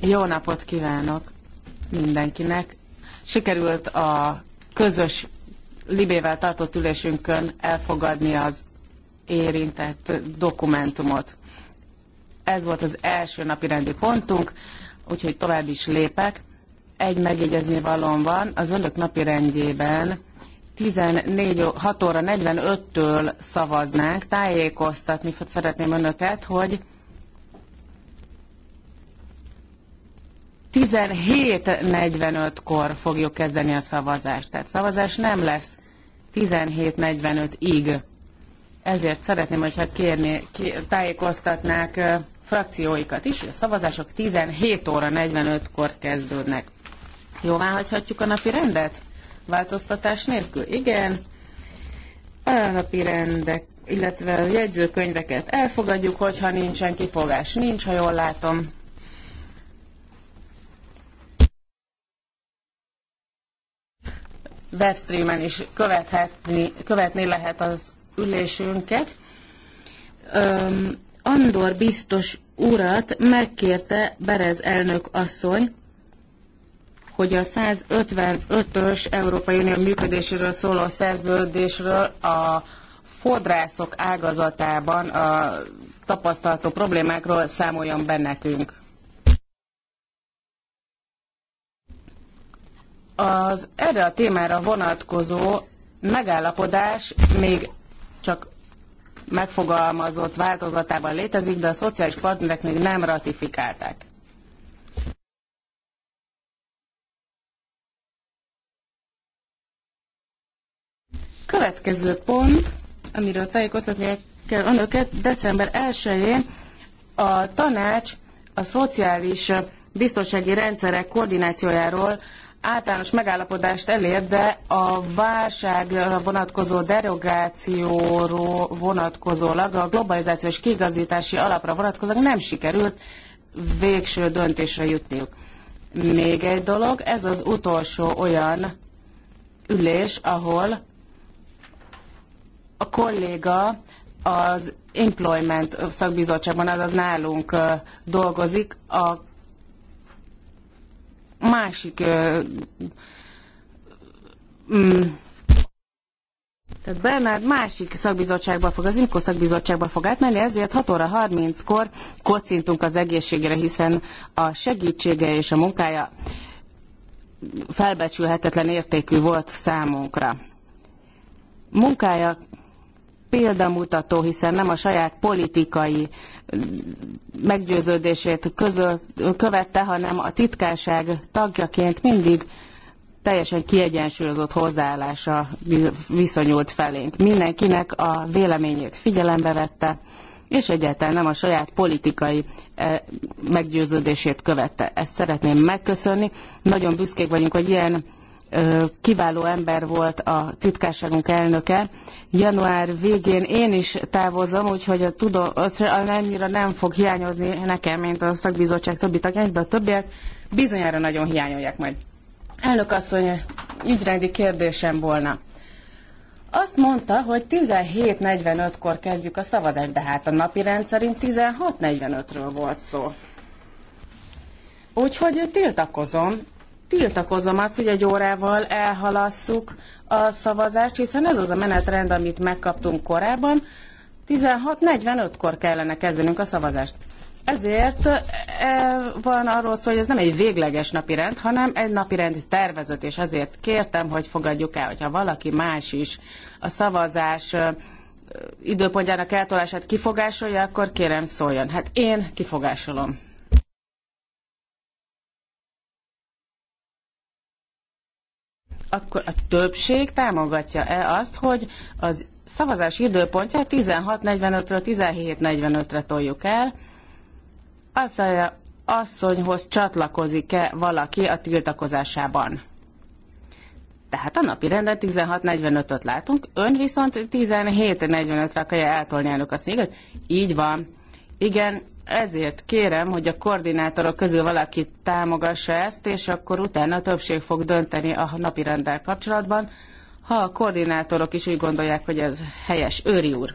Jó napot kívánok mindenkinek. Sikerült a közös Libével tartott ülésünkön elfogadni az érintett dokumentumot. Ez volt az első napi rendi pontunk, úgyhogy tovább is lépek. Egy megjegyezni valóm van, az önök napi rendjében 14, 6 óra 45-től szavaznánk. Tájékoztatni szeretném önöket, hogy 17.45-kor fogjuk kezdeni a szavazást. Tehát szavazás nem lesz 17.45-ig. Ezért szeretném, hogyha kérni, tájékoztatnák frakcióikat is, hogy a szavazások 17 óra 45-kor kezdődnek. Jóvá hagyhatjuk a napi rendet? Változtatás nélkül? Igen. A napi rendek, illetve a jegyzőkönyveket elfogadjuk, hogyha nincsen kifogás. Nincs, ha jól látom. webstreamen is követhetni, követni lehet az ülésünket. Um, Andor biztos urat megkérte Berez elnök asszony, hogy a 155-ös Európai Unió működéséről szóló szerződésről a fodrászok ágazatában a tapasztalható problémákról számoljon be nekünk. Az erre a témára vonatkozó megállapodás még csak megfogalmazott változatában létezik, de a szociális partnerek még nem ratifikálták. Következő pont, amiről tájékoztatni kell önöket, december 1-én a tanács a szociális biztonsági rendszerek koordinációjáról általános megállapodást elér, de a válság vonatkozó derogációról vonatkozólag a globalizációs kiigazítási alapra vonatkozólag nem sikerült végső döntésre jutniuk. Még egy dolog, ez az utolsó olyan ülés, ahol a kolléga az Employment szakbizottságban, azaz nálunk dolgozik, a másik mm, tehát Bernard másik szakbizottságba fog, az IMKO szakbizottságba fog átmenni, ezért 6 óra 30-kor kocintunk az egészségére, hiszen a segítsége és a munkája felbecsülhetetlen értékű volt számunkra. Munkája példamutató, hiszen nem a saját politikai meggyőződését közölt, követte, hanem a titkárság tagjaként mindig teljesen kiegyensúlyozott hozzáállása viszonyult felénk. Mindenkinek a véleményét figyelembe vette, és egyáltalán nem a saját politikai e, meggyőződését követte. Ezt szeretném megköszönni. Nagyon büszkék vagyunk, hogy ilyen kiváló ember volt a titkárságunk elnöke, január végén én is távozom, úgyhogy a tudom, az annyira nem fog hiányozni nekem, mint a szakbizottság többi tagjai, de a többiek bizonyára nagyon hiányolják majd. Elnök asszony, ügyrendi kérdésem volna. Azt mondta, hogy 17.45-kor kezdjük a szavazást, de hát a napi rend szerint 16.45-ről volt szó. Úgyhogy tiltakozom tiltakozom azt, hogy egy órával elhalasszuk a szavazást, hiszen ez az a menetrend, amit megkaptunk korábban. 16.45-kor kellene kezdenünk a szavazást. Ezért e, van arról szó, hogy ez nem egy végleges napirend, hanem egy napirendi tervezet, és ezért kértem, hogy fogadjuk el, hogyha valaki más is a szavazás időpontjának eltolását kifogásolja, akkor kérem szóljon. Hát én kifogásolom. akkor a többség támogatja-e azt, hogy az szavazási időpontját 16.45-ről 17.45-re toljuk el, azzal asszonyhoz csatlakozik-e valaki a tiltakozásában. Tehát a napi renden 16.45-öt látunk, ön viszont 17.45-re akarja eltolni elnök a széget. Így van. Igen, ezért kérem, hogy a koordinátorok közül valaki támogassa ezt, és akkor utána a többség fog dönteni a napi rendel kapcsolatban, ha a koordinátorok is úgy gondolják, hogy ez helyes. Őri úr!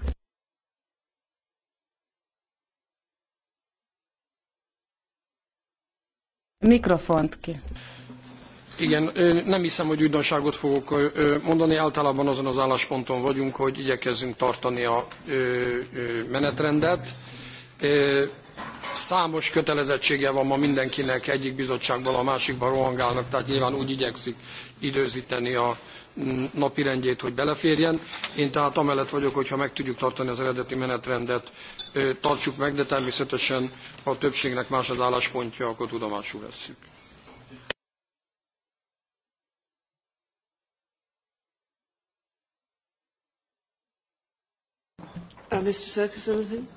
Mikrofont ki. Igen, nem hiszem, hogy újdonságot fogok mondani. Általában azon az állásponton vagyunk, hogy igyekezzünk tartani a menetrendet. Számos kötelezettsége van ma mindenkinek, egyik bizottságban a másikban rohangálnak, tehát nyilván úgy igyekszik időzíteni a mm, napirendjét, hogy beleférjen. Én tehát amellett vagyok, hogyha meg tudjuk tartani az eredeti menetrendet, tartsuk meg, de természetesen, ha a többségnek más az álláspontja, akkor tudomásul vesszük. Uh, Mr. Circus, anything?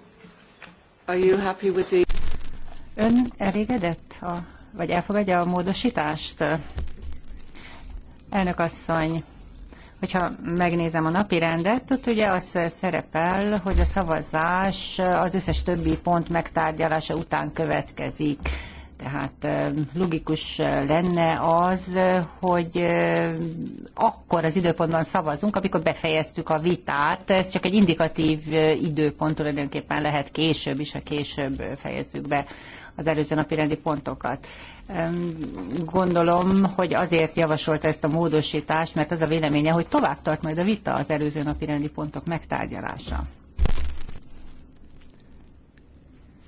Are you happy with the... Ön elégedett, a, vagy elfogadja a módosítást? Elnök asszony, hogyha megnézem a napi rendet, ott ugye az szerepel, hogy a szavazás az összes többi pont megtárgyalása után következik. Tehát logikus lenne az, hogy akkor az időpontban szavazunk, amikor befejeztük a vitát. Ez csak egy indikatív időpont, tulajdonképpen lehet később is, ha később fejezzük be az előző napi rendi pontokat. Gondolom, hogy azért javasolta ezt a módosítást, mert az a véleménye, hogy tovább tart majd a vita az előző napi rendi pontok megtárgyalása.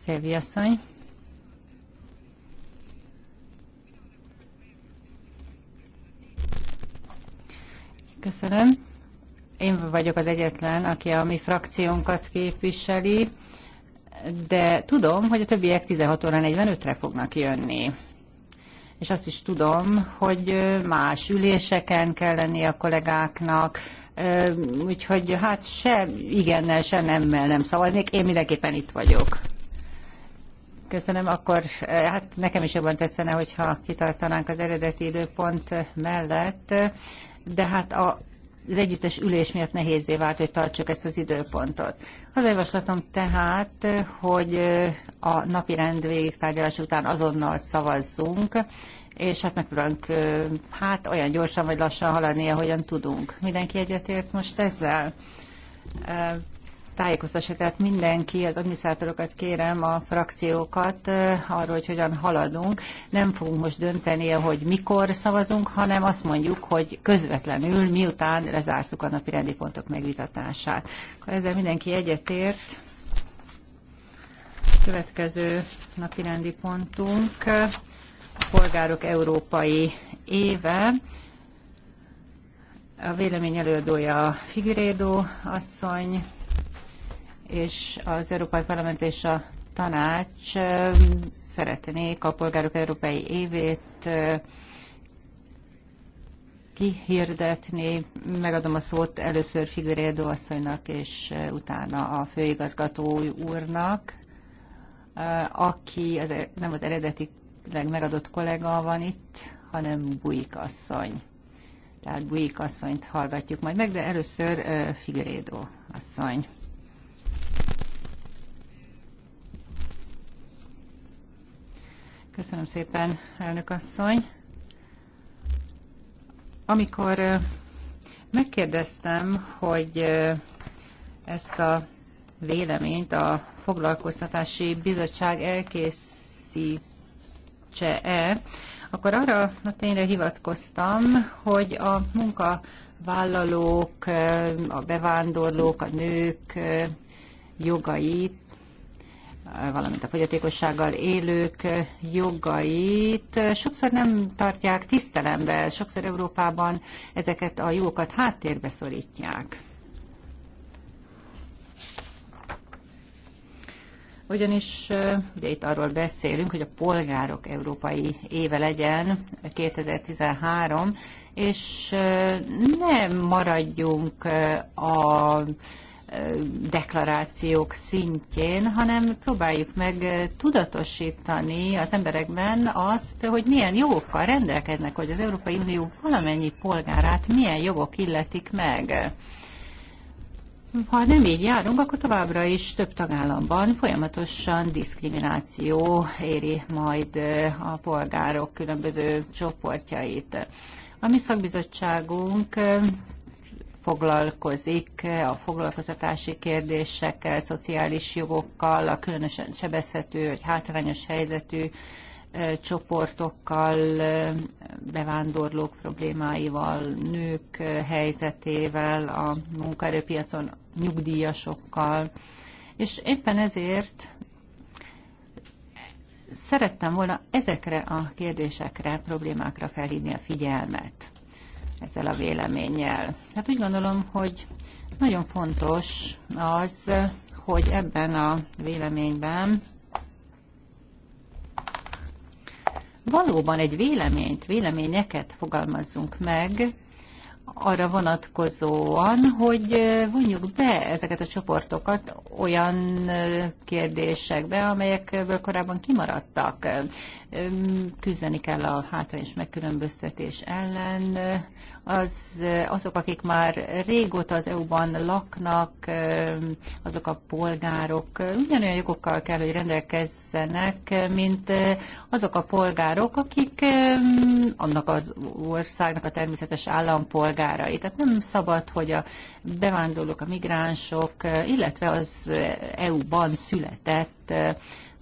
Szilvi asszony. Köszönöm. Én vagyok az egyetlen, aki a mi frakciónkat képviseli, de tudom, hogy a többiek 16 óra 45-re fognak jönni. És azt is tudom, hogy más üléseken kell lenni a kollégáknak, úgyhogy hát se igennel, se nemmel nem szavaznék, én mindenképpen itt vagyok. Köszönöm, akkor hát nekem is jobban tetszene, hogyha kitartanánk az eredeti időpont mellett de hát a az együttes ülés miatt nehézé vált, hogy tartsuk ezt az időpontot. Az javaslatom tehát, hogy a napi rend végigtárgyalás után azonnal szavazzunk, és hát megpróbálunk hát olyan gyorsan vagy lassan haladni, ahogyan tudunk. Mindenki egyetért most ezzel? tájékoztassa, tehát mindenki, az adminisztrátorokat kérem, a frakciókat arról, hogy hogyan haladunk. Nem fogunk most dönteni, hogy mikor szavazunk, hanem azt mondjuk, hogy közvetlenül, miután lezártuk a napi rendi pontok megvitatását. Akkor ezzel mindenki egyetért. Következő napi rendi pontunk a Polgárok Európai Éve. A vélemény előadója Figurédó asszony, és az Európai Parlament és a Tanács szeretnék a Polgárok Európai Évét kihirdetni. Megadom a szót először Figueredo asszonynak, és utána a főigazgató úrnak, aki az, e-, nem az eredetileg megadott kollega van itt, hanem Bujik asszony. Tehát Bujik asszonyt hallgatjuk majd meg, de először Figueredo asszony. Köszönöm szépen, elnök asszony. Amikor megkérdeztem, hogy ezt a véleményt a foglalkoztatási bizottság elkészítse-e, akkor arra a tényre hivatkoztam, hogy a munkavállalók, a bevándorlók, a nők jogait valamint a fogyatékossággal élők jogait sokszor nem tartják tisztelembe, sokszor Európában ezeket a jogokat háttérbe szorítják. Ugyanis ugye itt arról beszélünk, hogy a polgárok európai éve legyen 2013, és nem maradjunk a deklarációk szintjén, hanem próbáljuk meg tudatosítani az emberekben azt, hogy milyen jogokkal rendelkeznek, hogy az Európai Unió valamennyi polgárát milyen jogok illetik meg. Ha nem így járunk, akkor továbbra is több tagállamban folyamatosan diszkrimináció éri majd a polgárok különböző csoportjait. A mi szakbizottságunk foglalkozik a foglalkoztatási kérdésekkel, szociális jogokkal, a különösen sebezhető vagy hátrányos helyzetű csoportokkal, bevándorlók problémáival, nők helyzetével, a munkaerőpiacon nyugdíjasokkal. És éppen ezért szerettem volna ezekre a kérdésekre, problémákra felhívni a figyelmet ezzel a véleménnyel. Hát úgy gondolom, hogy nagyon fontos az, hogy ebben a véleményben valóban egy véleményt, véleményeket fogalmazzunk meg, arra vonatkozóan, hogy vonjuk be ezeket a csoportokat olyan kérdésekbe, amelyekből korábban kimaradtak. Küzdeni kell a hátrányos megkülönböztetés ellen, az, azok, akik már régóta az EU-ban laknak, azok a polgárok ugyanolyan jogokkal kell, hogy rendelkezzenek, mint azok a polgárok, akik annak az országnak a természetes állampolgárai. Tehát nem szabad, hogy a bevándorlók, a migránsok, illetve az EU-ban született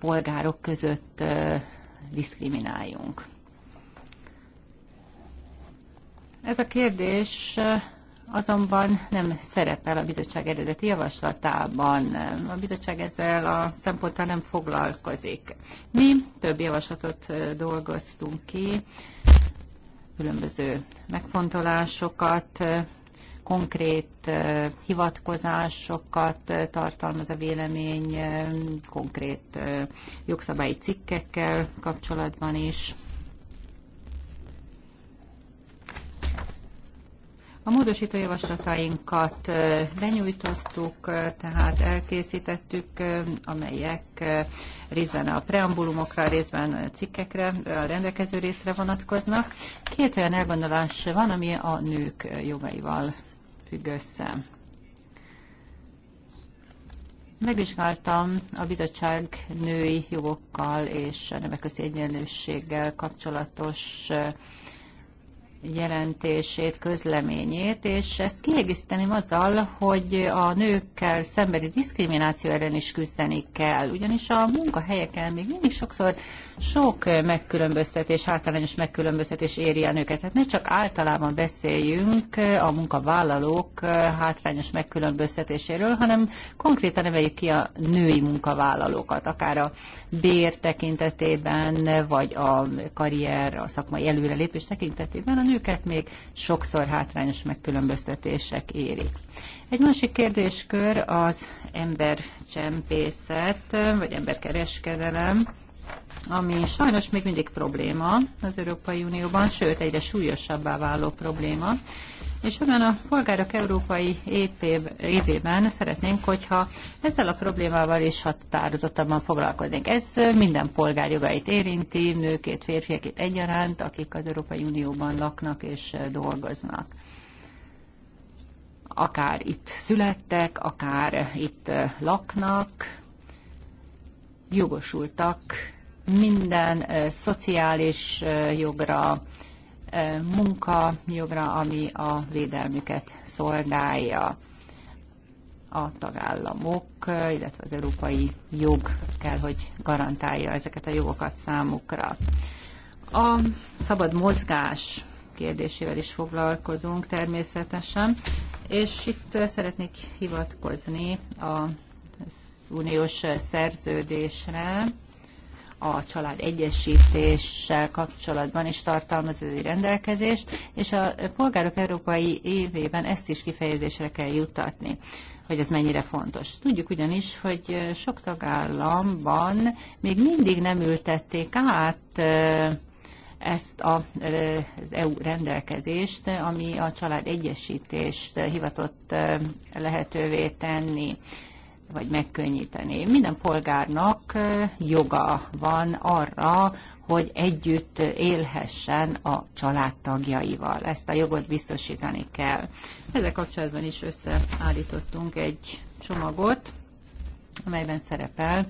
polgárok között eh, diszkrimináljunk. Ez a kérdés azonban nem szerepel a bizottság eredeti javaslatában. A bizottság ezzel a szemponttal nem foglalkozik. Mi több javaslatot dolgoztunk ki, különböző megfontolásokat, konkrét hivatkozásokat tartalmaz a vélemény, konkrét jogszabályi cikkekkel kapcsolatban is. A módosító javaslatainkat benyújtottuk, tehát elkészítettük, amelyek részben a preambulumokra, részben a cikkekre, a rendelkező részre vonatkoznak. Két olyan elgondolás van, ami a nők jogaival függ össze. Megvizsgáltam a bizottság női jogokkal és a nemek közti egyenlősséggel kapcsolatos jelentését, közleményét, és ezt kiegészíteném azzal, hogy a nőkkel szembeni diszkrimináció ellen is küzdeni kell, ugyanis a munkahelyeken még mindig sokszor sok eh, megkülönböztetés, általános megkülönböztetés éri a nőket. Tehát ne csak általában beszéljünk eh, a munkavállalók eh, hátrányos megkülönböztetéséről, hanem konkrétan neveljük ki a női munkavállalókat, akár a bér tekintetében, vagy a karrier, a szakmai előrelépés tekintetében a nőket még sokszor hátrányos megkülönböztetések érik. Egy másik kérdéskör az embercsempészet, vagy emberkereskedelem ami sajnos még mindig probléma az Európai Unióban, sőt egyre súlyosabbá váló probléma. És ebben a polgárok európai évében szeretnénk, hogyha ezzel a problémával is határozottabban foglalkoznénk. Ez minden polgár jogait érinti, nőkét, férfiakét egyaránt, akik az Európai Unióban laknak és dolgoznak akár itt születtek, akár itt laknak, jogosultak minden szociális jogra, munkajogra, ami a védelmüket szolgálja. A tagállamok, illetve az európai jog kell, hogy garantálja ezeket a jogokat számukra. A szabad mozgás kérdésével is foglalkozunk természetesen, és itt szeretnék hivatkozni a uniós szerződésre, a család egyesítéssel kapcsolatban is tartalmaz az egy rendelkezést, és a polgárok európai évében ezt is kifejezésre kell juttatni hogy ez mennyire fontos. Tudjuk ugyanis, hogy sok tagállamban még mindig nem ültették át ezt a, az EU rendelkezést, ami a család egyesítést hivatott lehetővé tenni vagy megkönnyíteni. Minden polgárnak joga van arra, hogy együtt élhessen a családtagjaival. Ezt a jogot biztosítani kell. Ezzel kapcsolatban is összeállítottunk egy csomagot, amelyben szerepel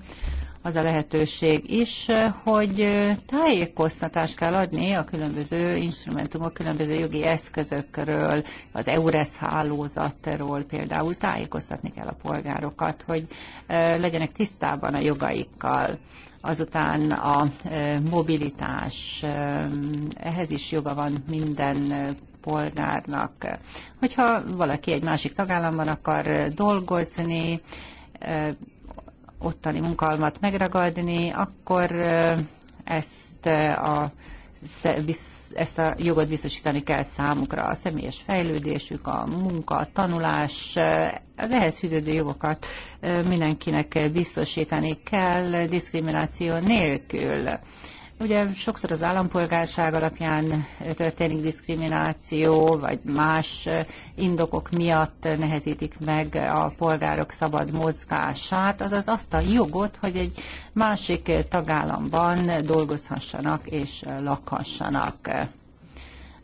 az a lehetőség is, hogy tájékoztatást kell adni a különböző instrumentumok, különböző jogi eszközökről, az EURES hálózatról például tájékoztatni kell a polgárokat, hogy e, legyenek tisztában a jogaikkal azután a e, mobilitás, e, ehhez is joga van minden polgárnak. Hogyha valaki egy másik tagállamban akar dolgozni, ottani munkalmat megragadni, akkor eh, ezt eh, a ezt a jogot biztosítani kell számukra, a személyes fejlődésük, a munka, a tanulás, eh, az ehhez fűződő jogokat mindenkinek biztosítani kell diszkrimináció nélkül. Ugye sokszor az állampolgárság alapján történik diszkrimináció, vagy más indokok miatt nehezítik meg a polgárok szabad mozgását, azaz azt a jogot, hogy egy másik tagállamban dolgozhassanak és lakhassanak.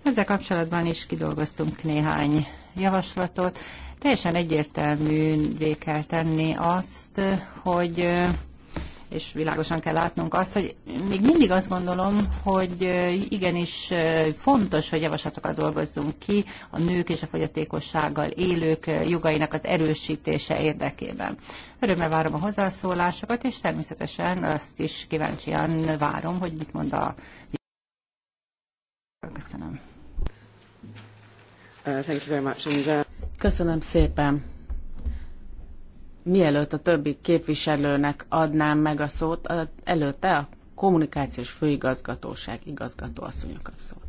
Ezzel kapcsolatban is kidolgoztunk néhány javaslatot. Teljesen egyértelművé kell tenni azt, hogy és világosan kell látnunk azt, hogy még mindig azt gondolom, hogy igenis fontos, hogy javaslatokat dolgozzunk ki a nők és a fogyatékossággal élők jogainak az erősítése érdekében. Örömmel várom a hozzászólásokat, és természetesen azt is kíváncsian várom, hogy mit mond a... Köszönöm. Uh, Köszönöm szépen. Mielőtt a többi képviselőnek adnám meg a szót, előtte a kommunikációs főigazgatóság igazgató asszonyok kap szót.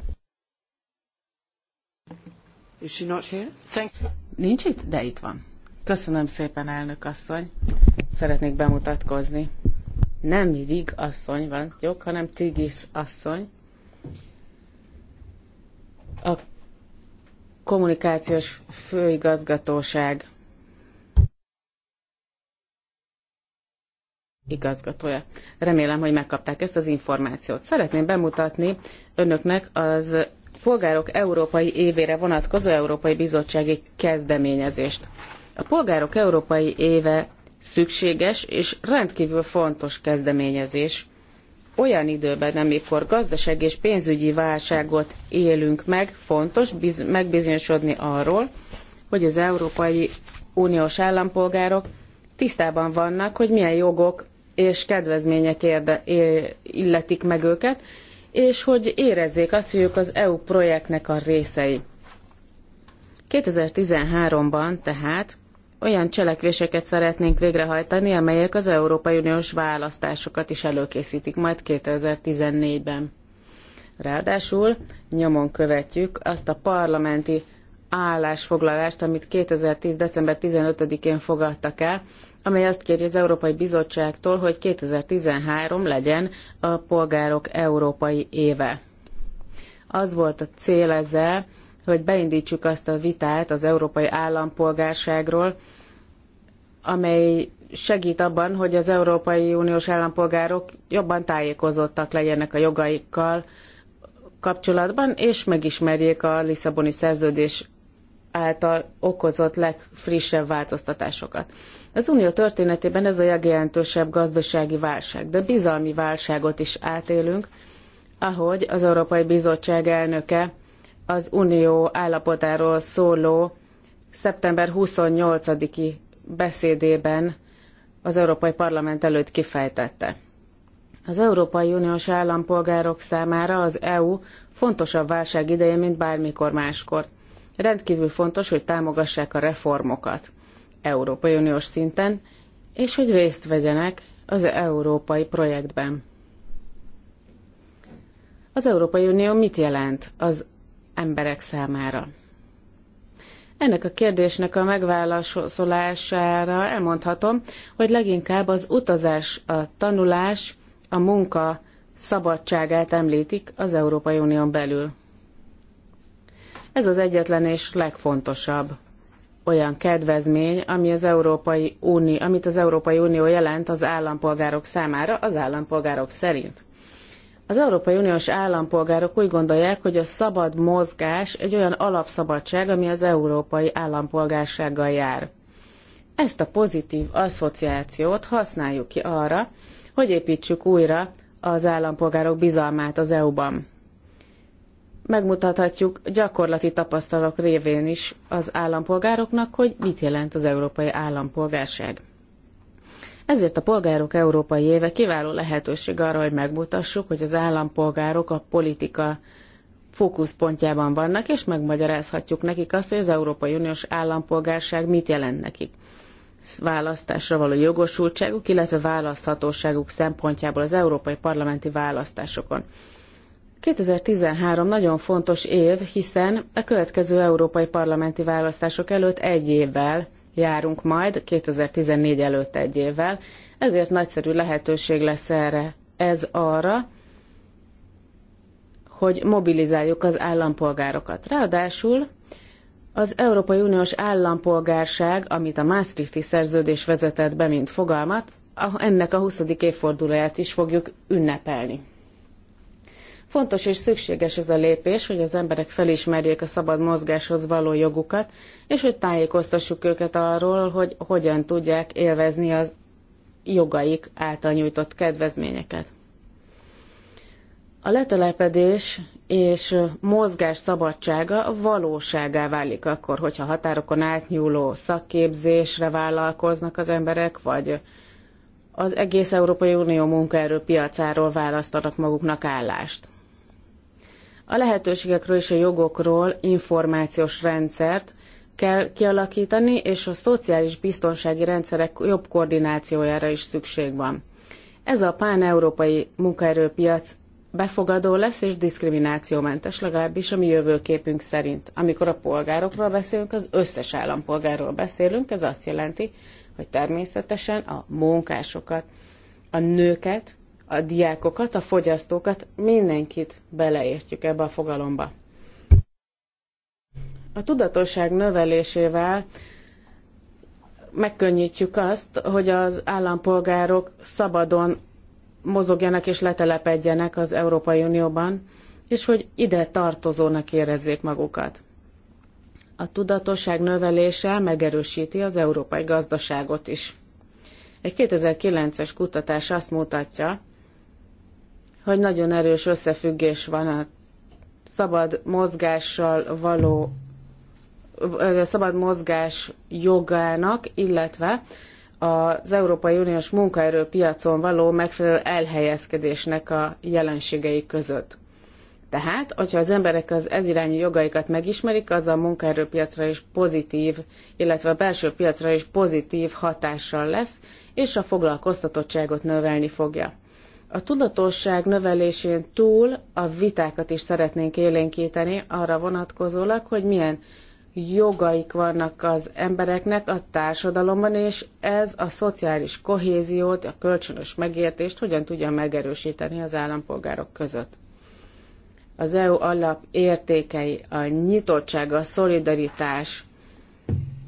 Is she not here? Thank Nincs itt, de itt van. Köszönöm szépen, elnök asszony. Szeretnék bemutatkozni. Nem Vig asszony van, jó, hanem Tigis asszony. A kommunikációs főigazgatóság igazgatója. Remélem, hogy megkapták ezt az információt. Szeretném bemutatni önöknek az Polgárok Európai Évére vonatkozó Európai Bizottsági kezdeményezést. A Polgárok Európai Éve szükséges és rendkívül fontos kezdeményezés. Olyan időben, amikor gazdaság és pénzügyi válságot élünk meg, fontos biz- megbizonyosodni arról, hogy az Európai Uniós állampolgárok tisztában vannak, hogy milyen jogok és kedvezmények érde, illetik meg őket, és hogy érezzék azt, hogy ők az EU projektnek a részei. 2013-ban tehát olyan cselekvéseket szeretnénk végrehajtani, amelyek az Európai Uniós választásokat is előkészítik majd 2014-ben. Ráadásul nyomon követjük azt a parlamenti állásfoglalást, amit 2010. december 15-én fogadtak el, amely azt kéri az Európai Bizottságtól, hogy 2013 legyen a polgárok európai éve. Az volt a cél ezzel, hogy beindítsuk azt a vitát az európai állampolgárságról, amely segít abban, hogy az Európai Uniós állampolgárok jobban tájékozottak legyenek a jogaikkal kapcsolatban, és megismerjék a Lisszaboni szerződés által okozott legfrissebb változtatásokat. Az unió történetében ez a legjelentősebb gazdasági válság, de bizalmi válságot is átélünk, ahogy az Európai Bizottság elnöke az unió állapotáról szóló szeptember 28-i beszédében az Európai Parlament előtt kifejtette. Az Európai Uniós állampolgárok számára az EU fontosabb válság ideje, mint bármikor máskor – Rendkívül fontos, hogy támogassák a reformokat Európai Uniós szinten, és hogy részt vegyenek az európai projektben. Az Európai Unió mit jelent az emberek számára? Ennek a kérdésnek a megválaszolására elmondhatom, hogy leginkább az utazás, a tanulás, a munka szabadságát említik az Európai Unión belül. Ez az egyetlen és legfontosabb olyan kedvezmény, ami az Európai Unió, amit az Európai Unió jelent az állampolgárok számára, az állampolgárok szerint. Az Európai Uniós állampolgárok úgy gondolják, hogy a szabad mozgás egy olyan alapszabadság, ami az európai állampolgársággal jár. Ezt a pozitív asszociációt használjuk ki arra, hogy építsük újra az állampolgárok bizalmát az EU-ban megmutathatjuk gyakorlati tapasztalatok révén is az állampolgároknak, hogy mit jelent az európai állampolgárság. Ezért a Polgárok Európai Éve kiváló lehetőség arra, hogy megmutassuk, hogy az állampolgárok a politika fókuszpontjában vannak, és megmagyarázhatjuk nekik azt, hogy az Európai Uniós állampolgárság mit jelent nekik. Választásra való jogosultságuk, illetve választhatóságuk szempontjából az európai parlamenti választásokon. 2013 nagyon fontos év, hiszen a következő európai parlamenti választások előtt egy évvel járunk majd, 2014 előtt egy évvel, ezért nagyszerű lehetőség lesz erre. Ez arra, hogy mobilizáljuk az állampolgárokat. Ráadásul az Európai Uniós állampolgárság, amit a Maastrichti szerződés vezetett be, mint fogalmat, ennek a 20. évfordulóját is fogjuk ünnepelni. Fontos és szükséges ez a lépés, hogy az emberek felismerjék a szabad mozgáshoz való jogukat, és hogy tájékoztassuk őket arról, hogy hogyan tudják élvezni az jogaik által nyújtott kedvezményeket. A letelepedés és mozgás szabadsága valóságá válik akkor, hogyha határokon átnyúló szakképzésre vállalkoznak az emberek, vagy az egész Európai Unió munkaerőpiacáról választanak maguknak állást. A lehetőségekről és a jogokról információs rendszert kell kialakítani, és a szociális biztonsági rendszerek jobb koordinációjára is szükség van. Ez a pán-európai munkaerőpiac befogadó lesz és diszkriminációmentes, legalábbis a mi jövőképünk szerint. Amikor a polgárokról beszélünk, az összes állampolgárról beszélünk, ez azt jelenti, hogy természetesen a munkásokat, a nőket, a diákokat, a fogyasztókat, mindenkit beleértjük ebbe a fogalomba. A tudatosság növelésével megkönnyítjük azt, hogy az állampolgárok szabadon mozogjanak és letelepedjenek az Európai Unióban, és hogy ide tartozónak érezzék magukat. A tudatosság növelése megerősíti az európai gazdaságot is. Egy 2009-es kutatás azt mutatja, hogy nagyon erős összefüggés van a szabad mozgással való a szabad mozgás jogának, illetve az Európai Uniós munkaerőpiacon való megfelelő elhelyezkedésnek a jelenségei között. Tehát, hogyha az emberek az ezirányú jogaikat megismerik, az a munkaerőpiacra is pozitív, illetve a belső piacra is pozitív hatással lesz, és a foglalkoztatottságot növelni fogja. A tudatosság növelésén túl a vitákat is szeretnénk élénkíteni arra vonatkozólag, hogy milyen jogaik vannak az embereknek a társadalomban, és ez a szociális kohéziót, a kölcsönös megértést hogyan tudja megerősíteni az állampolgárok között. Az EU alap értékei, a nyitottság, a szolidaritás,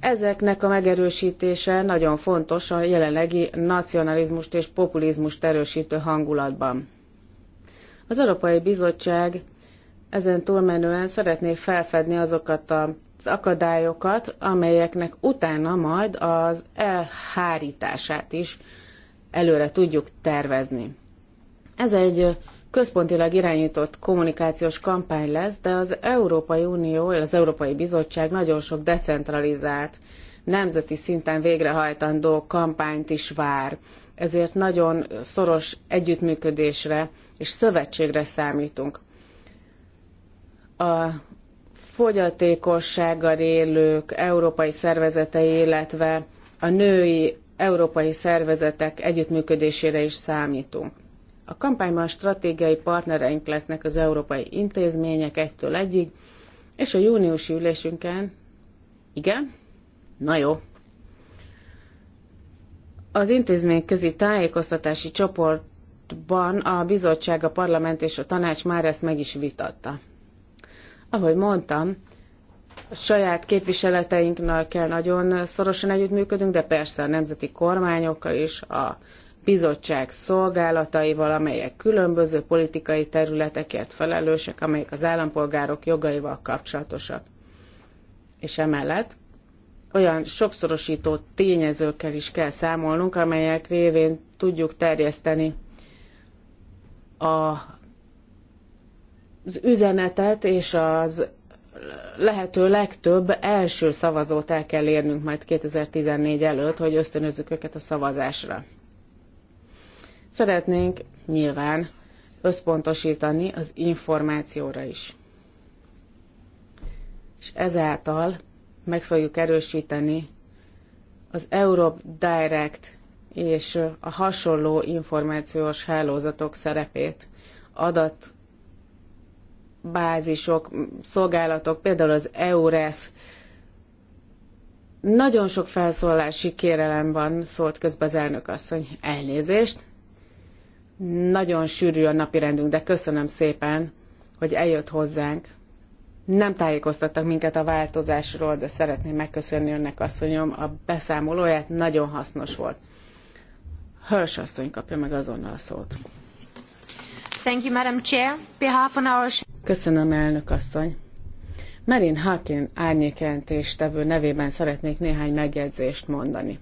Ezeknek a megerősítése nagyon fontos a jelenlegi nacionalizmust és populizmust erősítő hangulatban. Az Európai Bizottság ezen túlmenően szeretné felfedni azokat az akadályokat, amelyeknek utána majd az elhárítását is előre tudjuk tervezni. Ez egy központilag irányított kommunikációs kampány lesz, de az Európai Unió, az Európai Bizottság nagyon sok decentralizált, nemzeti szinten végrehajtandó kampányt is vár. Ezért nagyon szoros együttműködésre és szövetségre számítunk. A fogyatékossággal élők európai szervezetei, illetve a női európai szervezetek együttműködésére is számítunk. A kampányban stratégiai partnereink lesznek az európai intézmények egytől egyig, és a júniusi ülésünkön, Igen? Na jó. Az intézményközi tájékoztatási csoportban a bizottság, a parlament és a tanács már ezt meg is vitatta. Ahogy mondtam, a saját képviseleteinknek kell nagyon szorosan együttműködünk, de persze a nemzeti kormányokkal is, a bizottság szolgálataival, amelyek különböző politikai területekért felelősek, amelyek az állampolgárok jogaival kapcsolatosak. És emellett olyan sokszorosító tényezőkkel is kell számolnunk, amelyek révén tudjuk terjeszteni a, az üzenetet és az lehető legtöbb első szavazót el kell érnünk majd 2014 előtt, hogy ösztönözzük őket a szavazásra. Szeretnénk nyilván összpontosítani az információra is. És ezáltal meg fogjuk erősíteni az Europe Direct és a hasonló információs hálózatok szerepét, adatbázisok, szolgálatok, például az EURES. Nagyon sok felszólalási kérelem van, szólt közben az elnök asszony, elnézést, nagyon sűrű a napi rendünk, de köszönöm szépen, hogy eljött hozzánk. Nem tájékoztattak minket a változásról, de szeretném megköszönni önnek, asszonyom, a beszámolóját nagyon hasznos volt. Hörs asszony kapja meg azonnal a szót. Thank you, Madam Chair. Behalf on our... Köszönöm, elnök asszony. Merin Harkin árnyékjelentéstevő nevében szeretnék néhány megjegyzést mondani.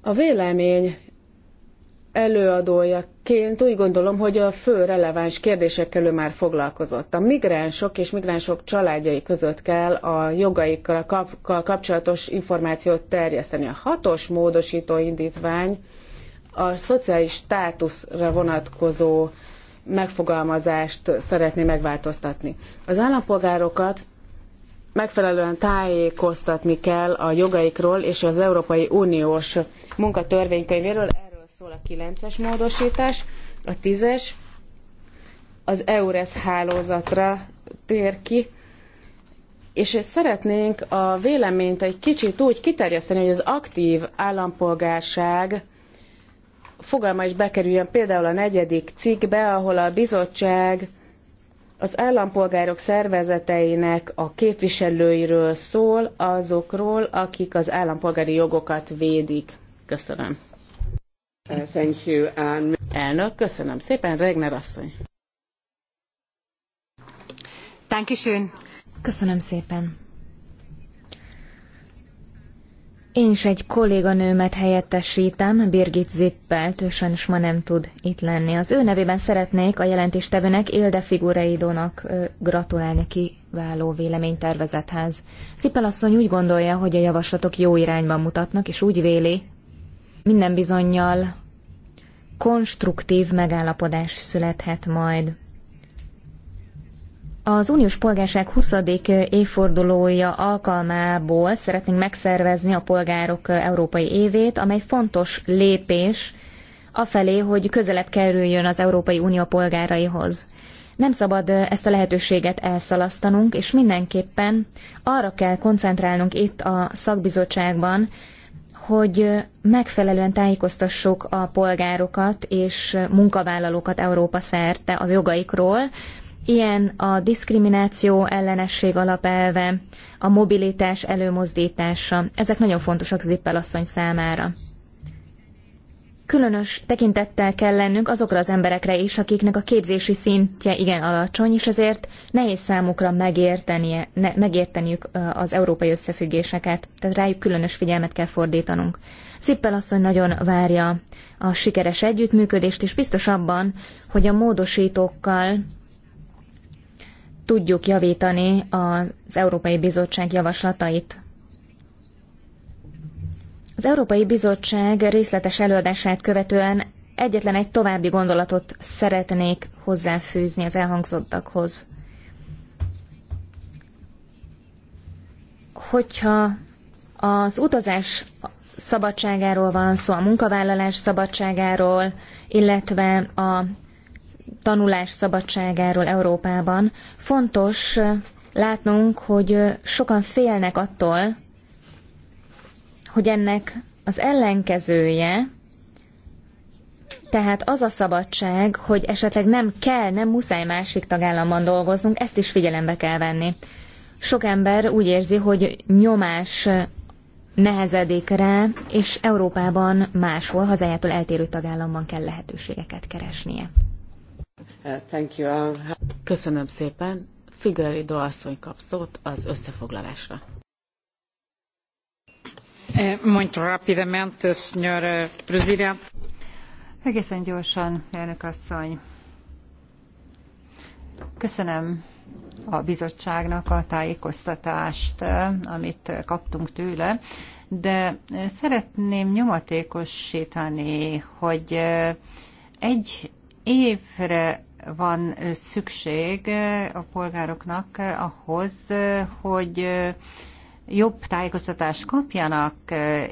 A vélemény előadójaként úgy gondolom, hogy a fő releváns kérdésekkel ő már foglalkozott. A migránsok és migránsok családjai között kell a jogaikkal kapcsolatos információt terjeszteni. A hatos módosító indítvány a szociális státuszra vonatkozó megfogalmazást szeretné megváltoztatni. Az állampolgárokat megfelelően tájékoztatni kell a jogaikról és az Európai Uniós munkatörvénykönyvéről szól a 9-es módosítás, a 10-es az EURES hálózatra tér ki, és szeretnénk a véleményt egy kicsit úgy kiterjeszteni, hogy az aktív állampolgárság fogalma is bekerüljön például a negyedik cikkbe, ahol a bizottság az állampolgárok szervezeteinek a képviselőiről szól, azokról, akik az állampolgári jogokat védik. Köszönöm thank you. And... Elnök, köszönöm szépen, Regner asszony. Dankeschön. Köszönöm szépen. Én is egy kolléganőmet helyettesítem, Birgit Zippelt, ő sajnos ma nem tud itt lenni. Az ő nevében szeretnék a jelentéstevőnek, Ilde Figureidónak gratulálni kiváló véleménytervezethez. Zippel asszony úgy gondolja, hogy a javaslatok jó irányban mutatnak, és úgy véli, minden bizonyal konstruktív megállapodás születhet majd. Az uniós polgárság 20. évfordulója alkalmából szeretnénk megszervezni a polgárok európai évét, amely fontos lépés afelé, hogy közelebb kerüljön az Európai Unió polgáraihoz. Nem szabad ezt a lehetőséget elszalasztanunk, és mindenképpen arra kell koncentrálnunk itt a szakbizottságban, hogy megfelelően tájékoztassuk a polgárokat és munkavállalókat Európa szerte a jogaikról. Ilyen a diszkrimináció ellenesség alapelve, a mobilitás előmozdítása. Ezek nagyon fontosak Zippel asszony számára különös tekintettel kell lennünk azokra az emberekre is, akiknek a képzési szintje igen alacsony, és ezért nehéz számukra megértenie, ne, megérteniük az európai összefüggéseket, tehát rájuk különös figyelmet kell fordítanunk. Szippel asszony nagyon várja a sikeres együttműködést, és biztos abban, hogy a módosítókkal tudjuk javítani az Európai Bizottság javaslatait. Az Európai Bizottság részletes előadását követően egyetlen egy további gondolatot szeretnék hozzáfűzni az elhangzottakhoz. Hogyha az utazás szabadságáról van szó, a munkavállalás szabadságáról, illetve a tanulás szabadságáról Európában, fontos látnunk, hogy sokan félnek attól, hogy ennek az ellenkezője, tehát az a szabadság, hogy esetleg nem kell, nem muszáj másik tagállamban dolgoznunk, ezt is figyelembe kell venni. Sok ember úgy érzi, hogy nyomás nehezedik rá, és Európában máshol, hazájától eltérő tagállamban kell lehetőségeket keresnie. Köszönöm szépen. Figelido asszony kap szót az összefoglalásra. Egészen gyorsan, elnök asszony. Köszönöm a bizottságnak a tájékoztatást, amit kaptunk tőle, de szeretném nyomatékosítani, hogy egy évre van szükség a polgároknak ahhoz, hogy jobb tájékoztatást kapjanak,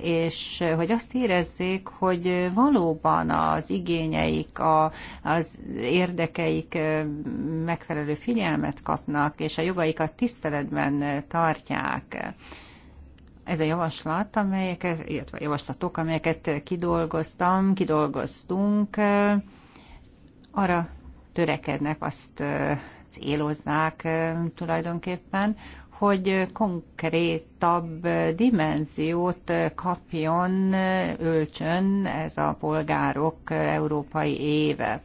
és hogy azt érezzék, hogy valóban az igényeik, a, az érdekeik megfelelő figyelmet kapnak, és a jogaikat tiszteletben tartják. Ez a javaslat, amelyeket, illetve a javaslatok, amelyeket kidolgoztam, kidolgoztunk, arra törekednek, azt céloznák tulajdonképpen, hogy konkrétabb dimenziót kapjon, ölcsön ez a polgárok európai éve.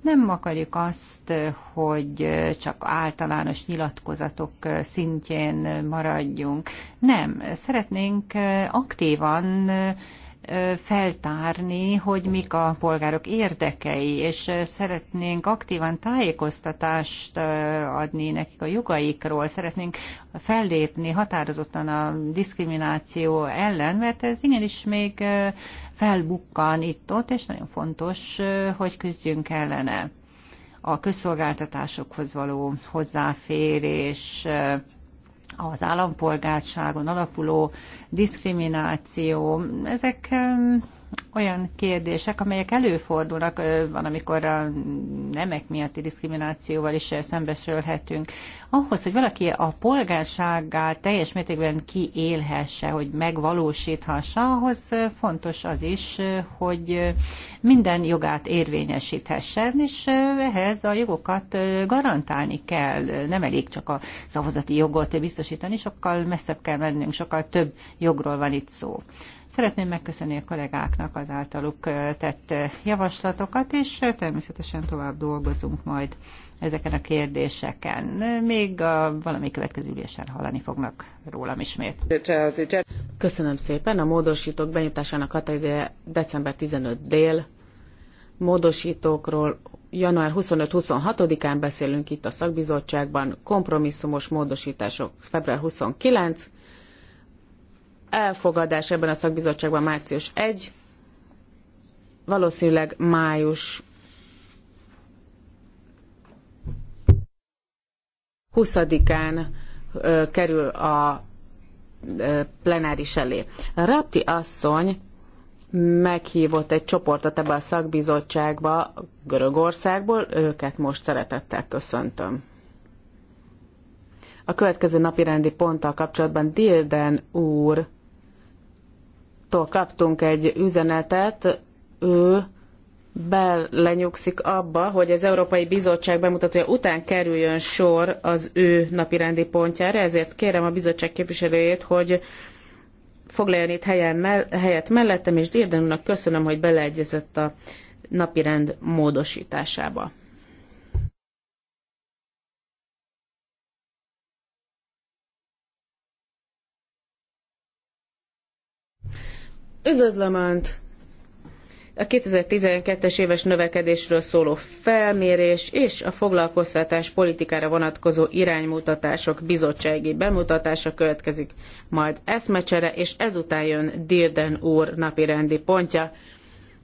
Nem akarjuk azt, hogy csak általános nyilatkozatok szintjén maradjunk. Nem, szeretnénk aktívan feltárni, hogy mik a polgárok érdekei, és szeretnénk aktívan tájékoztatást adni nekik a jogaikról, szeretnénk fellépni határozottan a diszkrimináció ellen, mert ez igenis még felbukkan itt-ott, és nagyon fontos, hogy küzdjünk ellene. A közszolgáltatásokhoz való hozzáférés, az állampolgárságon alapuló diszkrimináció, ezek olyan kérdések, amelyek előfordulnak, van, amikor a nemek miatti diszkriminációval is szembesülhetünk. Ahhoz, hogy valaki a polgárságát teljes mértékben kiélhesse, hogy megvalósíthassa, ahhoz fontos az is, hogy minden jogát érvényesíthesse, és ehhez a jogokat garantálni kell. Nem elég csak a szavazati jogot biztosítani, sokkal messzebb kell mennünk, sokkal több jogról van itt szó. Szeretném megköszönni a kollégáknak az általuk tett javaslatokat, és természetesen tovább dolgozunk majd ezeken a kérdéseken. Még a valami következő ülésen hallani fognak rólam ismét. Köszönöm szépen. A módosítók benyitásának határideje december 15 dél. Módosítókról január 25-26-án beszélünk itt a szakbizottságban, kompromisszumos módosítások február 29, elfogadás ebben a szakbizottságban március 1, valószínűleg május 20-án kerül a plenáris elé. A Rapti asszony meghívott egy csoportot ebbe a szakbizottságba Görögországból, őket most szeretettel köszöntöm. A következő napi rendi ponttal kapcsolatban Dilden úr tól kaptunk egy üzenetet, ő belenyugszik abba, hogy az Európai Bizottság bemutatója után kerüljön sor az ő napirendi pontjára, ezért kérem a bizottság képviselőjét, hogy foglaljon itt helyen, helyet mellettem, és Dérden köszönöm, hogy beleegyezett a napirend módosításába. Üdvözlöm Önt! A 2012-es éves növekedésről szóló felmérés és a foglalkoztatás politikára vonatkozó iránymutatások bizottsági bemutatása következik, majd eszmecsere, és ezután jön Dirden úr napirendi pontja.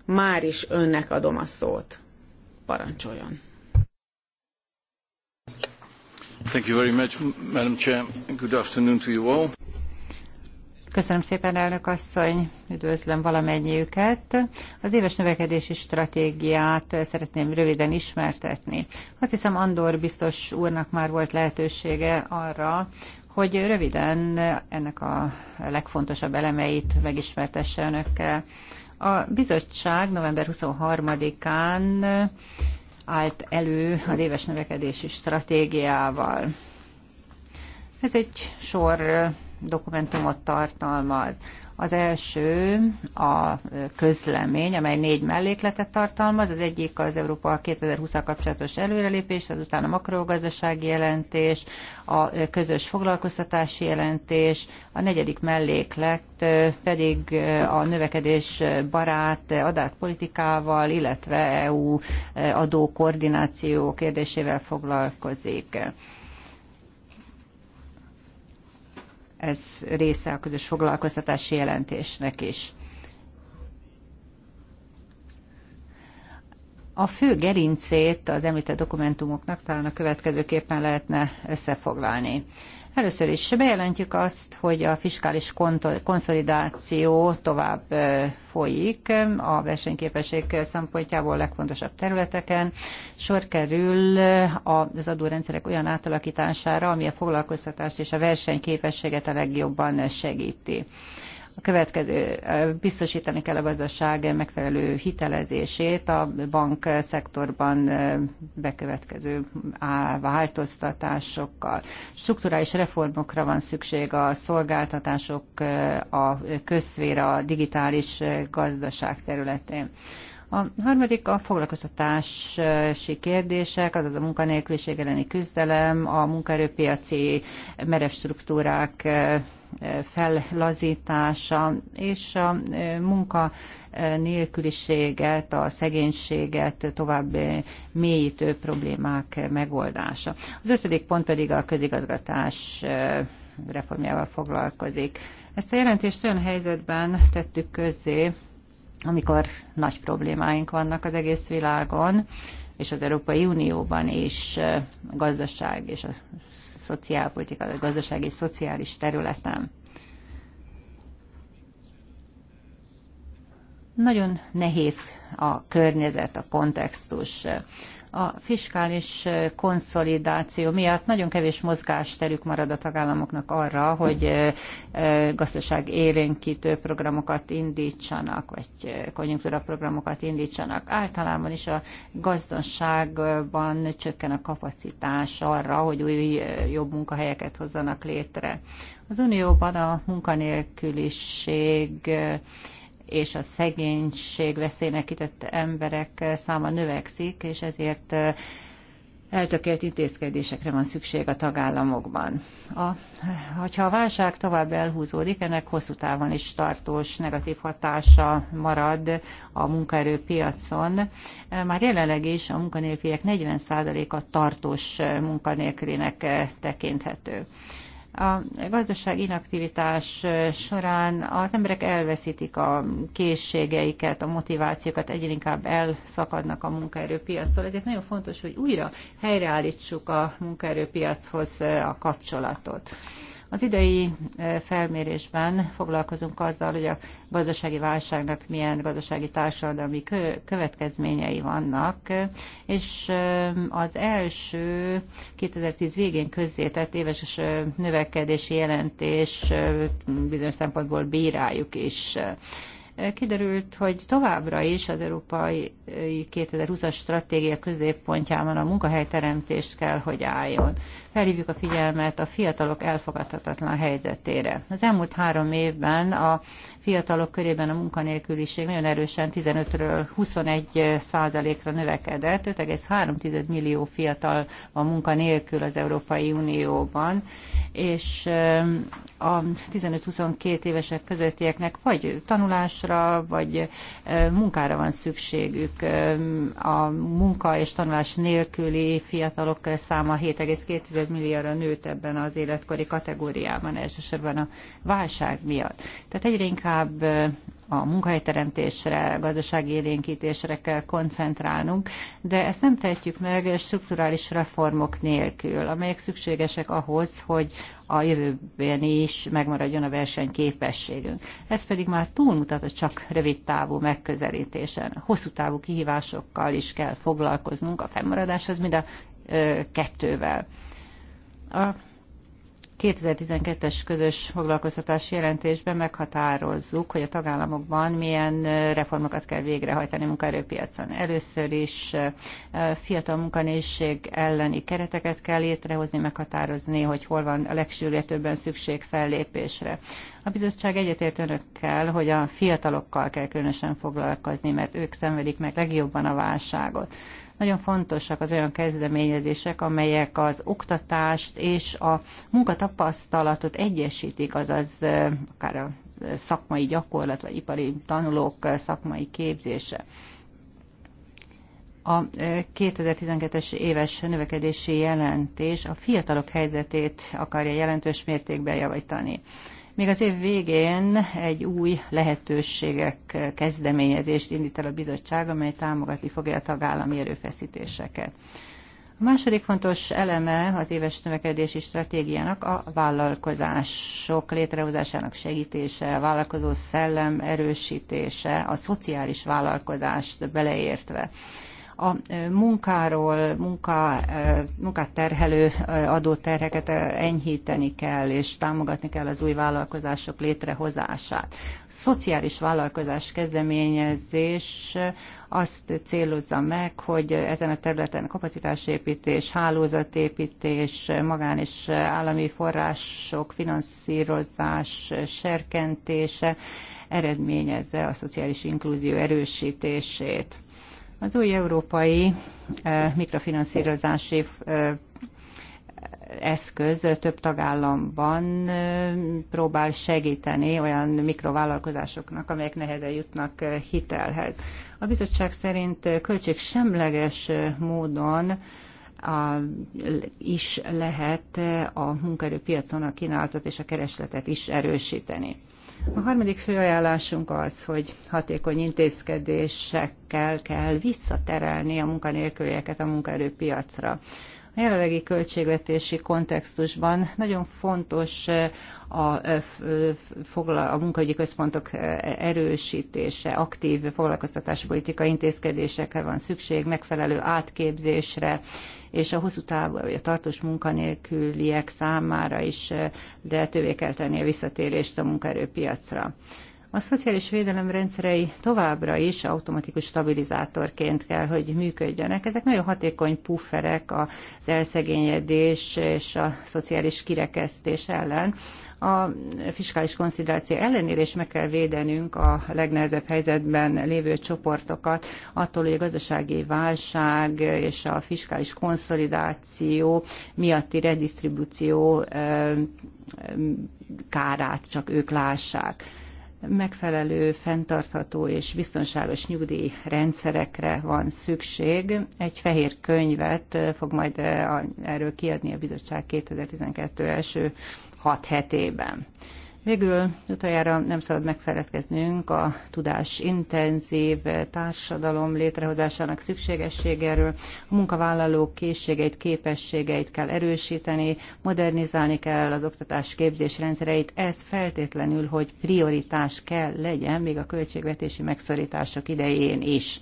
Már is önnek adom a szót. Parancsoljon! Thank you very much, Madam Chair. Good afternoon to you all. Köszönöm szépen, elnök asszony, üdvözlöm valamennyiüket. Az éves növekedési stratégiát szeretném röviden ismertetni. Azt hiszem, Andor biztos úrnak már volt lehetősége arra, hogy röviden ennek a legfontosabb elemeit megismertesse önökkel. A bizottság november 23-án állt elő az éves növekedési stratégiával. Ez egy sor dokumentumot tartalmaz. Az első a közlemény, amely négy mellékletet tartalmaz. Az egyik az Európa 2020 kapcsolatos előrelépés, azután a makrogazdasági jelentés, a közös foglalkoztatási jelentés, a negyedik melléklet pedig a növekedés barát adatpolitikával, illetve EU adókoordináció kérdésével foglalkozik. ez része a közös foglalkoztatási jelentésnek is. A fő gerincét az említett dokumentumoknak talán a következőképpen lehetne összefoglalni. Először is bejelentjük azt, hogy a fiskális konszolidáció tovább folyik a versenyképesség szempontjából legfontosabb területeken. Sor kerül az adórendszerek olyan átalakítására, ami a foglalkoztatást és a versenyképességet a legjobban segíti. A következő, biztosítani kell a gazdaság megfelelő hitelezését a szektorban bekövetkező változtatásokkal. Strukturális reformokra van szükség a szolgáltatások, a közszféra, a digitális gazdaság területén. A harmadik a foglalkoztatási kérdések, azaz a munkanélküliség elleni küzdelem, a munkaerőpiaci merev struktúrák fellazítása és a munka nélküliséget, a szegénységet tovább mélyítő problémák megoldása. Az ötödik pont pedig a közigazgatás reformjával foglalkozik. Ezt a jelentést olyan helyzetben tettük közzé, amikor nagy problémáink vannak az egész világon, és az Európai Unióban is a gazdaság és a szociálpolitika, a gazdaság és szociális területen. Nagyon nehéz a környezet, a kontextus a fiskális konszolidáció miatt nagyon kevés mozgásterük marad a tagállamoknak arra, hogy gazdaság élénkítő programokat indítsanak, vagy konjunktúra programokat indítsanak. Általában is a gazdaságban csökken a kapacitás arra, hogy új jobb munkahelyeket hozzanak létre. Az Unióban a munkanélküliség és a szegénység veszélynek kitett emberek száma növekszik, és ezért eltökélt intézkedésekre van szükség a tagállamokban. A, hogyha a válság tovább elhúzódik, ennek hosszú távon is tartós negatív hatása marad a munkaerőpiacon. Már jelenleg is a munkanélküliek 40%-a tartós munkanélkülének tekinthető. A gazdaság inaktivitás során az emberek elveszítik a készségeiket, a motivációkat, egyre inkább elszakadnak a munkaerőpiactól. Ezért nagyon fontos, hogy újra helyreállítsuk a munkaerőpiachoz a kapcsolatot. Az idei felmérésben foglalkozunk azzal, hogy a gazdasági válságnak milyen gazdasági társadalmi következményei vannak, és az első 2010 végén közzétett éves növekedési jelentés bizonyos szempontból bíráljuk is kiderült, hogy továbbra is az Európai 2020-as stratégia középpontjában a munkahelyteremtést kell, hogy álljon felhívjuk a figyelmet a fiatalok elfogadhatatlan helyzetére. Az elmúlt három évben a fiatalok körében a munkanélküliség nagyon erősen 15-ről 21 százalékra növekedett, 5,3 millió fiatal a munkanélkül az Európai Unióban, és a 15-22 évesek közöttieknek vagy tanulásra, vagy munkára van szükségük. A munka és tanulás nélküli fiatalok száma 7,2 1 millióra nőtt ebben az életkori kategóriában, elsősorban a válság miatt. Tehát egyre inkább a munkahelyteremtésre, gazdasági élénkítésre kell koncentrálnunk, de ezt nem tehetjük meg strukturális reformok nélkül, amelyek szükségesek ahhoz, hogy a jövőben is megmaradjon a versenyképességünk. Ez pedig már túlmutat a csak rövid távú megközelítésen. Hosszú távú kihívásokkal is kell foglalkoznunk, a fennmaradás az mind a ö, kettővel. A 2012-es közös foglalkoztatási jelentésben meghatározzuk, hogy a tagállamokban milyen reformokat kell végrehajtani a munkaerőpiacon. Először is fiatal munkanélség elleni kereteket kell létrehozni, meghatározni, hogy hol van a legsürgetőbben szükség fellépésre. A bizottság egyetért önökkel, hogy a fiatalokkal kell különösen foglalkozni, mert ők szenvedik meg legjobban a válságot. Nagyon fontosak az olyan kezdeményezések, amelyek az oktatást és a munkatapasztalatot egyesítik, azaz akár a szakmai gyakorlat, vagy ipari tanulók szakmai képzése. A 2012-es éves növekedési jelentés a fiatalok helyzetét akarja jelentős mértékben javítani. Még az év végén egy új lehetőségek kezdeményezést indít el a bizottság, amely támogatni fogja a tagállami erőfeszítéseket. A második fontos eleme az éves növekedési stratégiának a vállalkozások létrehozásának segítése, a vállalkozó szellem erősítése, a szociális vállalkozást beleértve a munkáról, munka, munkát terhelő adóterheket enyhíteni kell, és támogatni kell az új vállalkozások létrehozását. Szociális vállalkozás kezdeményezés azt célozza meg, hogy ezen a területen kapacitásépítés, hálózatépítés, magán és állami források finanszírozás serkentése eredményezze a szociális inkluzió erősítését. Az új európai mikrofinanszírozási eszköz több tagállamban próbál segíteni olyan mikrovállalkozásoknak, amelyek nehezen jutnak hitelhez. A bizottság szerint semleges módon a, is lehet a munkaerőpiacon a kínálatot és a keresletet is erősíteni. A harmadik fő ajánlásunk az, hogy hatékony intézkedésekkel kell visszaterelni a munkanélkülieket a munkaerőpiacra. A jelenlegi költségvetési kontextusban nagyon fontos eh, a, eh, eh, a, a munkahogyi központok erősítése, aktív foglalkoztatáspolitika intézkedésekre van szükség, megfelelő átképzésre, és a hosszú távú, vagy a tartós munkanélküliek számára is lehetővé kell tenni a visszatérést a munkaerőpiacra. A szociális védelem rendszerei továbbra is automatikus stabilizátorként kell, hogy működjenek. Ezek nagyon hatékony pufferek az elszegényedés és a szociális kirekesztés ellen, a fiskális konszideráció ellenére is meg kell védenünk a legnehezebb helyzetben lévő csoportokat attól, hogy a gazdasági válság és a fiskális konszolidáció miatti redistribúció kárát csak ők lássák megfelelő, fenntartható és biztonságos nyugdíjrendszerekre van szükség. Egy fehér könyvet fog majd erről kiadni a bizottság 2012 első hat hetében. Végül utoljára nem szabad megfeledkeznünk a tudás intenzív társadalom létrehozásának szükségességéről. A munkavállalók készségeit, képességeit kell erősíteni, modernizálni kell az oktatás képzés rendszereit. Ez feltétlenül, hogy prioritás kell legyen még a költségvetési megszorítások idején is.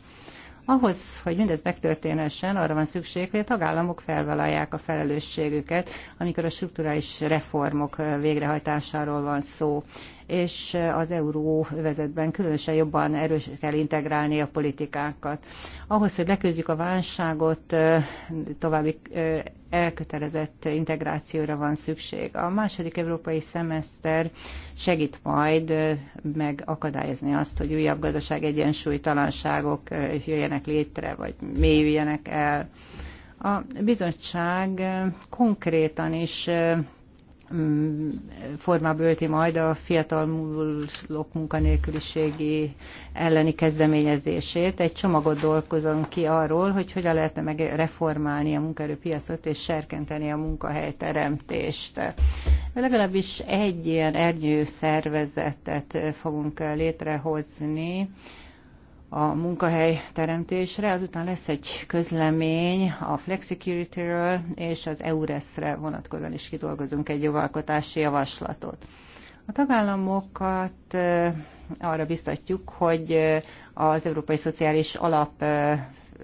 Ahhoz, hogy mindez megtörténhessen, arra van szükség, hogy a tagállamok felvállalják a felelősségüket, amikor a strukturális reformok végrehajtásáról van szó és az euróvezetben különösen jobban erős kell integrálni a politikákat. Ahhoz, hogy leküzdjük a válságot, további elkötelezett integrációra van szükség. A második európai szemeszter segít majd megakadályozni azt, hogy újabb gazdaság egyensúlytalanságok jöjjenek létre, vagy mélyüljenek el. A bizottság konkrétan is Mm, formába ölti majd a fiatal múlók munkanélküliségi elleni kezdeményezését. Egy csomagot dolgozom ki arról, hogy hogyan lehetne meg reformálni a munkaerőpiacot és serkenteni a munkahelyteremtést. Legalábbis egy ilyen ernyő szervezetet fogunk létrehozni, a munkahely teremtésre, azután lesz egy közlemény a Flexicurity-ről, és az EURES-re vonatkozóan is kidolgozunk egy jogalkotási javaslatot. A tagállamokat arra biztatjuk, hogy az Európai Szociális Alap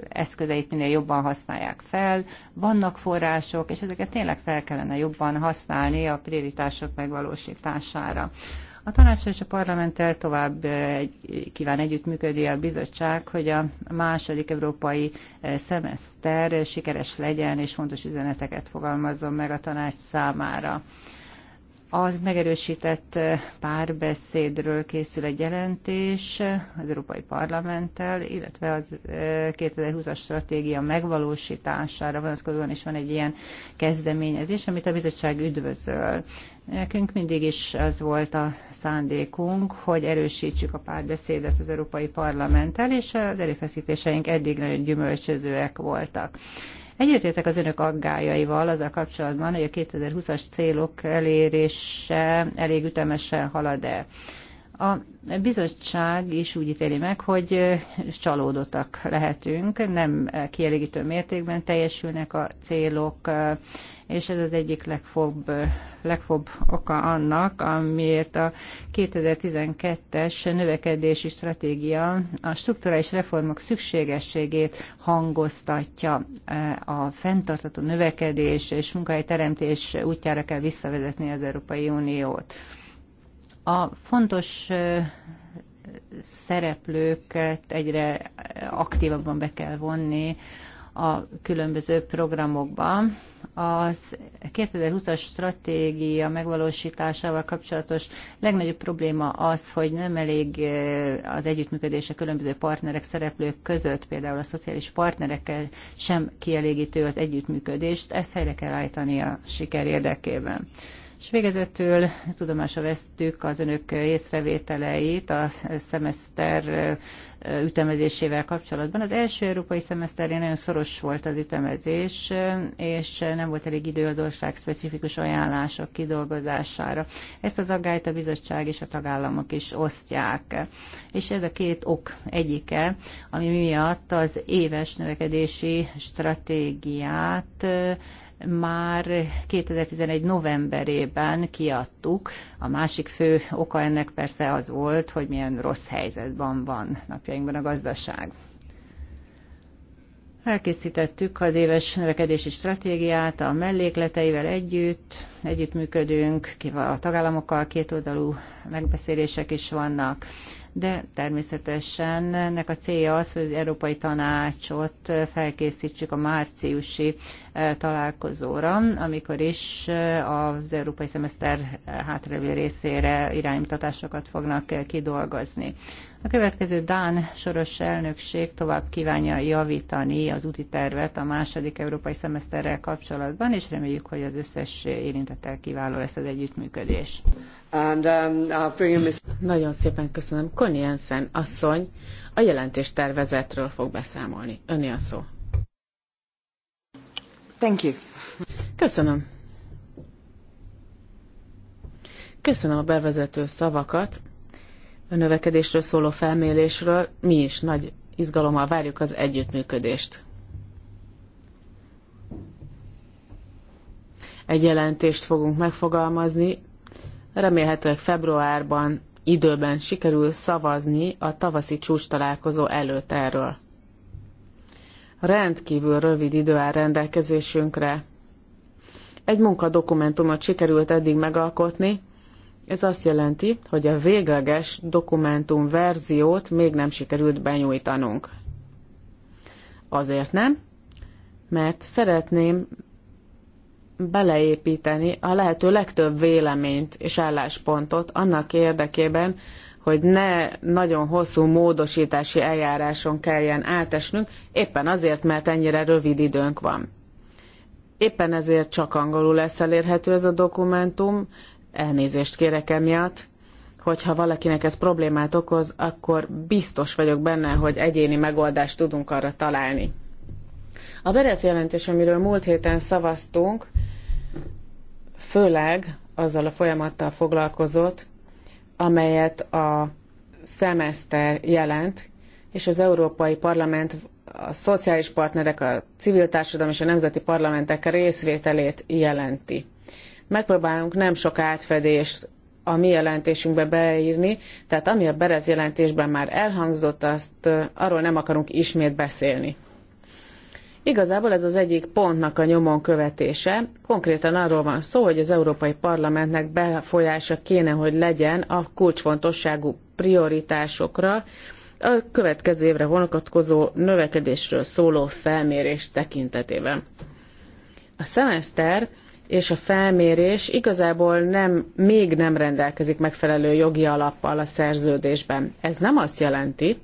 eszközeit minél jobban használják fel, vannak források, és ezeket tényleg fel kellene jobban használni a prioritások megvalósítására. A tanács és a parlamenttel tovább eh, egy, kíván együttműködni a bizottság, hogy a második európai eh, szemeszter eh, sikeres legyen, és fontos üzeneteket fogalmazzon meg a tanács számára. Az megerősített párbeszédről készül egy jelentés az Európai Parlamenttel, illetve az 2020-as stratégia megvalósítására vonatkozóan is van egy ilyen kezdeményezés, amit a bizottság üdvözöl. Nekünk mindig is az volt a szándékunk, hogy erősítsük a párbeszédet az Európai Parlamenttel, és az erőfeszítéseink eddig nagyon gyümölcsözőek voltak. Egyetértek az önök aggájaival azzal kapcsolatban, hogy a 2020-as célok elérése elég ütemesen halad-e. A bizottság is úgy ítéli meg, hogy csalódottak lehetünk, nem kielégítő mértékben teljesülnek a célok, és ez az egyik legfobb legfobb oka annak, amiért a 2012-es növekedési stratégia a strukturális reformok szükségességét hangoztatja. A fenntartató növekedés és munkahelyteremtés útjára kell visszavezetni az Európai Uniót. A fontos szereplőket egyre aktívabban be kell vonni a különböző programokban Az 2020-as stratégia megvalósításával kapcsolatos legnagyobb probléma az, hogy nem elég eh, az együttműködés a különböző partnerek, szereplők között, például a szociális partnerekkel sem kielégítő az együttműködést, ezt helyre kell állítani a siker érdekében. És végezetül tudomásra vesztük az önök észrevételeit a szemeszter ütemezésével kapcsolatban. Az első európai szemeszterén nagyon szoros volt az ütemezés, és nem volt elég idő az ország specifikus ajánlások kidolgozására. Ezt az aggályt a bizottság és a tagállamok is osztják. És ez a két ok egyike, ami miatt az éves növekedési stratégiát már 2011 novemberében kiadtuk. A másik fő oka ennek persze az volt, hogy milyen rossz helyzetben van napjainkban a gazdaság. Elkészítettük az éves növekedési stratégiát a mellékleteivel együtt, együttműködünk, a tagállamokkal kétoldalú megbeszélések is vannak, de természetesen ennek a célja az, hogy az Európai Tanácsot felkészítsük a márciusi eh, találkozóra, amikor is eh, az Európai Szemeszter eh, hátralévő részére iránymutatásokat fognak kidolgozni. A következő Dán soros elnökség tovább kívánja javítani az úti tervet a második európai szemeszterrel kapcsolatban, és reméljük, hogy az összes érintettel kiváló lesz az együttműködés. And, um, Nagyon szépen köszönöm. Connie Jensen asszony a jelentés tervezetről fog beszámolni. Öni a szó. Thank you. Köszönöm. Köszönöm a bevezető szavakat a növekedésről szóló felmérésről. Mi is nagy izgalommal várjuk az együttműködést. Egy jelentést fogunk megfogalmazni. Remélhetőleg februárban időben sikerül szavazni a tavaszi csúcs találkozó előtt erről. Rendkívül rövid idő áll rendelkezésünkre. Egy munkadokumentumot sikerült eddig megalkotni, ez azt jelenti, hogy a végleges dokumentum verziót még nem sikerült benyújtanunk. Azért nem, mert szeretném beleépíteni a lehető legtöbb véleményt és álláspontot annak érdekében, hogy ne nagyon hosszú módosítási eljáráson kelljen átesnünk, éppen azért, mert ennyire rövid időnk van. Éppen ezért csak angolul lesz elérhető ez a dokumentum, Elnézést kérek emiatt. Hogyha valakinek ez problémát okoz, akkor biztos vagyok benne, hogy egyéni megoldást tudunk arra találni. A Berez jelentés, amiről múlt héten szavaztunk, főleg azzal a folyamattal foglalkozott, amelyet a szemeszter jelent, és az Európai Parlament a szociális partnerek, a civil társadalom és a nemzeti parlamentek részvételét jelenti. Megpróbálunk nem sok átfedést a mi jelentésünkbe beírni, tehát ami a Berez jelentésben már elhangzott, azt arról nem akarunk ismét beszélni. Igazából ez az egyik pontnak a nyomon követése. Konkrétan arról van szó, hogy az Európai Parlamentnek befolyása kéne, hogy legyen a kulcsfontosságú prioritásokra, a következő évre vonatkozó növekedésről szóló felmérés tekintetében. A szemeszter és a felmérés igazából nem, még nem rendelkezik megfelelő jogi alappal a szerződésben. Ez nem azt jelenti,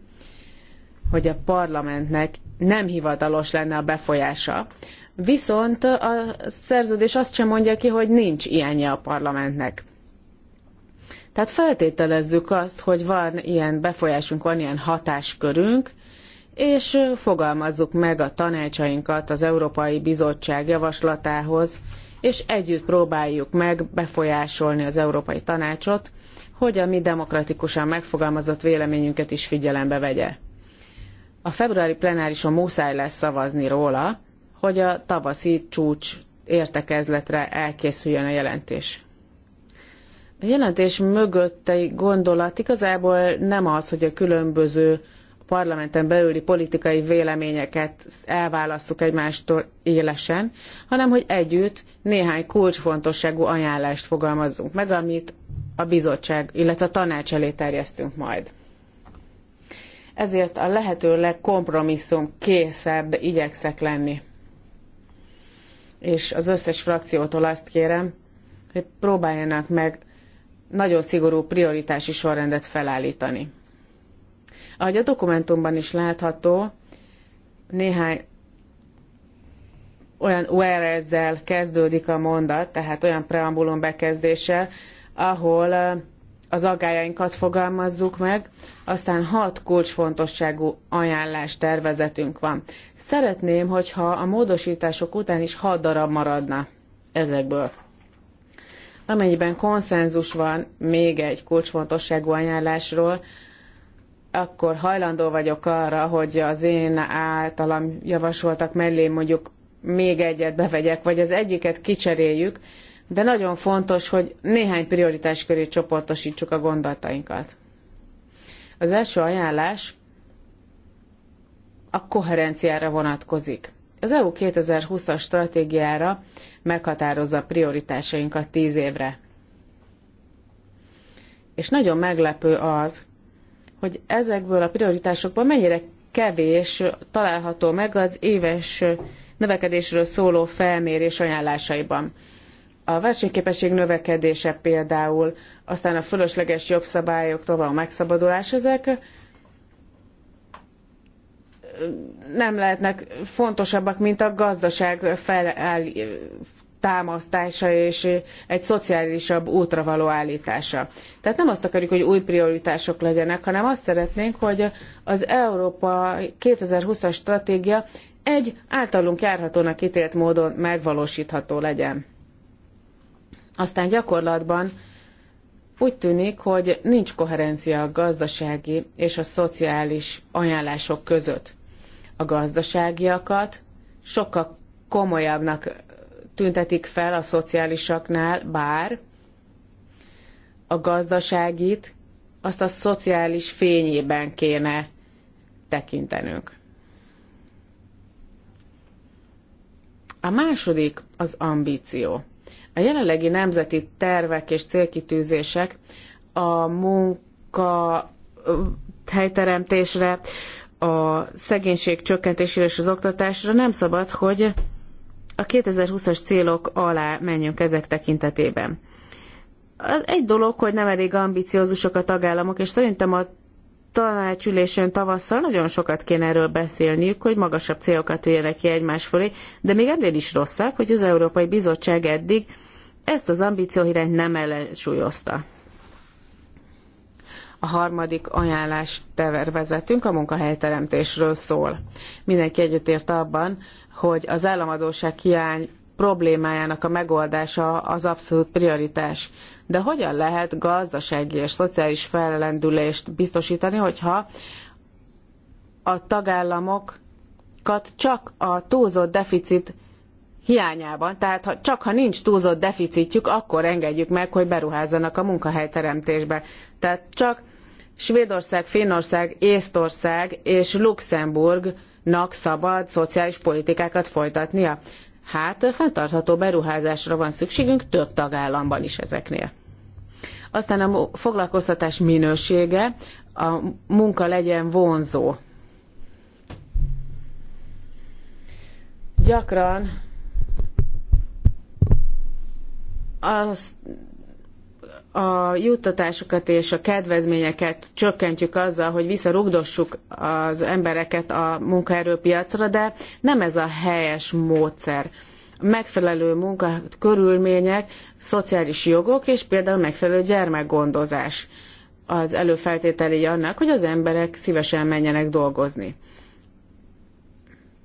hogy a parlamentnek nem hivatalos lenne a befolyása, viszont a szerződés azt sem mondja ki, hogy nincs ilyenje a parlamentnek. Tehát feltételezzük azt, hogy van ilyen befolyásunk, van ilyen hatáskörünk, és fogalmazzuk meg a tanácsainkat az Európai Bizottság javaslatához, és együtt próbáljuk meg befolyásolni az Európai Tanácsot, hogy a mi demokratikusan megfogalmazott véleményünket is figyelembe vegye. A februári plenárison muszáj lesz szavazni róla, hogy a tavaszi csúcs értekezletre elkészüljön a jelentés. A jelentés mögötti gondolat igazából nem az, hogy a különböző parlamenten belüli politikai véleményeket elválasszuk egymástól élesen, hanem hogy együtt néhány kulcsfontosságú ajánlást fogalmazzunk meg, amit a bizottság, illetve a tanács elé terjesztünk majd. Ezért a lehető legkompromisszum készebb igyekszek lenni. És az összes frakciótól azt kérem, hogy próbáljanak meg nagyon szigorú prioritási sorrendet felállítani. Ahogy a dokumentumban is látható, néhány olyan where-ezzel kezdődik a mondat, tehát olyan preambulum bekezdéssel, ahol az aggájainkat fogalmazzuk meg, aztán hat kulcsfontosságú ajánlás tervezetünk van. Szeretném, hogyha a módosítások után is hat darab maradna ezekből. Amennyiben konszenzus van még egy kulcsfontosságú ajánlásról, akkor hajlandó vagyok arra, hogy az én általam javasoltak mellé mondjuk még egyet bevegyek, vagy az egyiket kicseréljük, de nagyon fontos, hogy néhány prioritás köré csoportosítsuk a gondolatainkat. Az első ajánlás a koherenciára vonatkozik. Az EU 2020-as stratégiára meghatározza prioritásainkat tíz évre. És nagyon meglepő az, hogy ezekből a prioritásokból mennyire kevés található meg az éves növekedésről szóló felmérés ajánlásaiban. A versenyképesség növekedése például, aztán a fölösleges jogszabályoktól való megszabadulás, ezek nem lehetnek fontosabbak, mint a gazdaság feláll, támasztása és egy szociálisabb útra való állítása. Tehát nem azt akarjuk, hogy új prioritások legyenek, hanem azt szeretnénk, hogy az Európa 2020-as stratégia egy általunk járhatónak ítélt módon megvalósítható legyen. Aztán gyakorlatban úgy tűnik, hogy nincs koherencia a gazdasági és a szociális ajánlások között. A gazdaságiakat sokkal komolyabbnak tüntetik fel a szociálisaknál, bár a gazdaságit azt a szociális fényében kéne tekintenünk. A második az ambíció. A jelenlegi nemzeti tervek és célkitűzések a munka helyteremtésre, a szegénység csökkentésére és az oktatásra nem szabad, hogy a 2020-as célok alá menjünk ezek tekintetében. Az egy dolog, hogy nem elég ambiciózusok a tagállamok, és szerintem a tanácsülésön tavasszal nagyon sokat kéne erről beszélniük, hogy magasabb célokat üljenek ki egymás fölé, de még ennél is rosszak, hogy az Európai Bizottság eddig ezt az ambícióhirányt nem ellensúlyozta. A harmadik ajánlás tervezetünk a munkahelyteremtésről szól. Mindenki egyetért abban, hogy az államadóság hiány problémájának a megoldása az abszolút prioritás. De hogyan lehet gazdasági és szociális fellendülést biztosítani, hogyha a tagállamokat csak a túlzott deficit hiányában, tehát ha, csak ha nincs túlzott deficitjük, akkor engedjük meg, hogy beruházzanak a munkahelyteremtésbe. Tehát csak Svédország, Finnország, Észtország és Luxemburgnak szabad szociális politikákat folytatnia. Hát fenntartható beruházásra van szükségünk több tagállamban is ezeknél. Aztán a foglalkoztatás minősége, a munka legyen vonzó. Gyakran azt a juttatásokat és a kedvezményeket csökkentjük azzal, hogy visszarugdossuk az embereket a munkaerőpiacra, de nem ez a helyes módszer. Megfelelő munkakörülmények, szociális jogok és például megfelelő gyermekgondozás az előfeltételei annak, hogy az emberek szívesen menjenek dolgozni.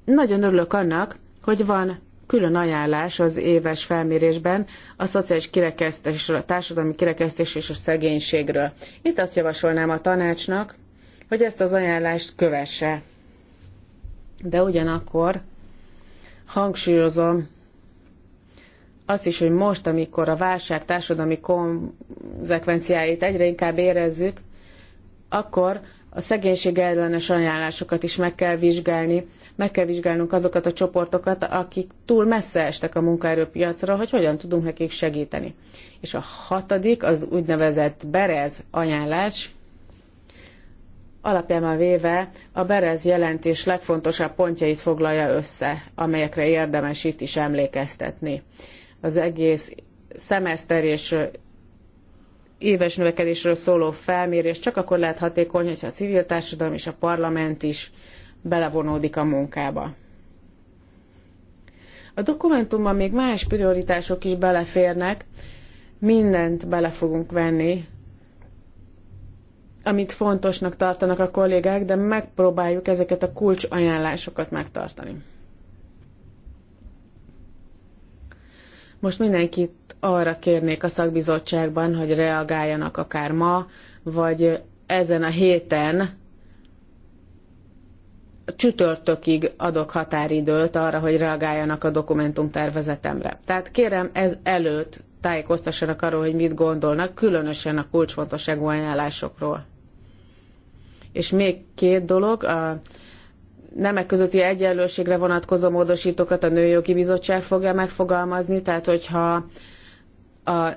Nagyon örülök annak, hogy van külön ajánlás az éves felmérésben a szociális kirekesztésről, a társadalmi kirekesztés és a szegénységről. Itt azt javasolnám a tanácsnak, hogy ezt az ajánlást kövesse. De ugyanakkor hangsúlyozom azt is, hogy most, amikor a válság társadalmi konzekvenciáit egyre inkább érezzük, akkor a szegénység ellenes ajánlásokat is meg kell vizsgálni, meg kell vizsgálnunk azokat a csoportokat, akik túl messze estek a munkaerőpiacra, hogy hogyan tudunk nekik segíteni. És a hatodik, az úgynevezett Berez ajánlás, alapjában véve a Berez jelentés legfontosabb pontjait foglalja össze, amelyekre érdemes itt is emlékeztetni. Az egész szemeszter és éves növekedésről szóló felmérés csak akkor lehet hatékony, hogyha a civil társadalom és a parlament is belevonódik a munkába. A dokumentumban még más prioritások is beleférnek, mindent bele fogunk venni, amit fontosnak tartanak a kollégák, de megpróbáljuk ezeket a kulcsajánlásokat megtartani. Most mindenkit arra kérnék a szakbizottságban, hogy reagáljanak akár ma, vagy ezen a héten csütörtökig adok határidőt arra, hogy reagáljanak a dokumentumtervezetemre. Tehát kérem, ez előtt tájékoztassanak arról, hogy mit gondolnak, különösen a kulcsfontosságú ajánlásokról. És még két dolog, a nemek közötti egyenlőségre vonatkozó módosítókat a Nőjogi Bizottság fogja megfogalmazni, tehát hogyha a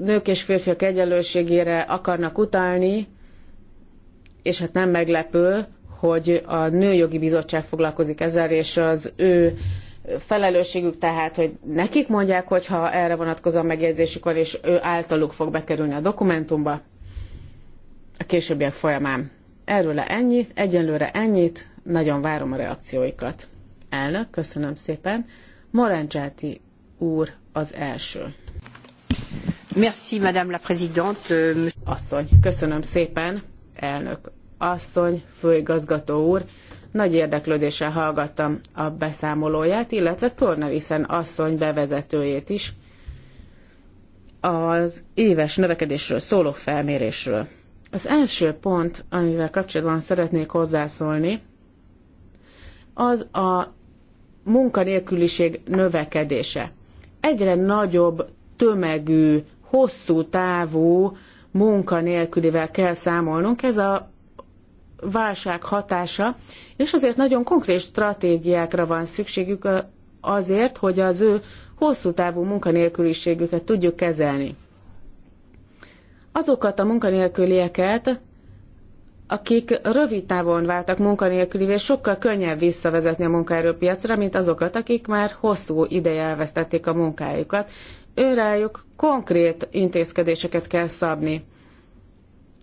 nők és férfiak egyenlőségére akarnak utalni, és hát nem meglepő, hogy a Nőjogi Bizottság foglalkozik ezzel, és az ő felelősségük tehát, hogy nekik mondják, hogyha erre vonatkozó megjegyzésük van, és ő általuk fog bekerülni a dokumentumba a későbbiek folyamán erről ennyit, egyenlőre ennyit, nagyon várom a reakcióikat. Elnök, köszönöm szépen. Morancsáti úr az első. Merci, Madame la Présidente. Asszony, köszönöm szépen, elnök asszony, főigazgató úr. Nagy érdeklődéssel hallgattam a beszámolóját, illetve Tornelisen asszony bevezetőjét is az éves növekedésről szóló felmérésről. Az első pont, amivel kapcsolatban szeretnék hozzászólni, az a munkanélküliség növekedése. Egyre nagyobb tömegű, hosszú távú munkanélkülivel kell számolnunk. Ez a válság hatása, és azért nagyon konkrét stratégiákra van szükségük azért, hogy az ő hosszú távú munkanélküliségüket tudjuk kezelni azokat a munkanélkülieket, akik rövid távon váltak munkanélkülivé, sokkal könnyebb visszavezetni a munkaerőpiacra, mint azokat, akik már hosszú ideje elvesztették a munkájukat. Őrájuk konkrét intézkedéseket kell szabni.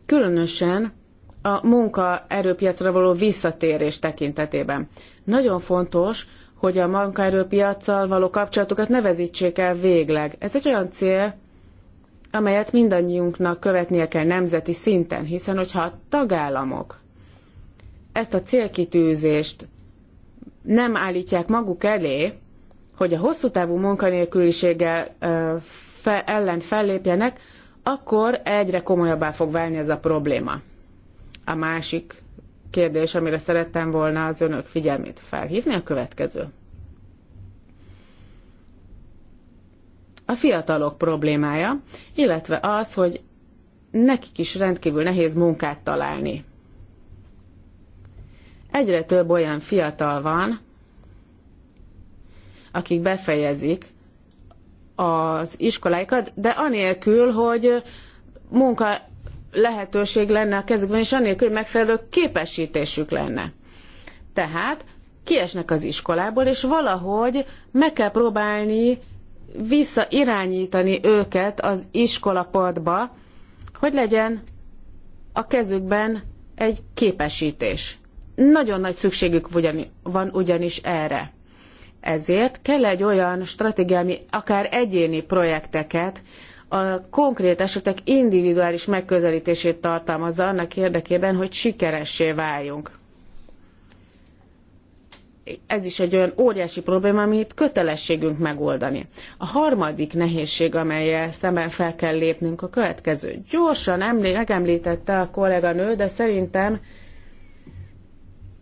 Különösen a munkaerőpiacra való visszatérés tekintetében. Nagyon fontos, hogy a munkaerőpiacsal való kapcsolatokat ne vezítsék el végleg. Ez egy olyan cél, amelyet mindannyiunknak követnie kell nemzeti szinten, hiszen hogyha a tagállamok ezt a célkitűzést nem állítják maguk elé, hogy a hosszú távú munkanélküliséggel fe, ellen fellépjenek, akkor egyre komolyabbá fog válni ez a probléma. A másik kérdés, amire szerettem volna az önök figyelmét felhívni, a következő. a fiatalok problémája, illetve az, hogy nekik is rendkívül nehéz munkát találni. Egyre több olyan fiatal van, akik befejezik az iskoláikat, de anélkül, hogy munka lehetőség lenne a kezükben, és anélkül, hogy megfelelő képesítésük lenne. Tehát kiesnek az iskolából, és valahogy meg kell próbálni visszairányítani őket az iskolapadba, hogy legyen a kezükben egy képesítés. Nagyon nagy szükségük van ugyanis erre. Ezért kell egy olyan ami akár egyéni projekteket, a konkrét esetek individuális megközelítését tartalmazza annak érdekében, hogy sikeressé váljunk ez is egy olyan óriási probléma, amit kötelességünk megoldani. A harmadik nehézség, amelyel szemben fel kell lépnünk a következő. Gyorsan emlé- megemlítette a kolléganő, de szerintem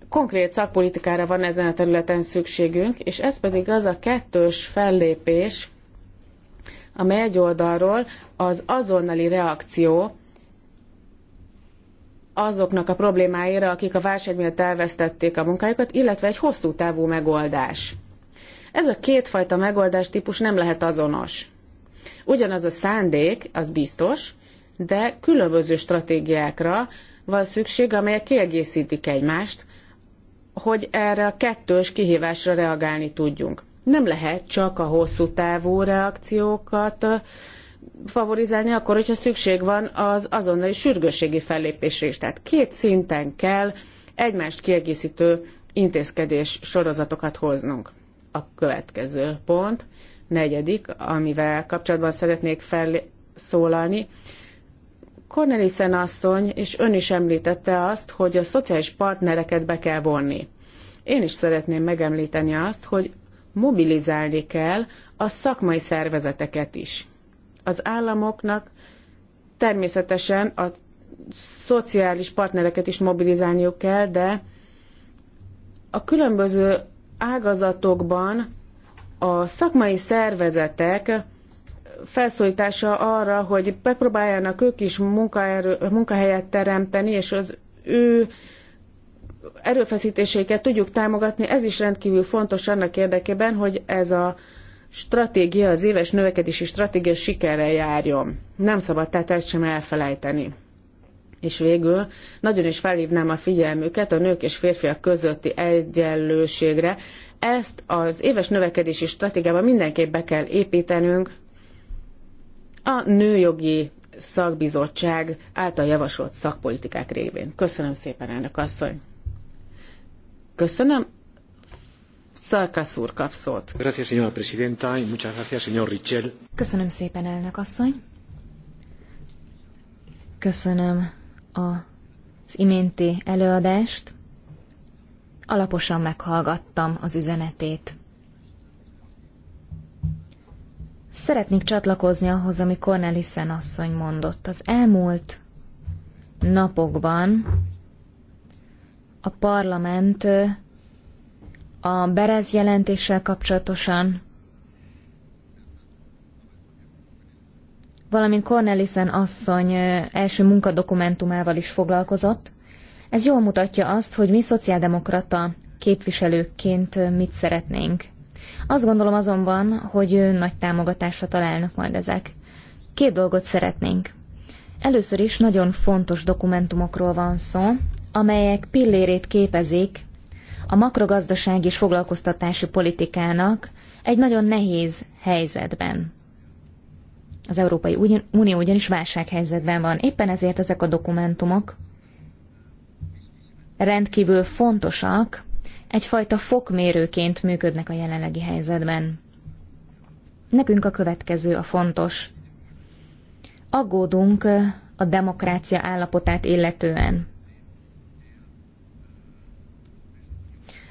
konkrét szakpolitikára van ezen a területen szükségünk, és ez pedig az a kettős fellépés, amely egy oldalról az azonnali reakció, azoknak a problémáira, akik a válság miatt elvesztették a munkájukat, illetve egy hosszú távú megoldás. Ez a kétfajta megoldás típus nem lehet azonos. Ugyanaz a szándék, az biztos, de különböző stratégiákra van szükség, amelyek kiegészítik egymást, hogy erre a kettős kihívásra reagálni tudjunk. Nem lehet csak a hosszú távú reakciókat favorizálni akkor, hogyha szükség van az azonnali sürgősségi fellépésre is. Tehát két szinten kell egymást kiegészítő intézkedés sorozatokat hoznunk. A következő pont, negyedik, amivel kapcsolatban szeretnék felszólalni, Cornelissen asszony, és ön is említette azt, hogy a szociális partnereket be kell vonni. Én is szeretném megemlíteni azt, hogy mobilizálni kell a szakmai szervezeteket is. Az államoknak természetesen a szociális partnereket is mobilizálniuk kell, de a különböző ágazatokban a szakmai szervezetek felszólítása arra, hogy megpróbáljanak ők is munkaerő, munkahelyet teremteni, és az ő erőfeszítéseiket tudjuk támogatni, ez is rendkívül fontos annak érdekében, hogy ez a stratégia, az éves növekedési stratégia sikerrel járjon. Nem szabad tehát ezt sem elfelejteni. És végül nagyon is felhívnám a figyelmüket a nők és férfiak közötti egyenlőségre. Ezt az éves növekedési stratégiában mindenképp be kell építenünk a nőjogi szakbizottság által javasolt szakpolitikák révén. Köszönöm szépen, elnök asszony! Köszönöm, Szarkasz kap szót. Köszönöm szépen, elnök asszony. Köszönöm a, az iménti előadást. Alaposan meghallgattam az üzenetét. Szeretnék csatlakozni ahhoz, ami Cornelissen asszony mondott. Az elmúlt napokban a parlament a Berez jelentéssel kapcsolatosan, valamint Cornelissen asszony első munkadokumentumával is foglalkozott. Ez jól mutatja azt, hogy mi szociáldemokrata képviselőként mit szeretnénk. Azt gondolom azonban, hogy nagy támogatásra találnak majd ezek. Két dolgot szeretnénk. Először is nagyon fontos dokumentumokról van szó, amelyek pillérét képezik a makrogazdaság és foglalkoztatási politikának egy nagyon nehéz helyzetben. Az Európai Unió ugyanis válsághelyzetben van. Éppen ezért ezek a dokumentumok rendkívül fontosak, egyfajta fokmérőként működnek a jelenlegi helyzetben. Nekünk a következő a fontos. Aggódunk a demokrácia állapotát illetően.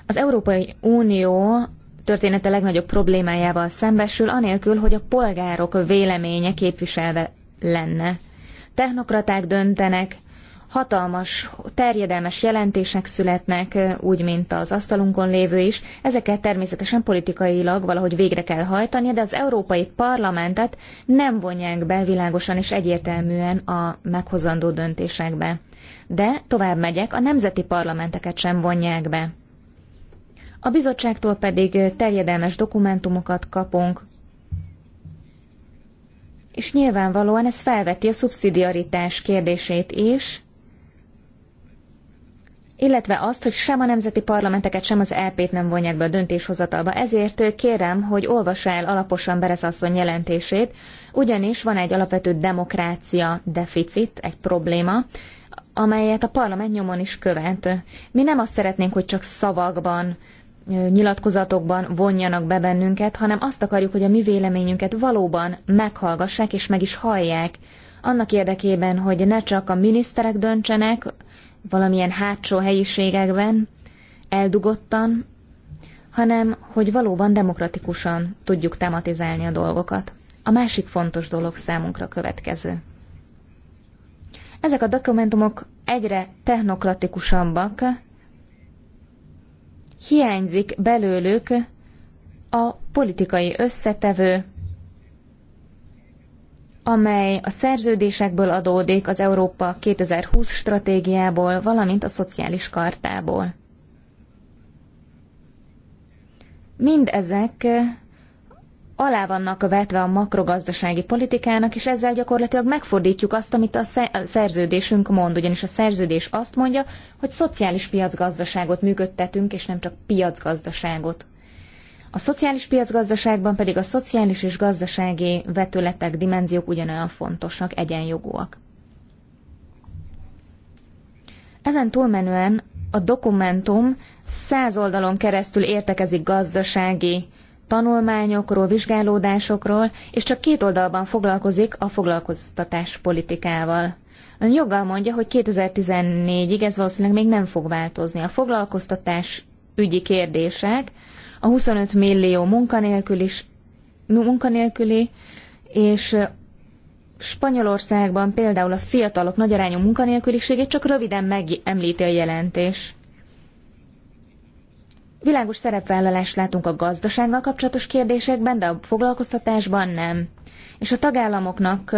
Az Európai Unió története legnagyobb problémájával szembesül, anélkül, hogy a polgárok véleménye képviselve lenne. Technokraták döntenek, hatalmas, terjedelmes jelentések születnek, úgy, mint az asztalunkon lévő is. Ezeket természetesen politikailag valahogy végre kell hajtani, de az Európai Parlamentet nem vonják be világosan és egyértelműen a meghozandó döntésekbe. De tovább megyek, a nemzeti parlamenteket sem vonják be. A bizottságtól pedig terjedelmes dokumentumokat kapunk, és nyilvánvalóan ez felveti a szubszidiaritás kérdését is, illetve azt, hogy sem a nemzeti parlamenteket, sem az lp t nem vonják be a döntéshozatalba. Ezért kérem, hogy olvassa el alaposan Beresz asszony jelentését, ugyanis van egy alapvető demokrácia deficit, egy probléma, amelyet a parlament nyomon is követ. Mi nem azt szeretnénk, hogy csak szavakban nyilatkozatokban vonjanak be bennünket, hanem azt akarjuk, hogy a mi véleményünket valóban meghallgassák és meg is hallják. Annak érdekében, hogy ne csak a miniszterek döntsenek valamilyen hátsó helyiségekben, eldugottan, hanem hogy valóban demokratikusan tudjuk tematizálni a dolgokat. A másik fontos dolog számunkra következő. Ezek a dokumentumok egyre technokratikusabbak, hiányzik belőlük a politikai összetevő, amely a szerződésekből adódik, az Európa 2020 stratégiából, valamint a szociális kartából. Mindezek alá vannak vetve a makrogazdasági politikának, és ezzel gyakorlatilag megfordítjuk azt, amit a szerződésünk mond, ugyanis a szerződés azt mondja, hogy szociális piacgazdaságot működtetünk, és nem csak piacgazdaságot. A szociális piacgazdaságban pedig a szociális és gazdasági vetületek, dimenziók ugyanolyan fontosak, egyenjogúak. Ezen túlmenően a dokumentum száz oldalon keresztül értekezik gazdasági tanulmányokról, vizsgálódásokról, és csak két oldalban foglalkozik a foglalkoztatás politikával. Ön joggal mondja, hogy 2014-ig ez valószínűleg még nem fog változni. A foglalkoztatás ügyi kérdések, a 25 millió munkanélkül is, munkanélküli, és Spanyolországban például a fiatalok nagyarányú munkanélküliségét csak röviden megemlíti a jelentés. Világos szerepvállalást látunk a gazdasággal kapcsolatos kérdésekben, de a foglalkoztatásban nem. És a tagállamoknak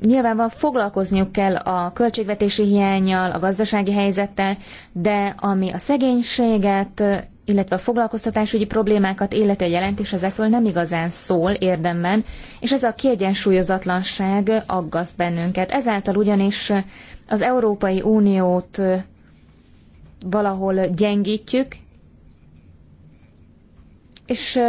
nyilvánvalóan foglalkozniuk kell a költségvetési hiányjal, a gazdasági helyzettel, de ami a szegénységet, illetve a foglalkoztatásügyi problémákat illeti a jelentés, ezekről nem igazán szól érdemben, és ez a kiegyensúlyozatlanság aggaszt bennünket. Ezáltal ugyanis az Európai Uniót valahol gyengítjük, és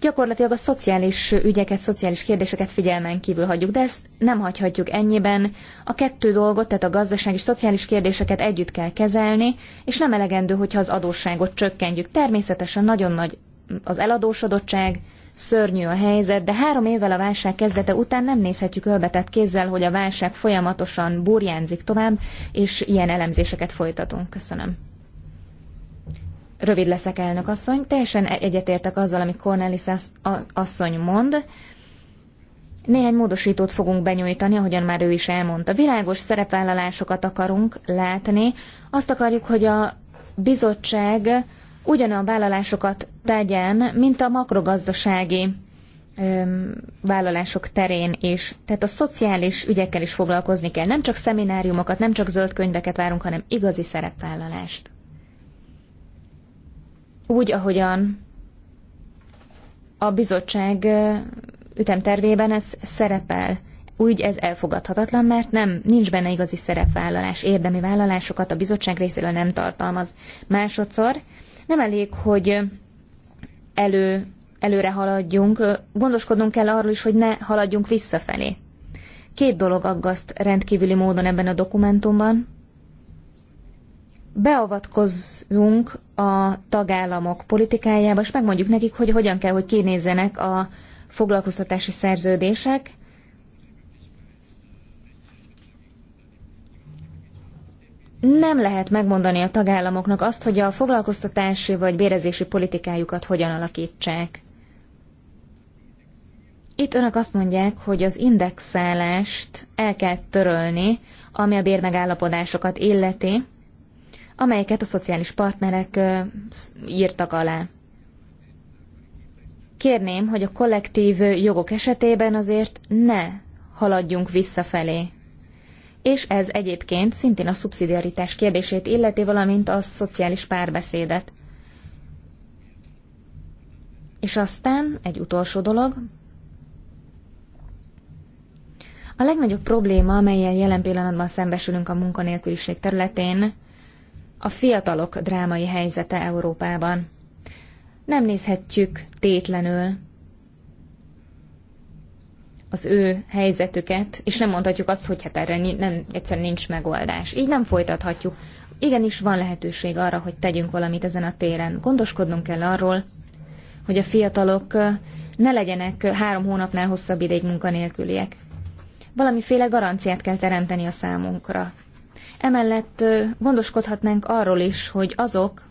gyakorlatilag a szociális ügyeket, szociális kérdéseket figyelmen kívül hagyjuk, de ezt nem hagyhatjuk ennyiben. A kettő dolgot, tehát a gazdaság és szociális kérdéseket együtt kell kezelni, és nem elegendő, hogyha az adósságot csökkentjük. Természetesen nagyon nagy az eladósodottság, szörnyű a helyzet, de három évvel a válság kezdete után nem nézhetjük ölbetett kézzel, hogy a válság folyamatosan burjánzik tovább, és ilyen elemzéseket folytatunk. Köszönöm. Rövid leszek, elnök asszony. Teljesen e- egyetértek azzal, amit Cornelis asszony mond. Néhány módosítót fogunk benyújtani, ahogyan már ő is elmondta. Világos szerepvállalásokat akarunk látni. Azt akarjuk, hogy a bizottság ugyanolyan vállalásokat tegyen, mint a makrogazdasági vállalások terén is. Tehát a szociális ügyekkel is foglalkozni kell. Nem csak szemináriumokat, nem csak zöld könyveket várunk, hanem igazi szerepvállalást. Úgy, ahogyan a bizottság ütemtervében ez szerepel. Úgy ez elfogadhatatlan, mert nem, nincs benne igazi szerepvállalás, érdemi vállalásokat a bizottság részéről nem tartalmaz. Másodszor nem elég, hogy elő, előre haladjunk, gondoskodnunk kell arról is, hogy ne haladjunk visszafelé. Két dolog aggaszt rendkívüli módon ebben a dokumentumban. Beavatkozzunk a tagállamok politikájába, és megmondjuk nekik, hogy hogyan kell, hogy kinézzenek a foglalkoztatási szerződések, nem lehet megmondani a tagállamoknak azt, hogy a foglalkoztatási vagy bérezési politikájukat hogyan alakítsák. Itt önök azt mondják, hogy az indexálást el kell törölni, ami a bérmegállapodásokat illeti, amelyeket a szociális partnerek írtak alá. Kérném, hogy a kollektív jogok esetében azért ne haladjunk visszafelé és ez egyébként szintén a szubszidiaritás kérdését illeti, valamint a szociális párbeszédet. És aztán egy utolsó dolog. A legnagyobb probléma, amelyen jelen pillanatban szembesülünk a munkanélküliség területén, a fiatalok drámai helyzete Európában. Nem nézhetjük tétlenül az ő helyzetüket, és nem mondhatjuk azt, hogy hát erre nem, egyszerűen nincs megoldás. Így nem folytathatjuk. Igenis van lehetőség arra, hogy tegyünk valamit ezen a téren. Gondoskodnunk kell arról, hogy a fiatalok ne legyenek három hónapnál hosszabb ideig munkanélküliek. Valamiféle garanciát kell teremteni a számunkra. Emellett gondoskodhatnánk arról is, hogy azok,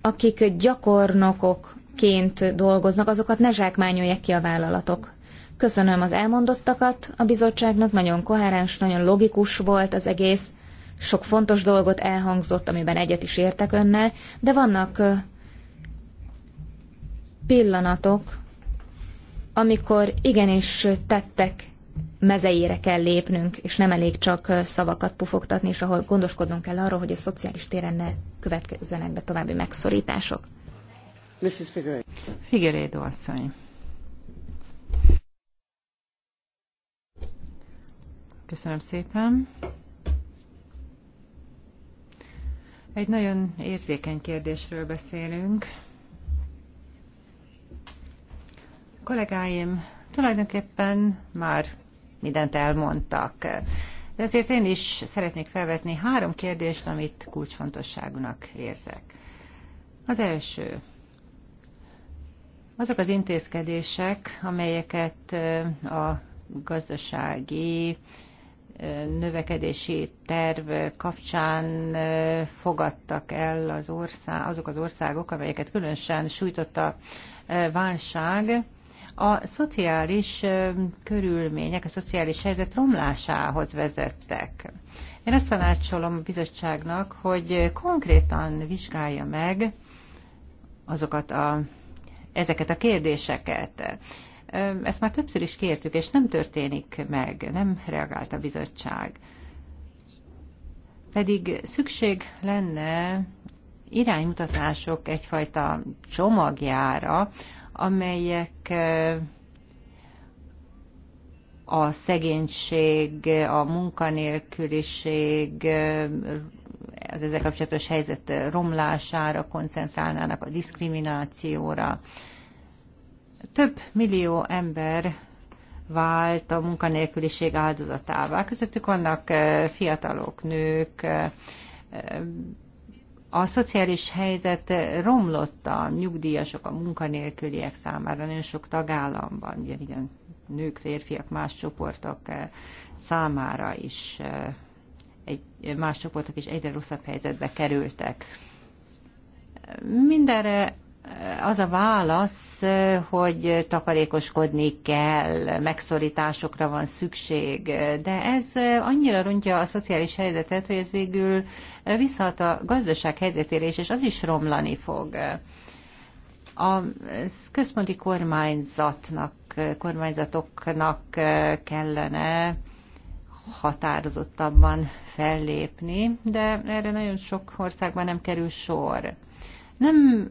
akik gyakornokok ként dolgoznak, azokat ne zsákmányolják ki a vállalatok. Köszönöm az elmondottakat a bizottságnak, nagyon koherens, nagyon logikus volt az egész, sok fontos dolgot elhangzott, amiben egyet is értek önnel, de vannak pillanatok, amikor igenis tettek mezeire kell lépnünk, és nem elég csak szavakat pufogtatni, és ahol gondoskodnunk kell arról, hogy a szociális téren ne következzenek be további megszorítások. Mrs. Figueredo. Figueredo asszony. Köszönöm szépen. Egy nagyon érzékeny kérdésről beszélünk. Kollégáim tulajdonképpen már mindent elmondtak. De azért én is szeretnék felvetni három kérdést, amit kulcsfontosságúnak érzek. Az első, azok az intézkedések, amelyeket a gazdasági növekedési terv kapcsán fogadtak el az ország, azok az országok, amelyeket különösen sújtott a válság, a szociális körülmények, a szociális helyzet romlásához vezettek. Én azt tanácsolom a bizottságnak, hogy konkrétan vizsgálja meg azokat a ezeket a kérdéseket. Ezt már többször is kértük, és nem történik meg, nem reagált a bizottság. Pedig szükség lenne iránymutatások egyfajta csomagjára, amelyek a szegénység, a munkanélküliség, az ezzel kapcsolatos helyzet romlására koncentrálnának, a diszkriminációra. Több millió ember vált a munkanélküliség áldozatává. Közöttük vannak eh, fiatalok, nők, eh, eh, a szociális helyzet romlott a nyugdíjasok, a munkanélküliek számára nagyon sok tagállamban, ugye igen, nők, férfiak, más csoportok számára is egy, más csoportok is egyre rosszabb helyzetbe kerültek. Mindenre az a válasz, hogy takarékoskodni kell, megszorításokra van szükség, de ez annyira rontja a szociális helyzetet, hogy ez végül visszahat a gazdaság helyzetére is, és az is romlani fog. A központi kormányzatnak, kormányzatoknak kellene határozottabban fellépni, de erre nagyon sok országban nem kerül sor. Nem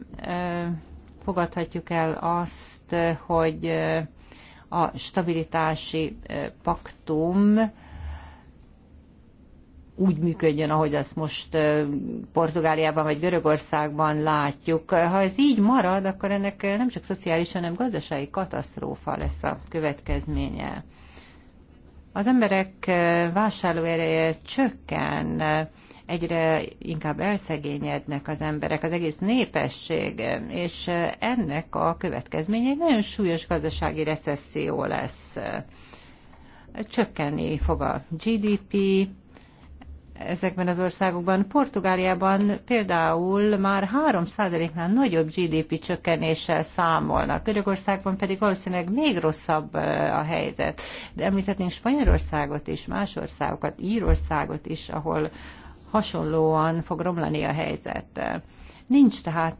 fogadhatjuk el azt, hogy a stabilitási paktum úgy működjön, ahogy azt most Portugáliában vagy Görögországban látjuk. Ha ez így marad, akkor ennek nem csak szociális, hanem gazdasági katasztrófa lesz a következménye. Az emberek vásárlóereje csökken, egyre inkább elszegényednek az emberek, az egész népesség, és ennek a következménye egy nagyon súlyos gazdasági recesszió lesz. Csökkenni fog a GDP, ezekben az országokban. Portugáliában például már 3%-nál nagyobb GDP csökkenéssel számolnak, Görögországban pedig valószínűleg még rosszabb a helyzet. De említhetnénk Spanyolországot is, más országokat, Írországot is, ahol hasonlóan fog romlani a helyzet. Nincs tehát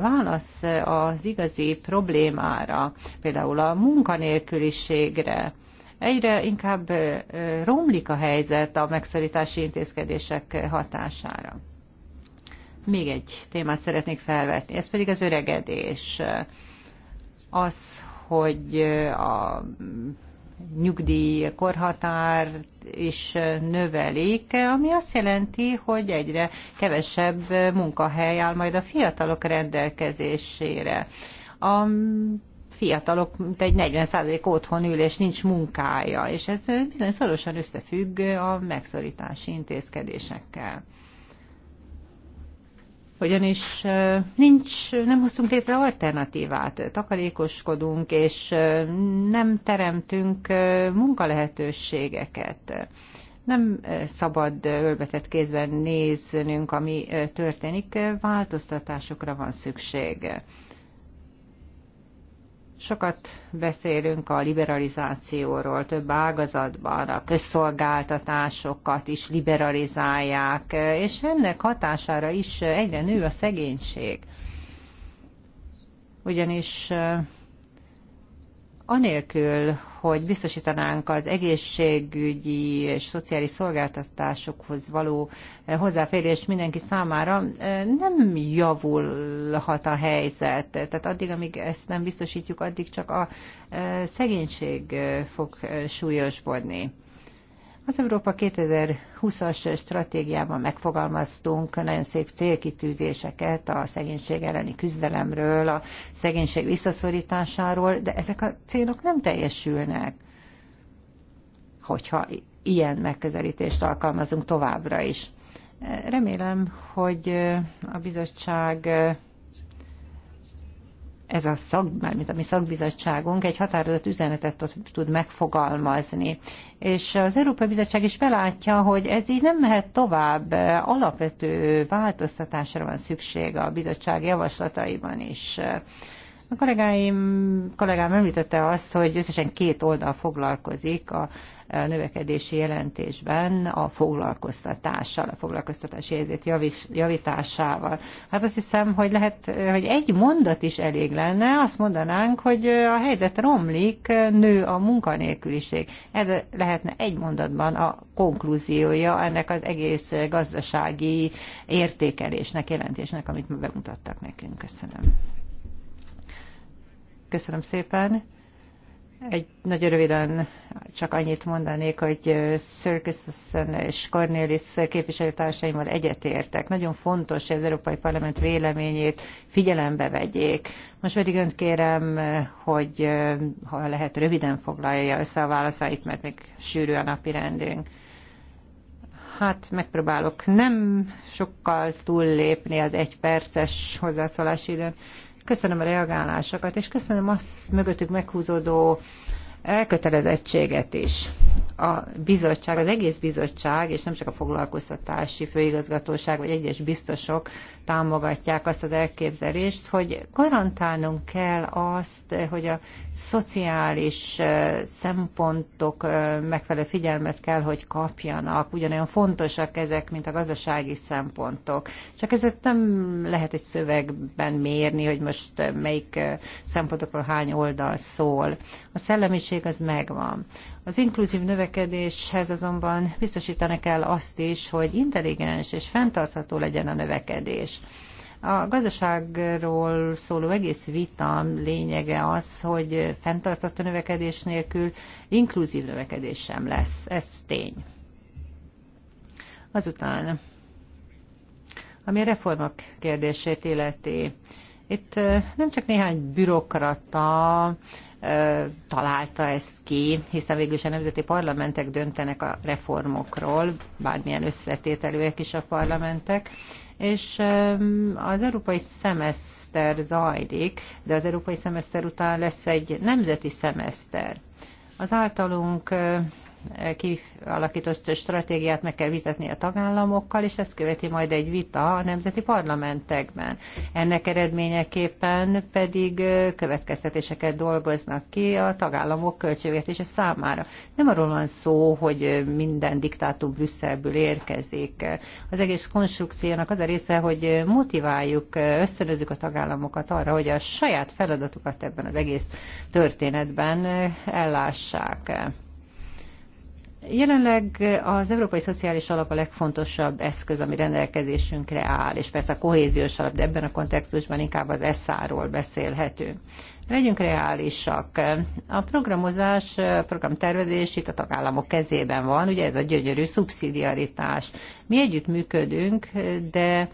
válasz az igazi problémára, például a munkanélküliségre Egyre inkább romlik a helyzet a megszorítási intézkedések hatására. Még egy témát szeretnék felvetni, ez pedig az öregedés. Az, hogy a nyugdíj korhatár is növelik, ami azt jelenti, hogy egyre kevesebb munkahely áll majd a fiatalok rendelkezésére. A fiatalok egy 40% otthon ül, és nincs munkája, és ez bizony szorosan összefügg a megszorítási intézkedésekkel. Ugyanis nincs, nem hoztunk létre alternatívát, takarékoskodunk, és nem teremtünk munkalehetőségeket nem szabad ölbetett kézben néznünk, ami történik, változtatásokra van szükség. Sokat beszélünk a liberalizációról több ágazatban, a közszolgáltatásokat is liberalizálják, és ennek hatására is egyre nő a szegénység. Ugyanis eh, anélkül, hogy biztosítanánk az egészségügyi és szociális szolgáltatásokhoz való eh, hozzáférés mindenki számára, eh, nem javulhat a helyzet. Tehát addig, amíg ezt nem biztosítjuk, addig csak a eh, szegénység fog súlyosbodni. Az Európa 2020-as stratégiában megfogalmaztunk nagyon szép célkitűzéseket a szegénység elleni küzdelemről, a szegénység visszaszorításáról, de ezek a célok nem teljesülnek, hogyha ilyen megközelítést alkalmazunk továbbra is. Remélem, hogy a bizottság ez a szak, mint a mi szakbizottságunk egy határozott üzenetet tud megfogalmazni. És az Európai Bizottság is belátja, hogy ez így nem mehet tovább, alapvető változtatásra van szükség a bizottság javaslataiban is. A kollégáim, kollégám említette azt, hogy összesen két oldal foglalkozik a e, növekedési jelentésben a foglalkoztatással, a foglalkoztatási helyzet javításával. Hát azt hiszem, hogy lehet, hogy egy mondat is elég lenne, azt mondanánk, hogy e, a helyzet romlik, e, nő a munkanélküliség. Ez lehetne egy mondatban a konklúziója ennek az egész gazdasági értékelésnek, jelentésnek, amit bemutattak nekünk. Köszönöm. Köszönöm szépen. Egy nagyon röviden csak annyit mondanék, hogy Circus és Cornelis képviselőtársaimmal egyetértek. Nagyon fontos, hogy az Európai Parlament véleményét figyelembe vegyék. Most pedig önt kérem, hogy ha lehet röviden foglalja össze a válaszait, mert még sűrű a napi rendünk. Hát megpróbálok nem sokkal túllépni az egy perces hozzászólási időn. Köszönöm a reagálásokat, és köszönöm azt mögöttük meghúzódó elkötelezettséget is a bizottság, az egész bizottság, és nem csak a foglalkoztatási főigazgatóság, vagy egyes biztosok támogatják azt az elképzelést, hogy garantálnunk kell azt, hogy a szociális szempontok megfelelő figyelmet kell, hogy kapjanak, ugyanolyan fontosak ezek, mint a gazdasági szempontok. Csak ezt nem lehet egy szövegben mérni, hogy most melyik szempontokról hány oldal szól. A szellemiség az megvan. Az inkluzív növekedéshez azonban biztosítani kell azt is, hogy intelligens és fenntartható legyen a növekedés. A gazdaságról szóló egész vitam lényege az, hogy fenntartható növekedés nélkül inkluzív növekedés sem lesz. Ez tény. Azután, ami a reformok kérdését illeti, itt nem csak néhány bürokrata találta ezt ki, hiszen végül is a nemzeti parlamentek döntenek a reformokról, bármilyen összetételőek is a parlamentek, és az európai szemeszter zajlik, de az európai szemeszter után lesz egy nemzeti szemeszter. Az általunk kialakított stratégiát meg kell vitatni a tagállamokkal, és ezt követi majd egy vita a nemzeti parlamentekben. Ennek eredményeképpen pedig következtetéseket dolgoznak ki a tagállamok költségvetése számára. Nem arról van szó, hogy minden diktátum Brüsszelből érkezik. Az egész konstrukciónak az a része, hogy motiváljuk, ösztönözzük a tagállamokat arra, hogy a saját feladatukat ebben az egész történetben ellássák. Jelenleg az Európai Szociális Alap a legfontosabb eszköz, ami rendelkezésünkre áll, és persze a kohéziós alap, de ebben a kontextusban inkább az ESZÁ-ról beszélhetünk. Legyünk reálisak. A programozás, a programtervezés itt a tagállamok kezében van, ugye ez a gyönyörű szubszidiaritás. Mi együtt működünk, de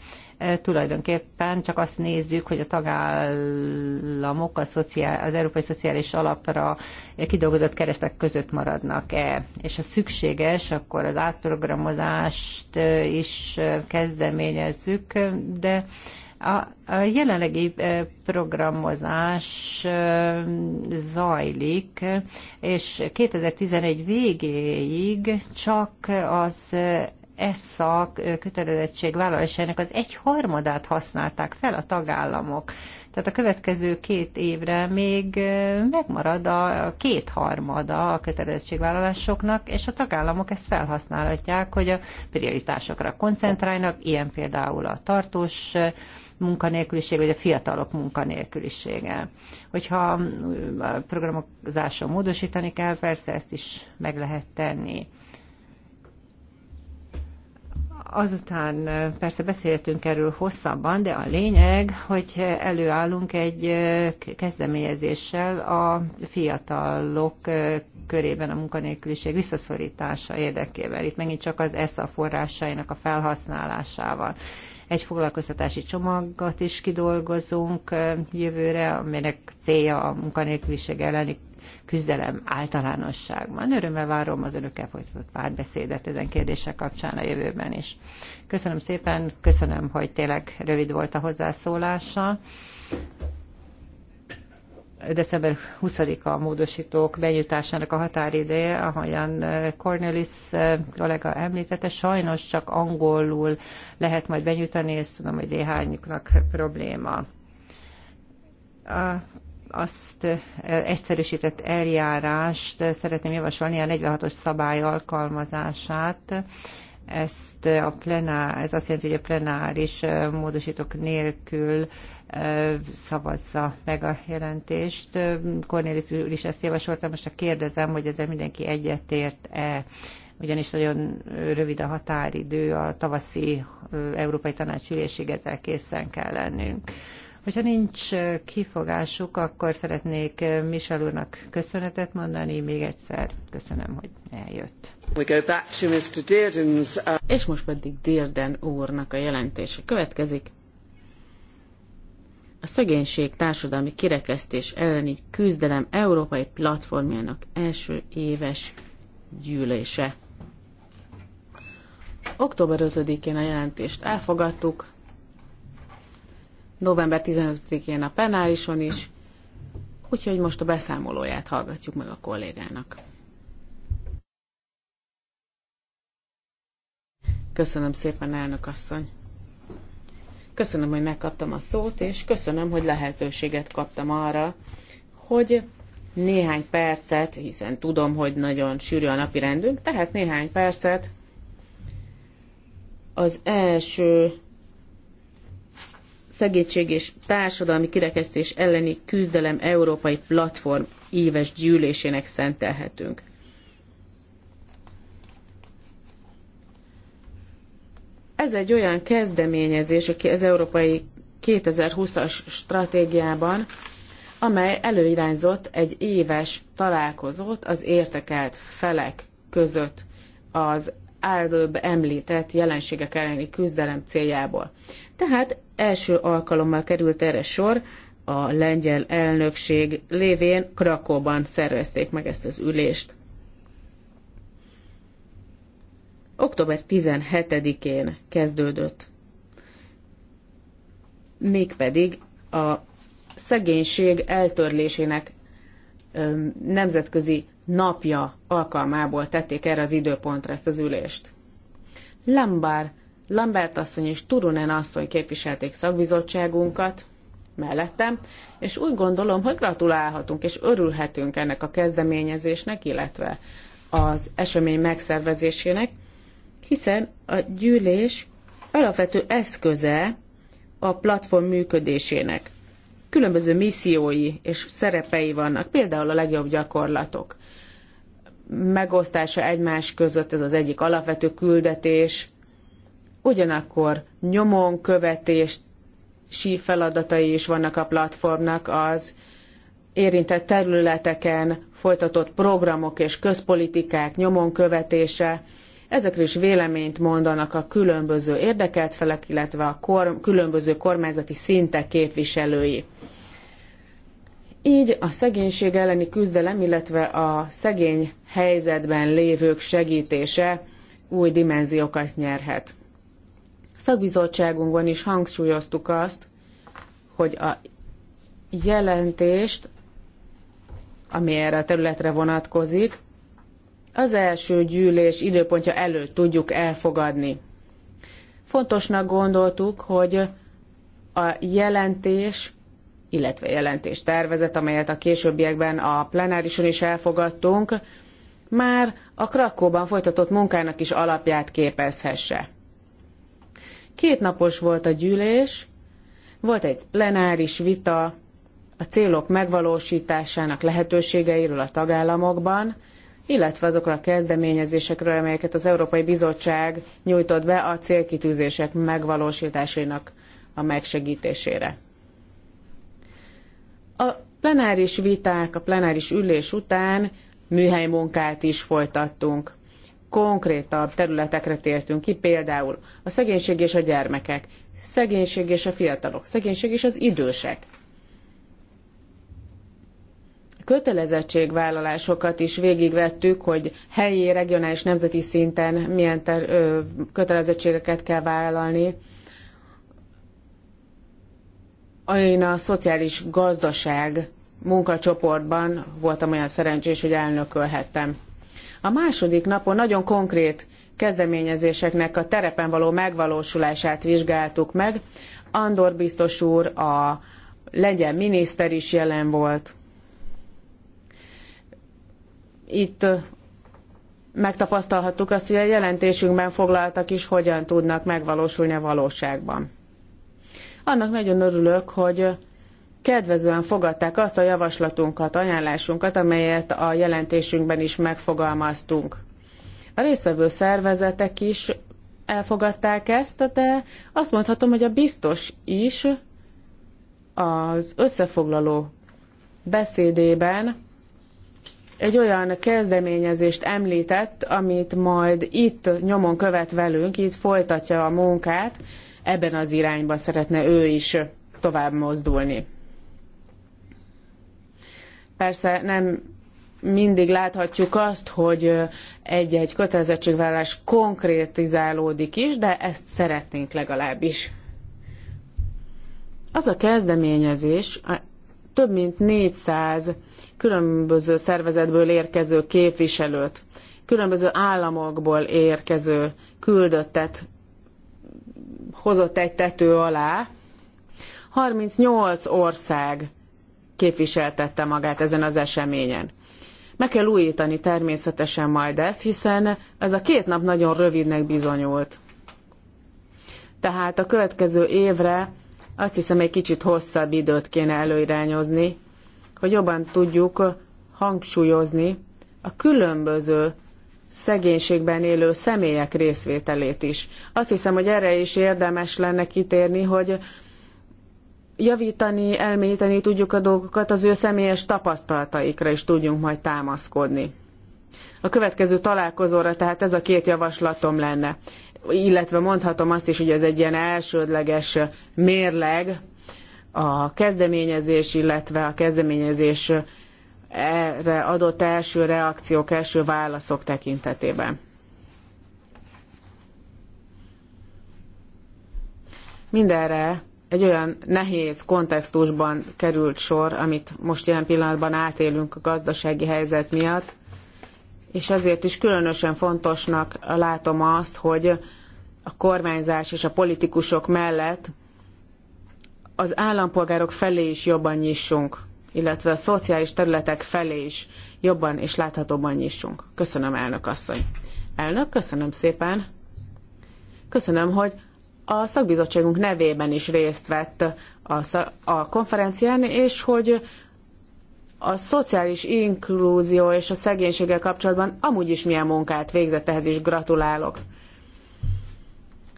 tulajdonképpen csak azt nézzük, hogy a tagállamok a szociál, az Európai Szociális Alapra kidolgozott keresztek között maradnak-e. És ha szükséges, akkor az átprogramozást is kezdeményezzük, de a jelenlegi programozás zajlik, és 2011 végéig csak az Eszak kötelezettségvállalásának az egy harmadát használták fel a tagállamok. Tehát a következő két évre még megmarad a kétharmada a kötelezettségvállalásoknak, és a tagállamok ezt felhasználhatják, hogy a prioritásokra koncentrálnak, ilyen például a tartós munkanélküliség, vagy a fiatalok munkanélkülisége. Hogyha a programozáson módosítani kell, persze ezt is meg lehet tenni. Azután persze beszéltünk erről hosszabban, de a lényeg, hogy előállunk egy kezdeményezéssel a fiatalok körében a munkanélküliség visszaszorítása érdekével. Itt megint csak az ESZA forrásainak a felhasználásával. Egy foglalkoztatási csomagot is kidolgozunk jövőre, aminek célja a munkanélküliség elleni küzdelem általánosságban. Örömmel várom az önökkel folytatott párbeszédet ezen kérdések kapcsán a jövőben is. Köszönöm szépen, köszönöm, hogy tényleg rövid volt a hozzászólása december 20-a a módosítók benyújtásának a határideje, ahogyan eh, Cornelis eh, kollega említette, sajnos csak angolul lehet majd benyújtani, ezt tudom, hogy néhányuknak probléma. A azt egyszerűsített eljárást szeretném javasolni a 46-os szabály alkalmazását. Ezt a plenár, ez azt jelenti, hogy a plenáris módosítók nélkül szavazza meg a jelentést. Cornélis úr is ezt javasolta, most csak kérdezem, hogy ezzel mindenki egyetért-e, ugyanis nagyon rövid a határidő, a tavaszi Európai Tanács üléséig ezzel készen kell lennünk. Hogyha nincs kifogásuk, akkor szeretnék Michel úrnak köszönetet mondani, még egyszer köszönöm, hogy eljött. We go back to Mr. Dearden's, uh... És most pedig Dearden úrnak a jelentése következik. A szegénység társadalmi kirekesztés elleni küzdelem európai platformjának első éves gyűlése. Október 5-én a jelentést elfogadtuk, november 15-én a penálison is, úgyhogy most a beszámolóját hallgatjuk meg a kollégának. Köszönöm szépen, elnök asszony! Köszönöm, hogy megkaptam a szót, és köszönöm, hogy lehetőséget kaptam arra, hogy néhány percet, hiszen tudom, hogy nagyon sűrű a napi rendünk, tehát néhány percet az első szegénység és társadalmi kirekesztés elleni küzdelem európai platform éves gyűlésének szentelhetünk. Ez egy olyan kezdeményezés, aki az európai 2020-as stratégiában, amely előirányzott egy éves találkozót az értekelt felek között az előbb említett jelenségek elleni küzdelem céljából. Tehát első alkalommal került erre sor, a lengyel elnökség lévén Krakóban szervezték meg ezt az ülést. Október 17-én kezdődött. Mégpedig a szegénység eltörlésének nemzetközi napja alkalmából tették erre az időpontra ezt az ülést. Lambár, Lambert asszony és Turunen asszony képviselték szakbizottságunkat mellettem, és úgy gondolom, hogy gratulálhatunk és örülhetünk ennek a kezdeményezésnek, illetve az esemény megszervezésének, hiszen a gyűlés alapvető eszköze a platform működésének. Különböző missziói és szerepei vannak, például a legjobb gyakorlatok megosztása egymás között, ez az egyik alapvető küldetés. Ugyanakkor nyomon sí feladatai is vannak a platformnak az érintett területeken folytatott programok és közpolitikák nyomon követése. Ezekről is véleményt mondanak a különböző érdekelt felek, illetve a kor különböző kormányzati szintek képviselői. Így a szegénység elleni küzdelem, illetve a szegény helyzetben lévők segítése új dimenziókat nyerhet. Szakbizottságunkban is hangsúlyoztuk azt, hogy a jelentést, ami erre a területre vonatkozik, az első gyűlés időpontja előtt tudjuk elfogadni. Fontosnak gondoltuk, hogy a jelentés illetve jelentés tervezet, amelyet a későbbiekben a plenárison is elfogadtunk, már a Krakóban folytatott munkának is alapját képezhesse. Két napos volt a gyűlés, volt egy plenáris vita a célok megvalósításának lehetőségeiről a tagállamokban, illetve azokra a kezdeményezésekről, amelyeket az Európai Bizottság nyújtott be a célkitűzések megvalósításainak a megsegítésére. A plenáris viták, a plenáris ülés után műhely munkát is folytattunk. Konkrétabb területekre tértünk ki, például a szegénység és a gyermekek, szegénység és a fiatalok, szegénység és az idősek. Kötelezettségvállalásokat is végigvettük, hogy helyi, regionális, nemzeti szinten milyen ter- ö, kötelezettségeket kell vállalni, én a szociális gazdaság munkacsoportban voltam olyan szerencsés, hogy elnökölhettem. A második napon nagyon konkrét kezdeményezéseknek a terepen való megvalósulását vizsgáltuk meg. Andor biztos úr, a lengyel miniszter is jelen volt. Itt megtapasztalhattuk azt, hogy a jelentésünkben foglaltak is hogyan tudnak megvalósulni a valóságban. Annak nagyon örülök, hogy kedvezően fogadták azt a javaslatunkat, ajánlásunkat, amelyet a jelentésünkben is megfogalmaztunk. A résztvevő szervezetek is elfogadták ezt, de azt mondhatom, hogy a biztos is az összefoglaló beszédében egy olyan kezdeményezést említett, amit majd itt nyomon követ velünk, itt folytatja a munkát, ebben az irányban szeretne ő is tovább mozdulni. Persze nem mindig láthatjuk azt, hogy egy-egy kötelezettségvállalás konkrétizálódik is, de ezt szeretnénk legalábbis. Az a kezdeményezés, a több mint 400 különböző szervezetből érkező képviselőt, különböző államokból érkező küldöttet hozott egy tető alá. 38 ország képviseltette magát ezen az eseményen. Meg kell újítani természetesen majd ezt, hiszen ez a két nap nagyon rövidnek bizonyult. Tehát a következő évre azt hiszem egy kicsit hosszabb időt kéne előirányozni, hogy jobban tudjuk hangsúlyozni a különböző szegénységben élő személyek részvételét is. Azt hiszem, hogy erre is érdemes lenne kitérni, hogy javítani, elmélyíteni tudjuk a dolgokat, az ő személyes tapasztalataikra is tudjunk majd támaszkodni. A következő találkozóra tehát ez a két javaslatom lenne. Illetve mondhatom azt is, hogy ez egy ilyen elsődleges mérleg, a kezdeményezés, illetve a kezdeményezés erre adott első reakciók, első válaszok tekintetében. Mindenre egy olyan nehéz kontextusban került sor, amit most jelen pillanatban átélünk a gazdasági helyzet miatt, és azért is különösen fontosnak látom azt, hogy a kormányzás és a politikusok mellett az állampolgárok felé is jobban nyissunk illetve a szociális területek felé is jobban és láthatóban nyissunk. Köszönöm, elnök asszony. Elnök, köszönöm szépen. Köszönöm, hogy a szakbizottságunk nevében is részt vett a, a konferencián, és hogy a szociális inklúzió és a szegénységgel kapcsolatban amúgy is milyen munkát végzett, ehhez is gratulálok.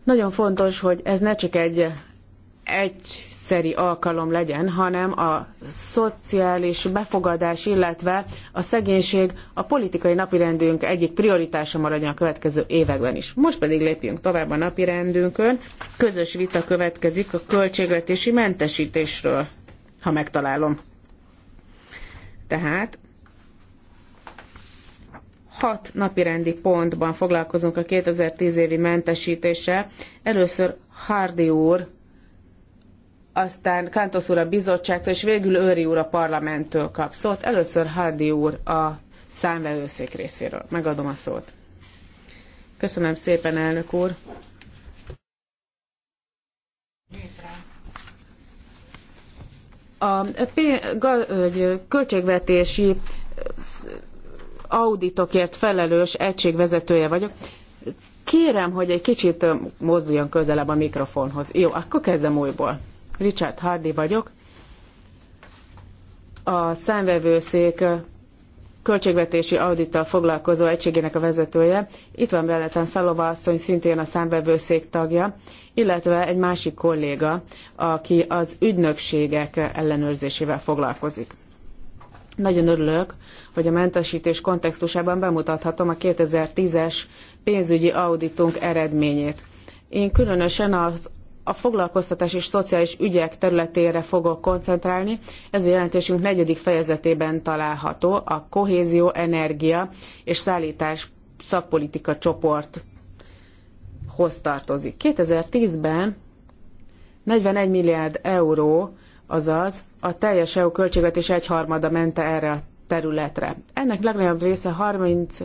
Nagyon fontos, hogy ez ne csak egy egy egyszeri alkalom legyen, hanem a szociális befogadás, illetve a szegénység a politikai napirendünk egyik prioritása maradjon a következő években is. Most pedig lépjünk tovább a napirendünkön. Közös vita következik a költségvetési mentesítésről, ha megtalálom. Tehát hat napirendi pontban foglalkozunk a 2010 évi mentesítéssel. Először Hardi úr aztán Kantosz úr a bizottságtól, és végül Őri úr a parlamenttől kap szót. Először Hardi úr a számvevőszék részéről. Megadom a szót. Köszönöm szépen, elnök úr. A költségvetési auditokért felelős egység vezetője vagyok. Kérem, hogy egy kicsit mozduljon közelebb a mikrofonhoz. Jó, akkor kezdem újból. Richard Hardy vagyok. A számvevőszék költségvetési audittal foglalkozó egységének a vezetője. Itt van mellettem Szalova asszony, szintén a számvevőszék tagja, illetve egy másik kolléga, aki az ügynökségek ellenőrzésével foglalkozik. Nagyon örülök, hogy a mentesítés kontextusában bemutathatom a 2010-es pénzügyi auditunk eredményét. Én különösen az a foglalkoztatás és szociális ügyek területére fogok koncentrálni. Ez a jelentésünk negyedik fejezetében található a kohézió, energia és szállítás szakpolitika csoporthoz tartozik. 2010-ben 41 milliárd euró, azaz a teljes EU költségvetés egyharmada ment erre a területre. Ennek legnagyobb része 30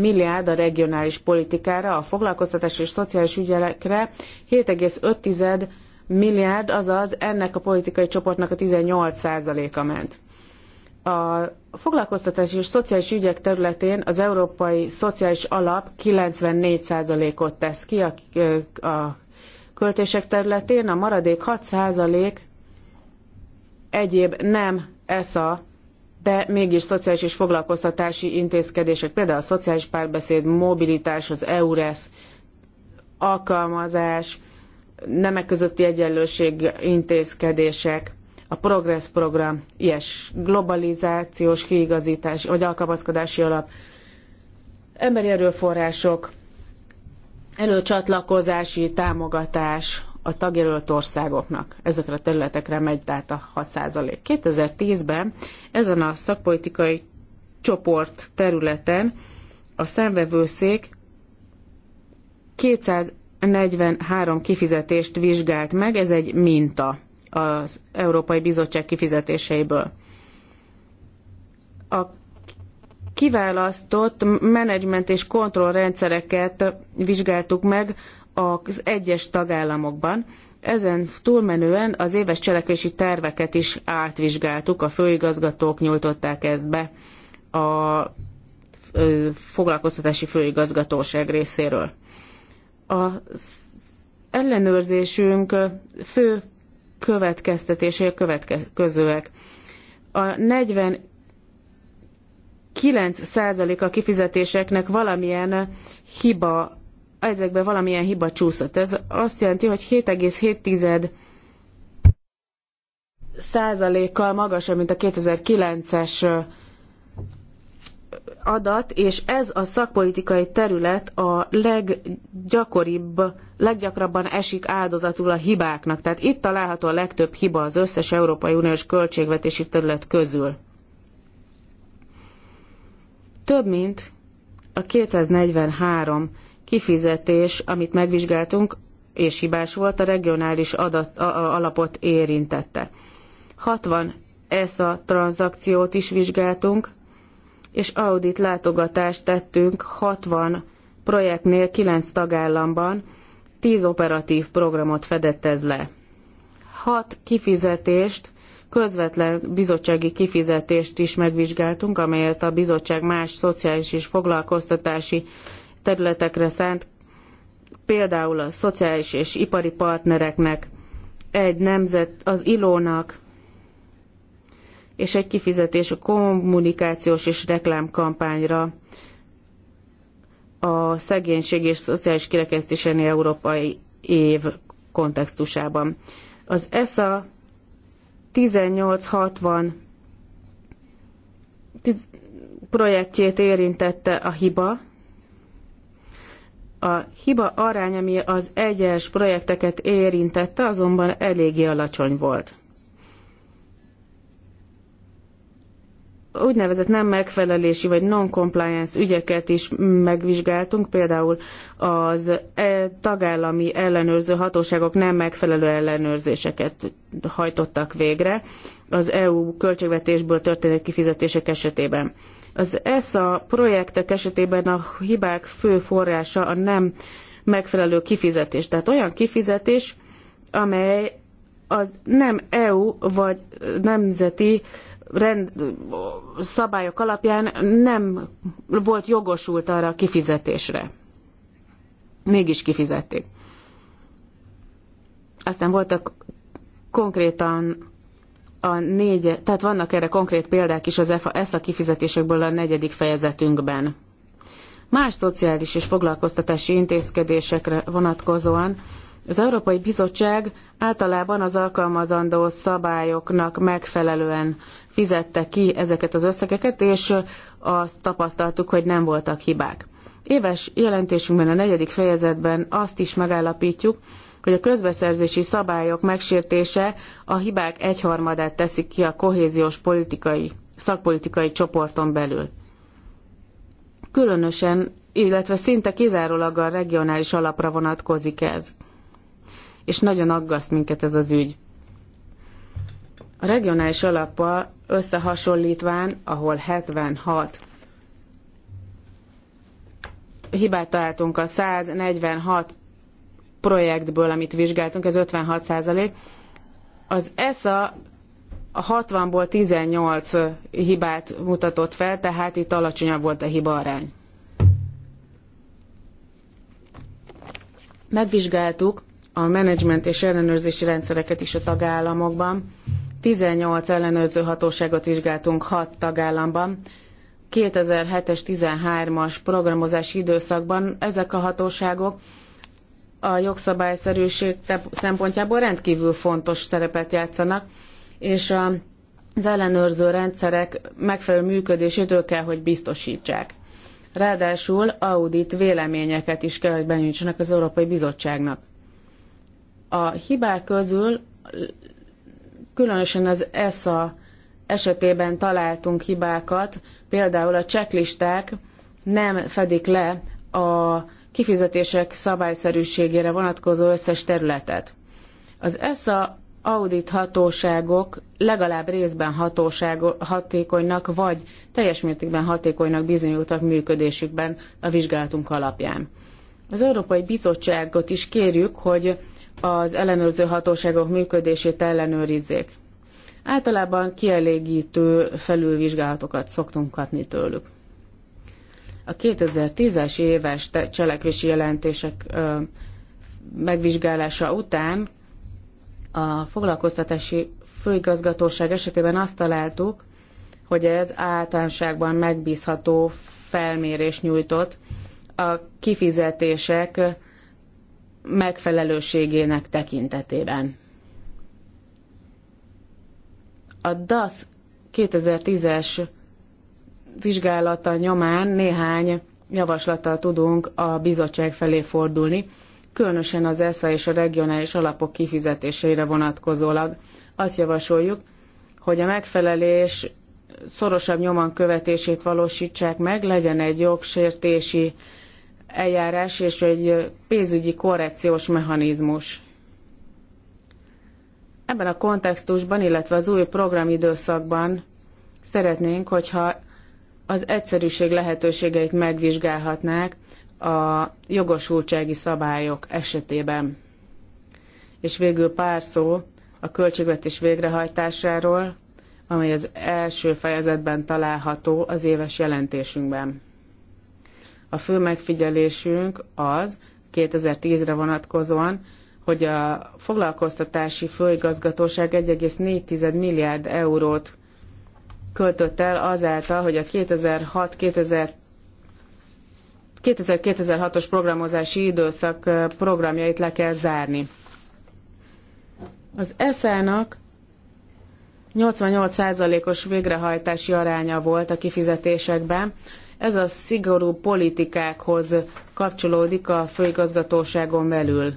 milliárd a regionális politikára, a foglalkoztatás és szociális ügyelekre, 7,5 milliárd, azaz ennek a politikai csoportnak a 18%-a ment. A foglalkoztatási és szociális ügyek területén az Európai Szociális Alap 94%-ot tesz ki a, a költések területén, a maradék 6% egyéb nem ESA de mégis szociális és foglalkoztatási intézkedések, például a szociális párbeszéd, mobilitás, az EURES, alkalmazás, nemek közötti egyenlőség intézkedések, a Progress program, ilyes globalizációs kiigazítás, vagy alkalmazkodási alap, emberi erőforrások, előcsatlakozási támogatás, a tagjelölt országoknak. Ezekre a területekre megy tehát a 6%. 2010-ben ezen a szakpolitikai csoport területen a szenvevőszék 243 kifizetést vizsgált meg, ez egy minta az Európai Bizottság kifizetéseiből. A kiválasztott menedzsment és kontrollrendszereket vizsgáltuk meg, az egyes tagállamokban. Ezen túlmenően az éves cselekvési terveket is átvizsgáltuk, a főigazgatók nyújtották ezt be a foglalkoztatási főigazgatóság részéről. Az ellenőrzésünk fő következtetései következőek. A 40 9%-a kifizetéseknek valamilyen hiba ezekben valamilyen hiba csúszott. Ez azt jelenti, hogy 7,7 százalékkal magasabb, mint a 2009-es adat, és ez a szakpolitikai terület a leggyakoribb, leggyakrabban esik áldozatul a hibáknak. Tehát itt található a legtöbb hiba az összes Európai Uniós költségvetési terület közül. Több mint a 243 kifizetés, amit megvizsgáltunk, és hibás volt, a regionális adat, a, a, alapot érintette. 60 ESA tranzakciót is vizsgáltunk, és audit látogatást tettünk 60 projektnél 9 tagállamban, 10 operatív programot fedett ez le. 6 kifizetést, közvetlen bizottsági kifizetést is megvizsgáltunk, amelyet a bizottság más szociális és foglalkoztatási területekre szánt, például a szociális és ipari partnereknek, egy nemzet, az ilónak, és egy kifizetés a kommunikációs és reklámkampányra a szegénység és szociális kirekesztéseni európai év kontextusában. Az ESA 1860 projektjét érintette a hiba, a hiba arány, ami az egyes projekteket érintette, azonban eléggé alacsony volt. úgynevezett nem megfelelési vagy non-compliance ügyeket is megvizsgáltunk, például az e, tagállami ellenőrző hatóságok nem megfelelő ellenőrzéseket hajtottak végre az EU költségvetésből történő kifizetések esetében. Az ESA projektek esetében a hibák fő forrása a nem megfelelő kifizetés. Tehát olyan kifizetés, amely az nem EU vagy nemzeti rend, szabályok alapján nem volt jogosult arra a kifizetésre. Mégis kifizették. Aztán voltak konkrétan a négy, tehát vannak erre konkrét példák is az ESZA kifizetésekből a negyedik fejezetünkben. Más szociális és foglalkoztatási intézkedésekre vonatkozóan az Európai Bizottság általában az alkalmazandó szabályoknak megfelelően fizette ki ezeket az összegeket, és azt tapasztaltuk, hogy nem voltak hibák. Éves jelentésünkben a negyedik fejezetben azt is megállapítjuk, hogy a közbeszerzési szabályok megsértése a hibák egyharmadát teszik ki a kohéziós politikai, szakpolitikai csoporton belül. Különösen, illetve szinte kizárólag a regionális alapra vonatkozik ez. És nagyon aggaszt minket ez az ügy. A regionális alappal összehasonlítván, ahol 76 hibát találtunk a 146 projektből, amit vizsgáltunk, ez 56 százalék. Az ESA a 60-ból 18 hibát mutatott fel, tehát itt alacsonyabb volt a hiba arány. Megvizsgáltuk a menedzsment és ellenőrzési rendszereket is a tagállamokban. 18 ellenőrző hatóságot vizsgáltunk 6 tagállamban. 2007-es 13-as programozási időszakban ezek a hatóságok a jogszabályszerűség szempontjából rendkívül fontos szerepet játszanak, és a az ellenőrző rendszerek megfelelő működését ők kell, hogy biztosítsák. Ráadásul audit véleményeket is kell, hogy benyújtsanak az Európai Bizottságnak. A hibák közül különösen az ESA esetében találtunk hibákat, például a cseklisták nem fedik le a kifizetések szabályszerűségére vonatkozó összes területet. Az ESA audit hatóságok legalább részben hatóság hatékonynak, vagy teljes mértékben hatékonynak bizonyultak működésükben a vizsgálatunk alapján. Az Európai Bizottságot is kérjük, hogy az ellenőrző hatóságok működését ellenőrizzék. Általában kielégítő felülvizsgálatokat szoktunk kapni tőlük. A 2010-es éves cselekvési jelentések megvizsgálása után a foglalkoztatási főigazgatóság esetében azt találtuk, hogy ez általánoságban megbízható felmérés nyújtott a kifizetések megfelelőségének tekintetében. A DAS 2010-es vizsgálata nyomán néhány javaslattal tudunk a bizottság felé fordulni, különösen az ESZA és a regionális alapok kifizetéseire vonatkozólag. Azt javasoljuk, hogy a megfelelés szorosabb nyoman követését valósítsák meg, legyen egy jogsértési eljárás és egy pénzügyi korrekciós mechanizmus. Ebben a kontextusban, illetve az új programidőszakban szeretnénk, hogyha az egyszerűség lehetőségeit megvizsgálhatnák a jogosultsági szabályok esetében. És végül pár szó a költségvetés végrehajtásáról, amely az első fejezetben található az éves jelentésünkben. A fő megfigyelésünk az 2010-re vonatkozóan, hogy a foglalkoztatási főigazgatóság 1,4 milliárd eurót költött el azáltal, hogy a 2006 2000-2006-os programozási időszak programjait le kell zárni. Az ESZÁ-nak 88%-os végrehajtási aránya volt a kifizetésekben. Ez a szigorú politikákhoz kapcsolódik a főigazgatóságon belül,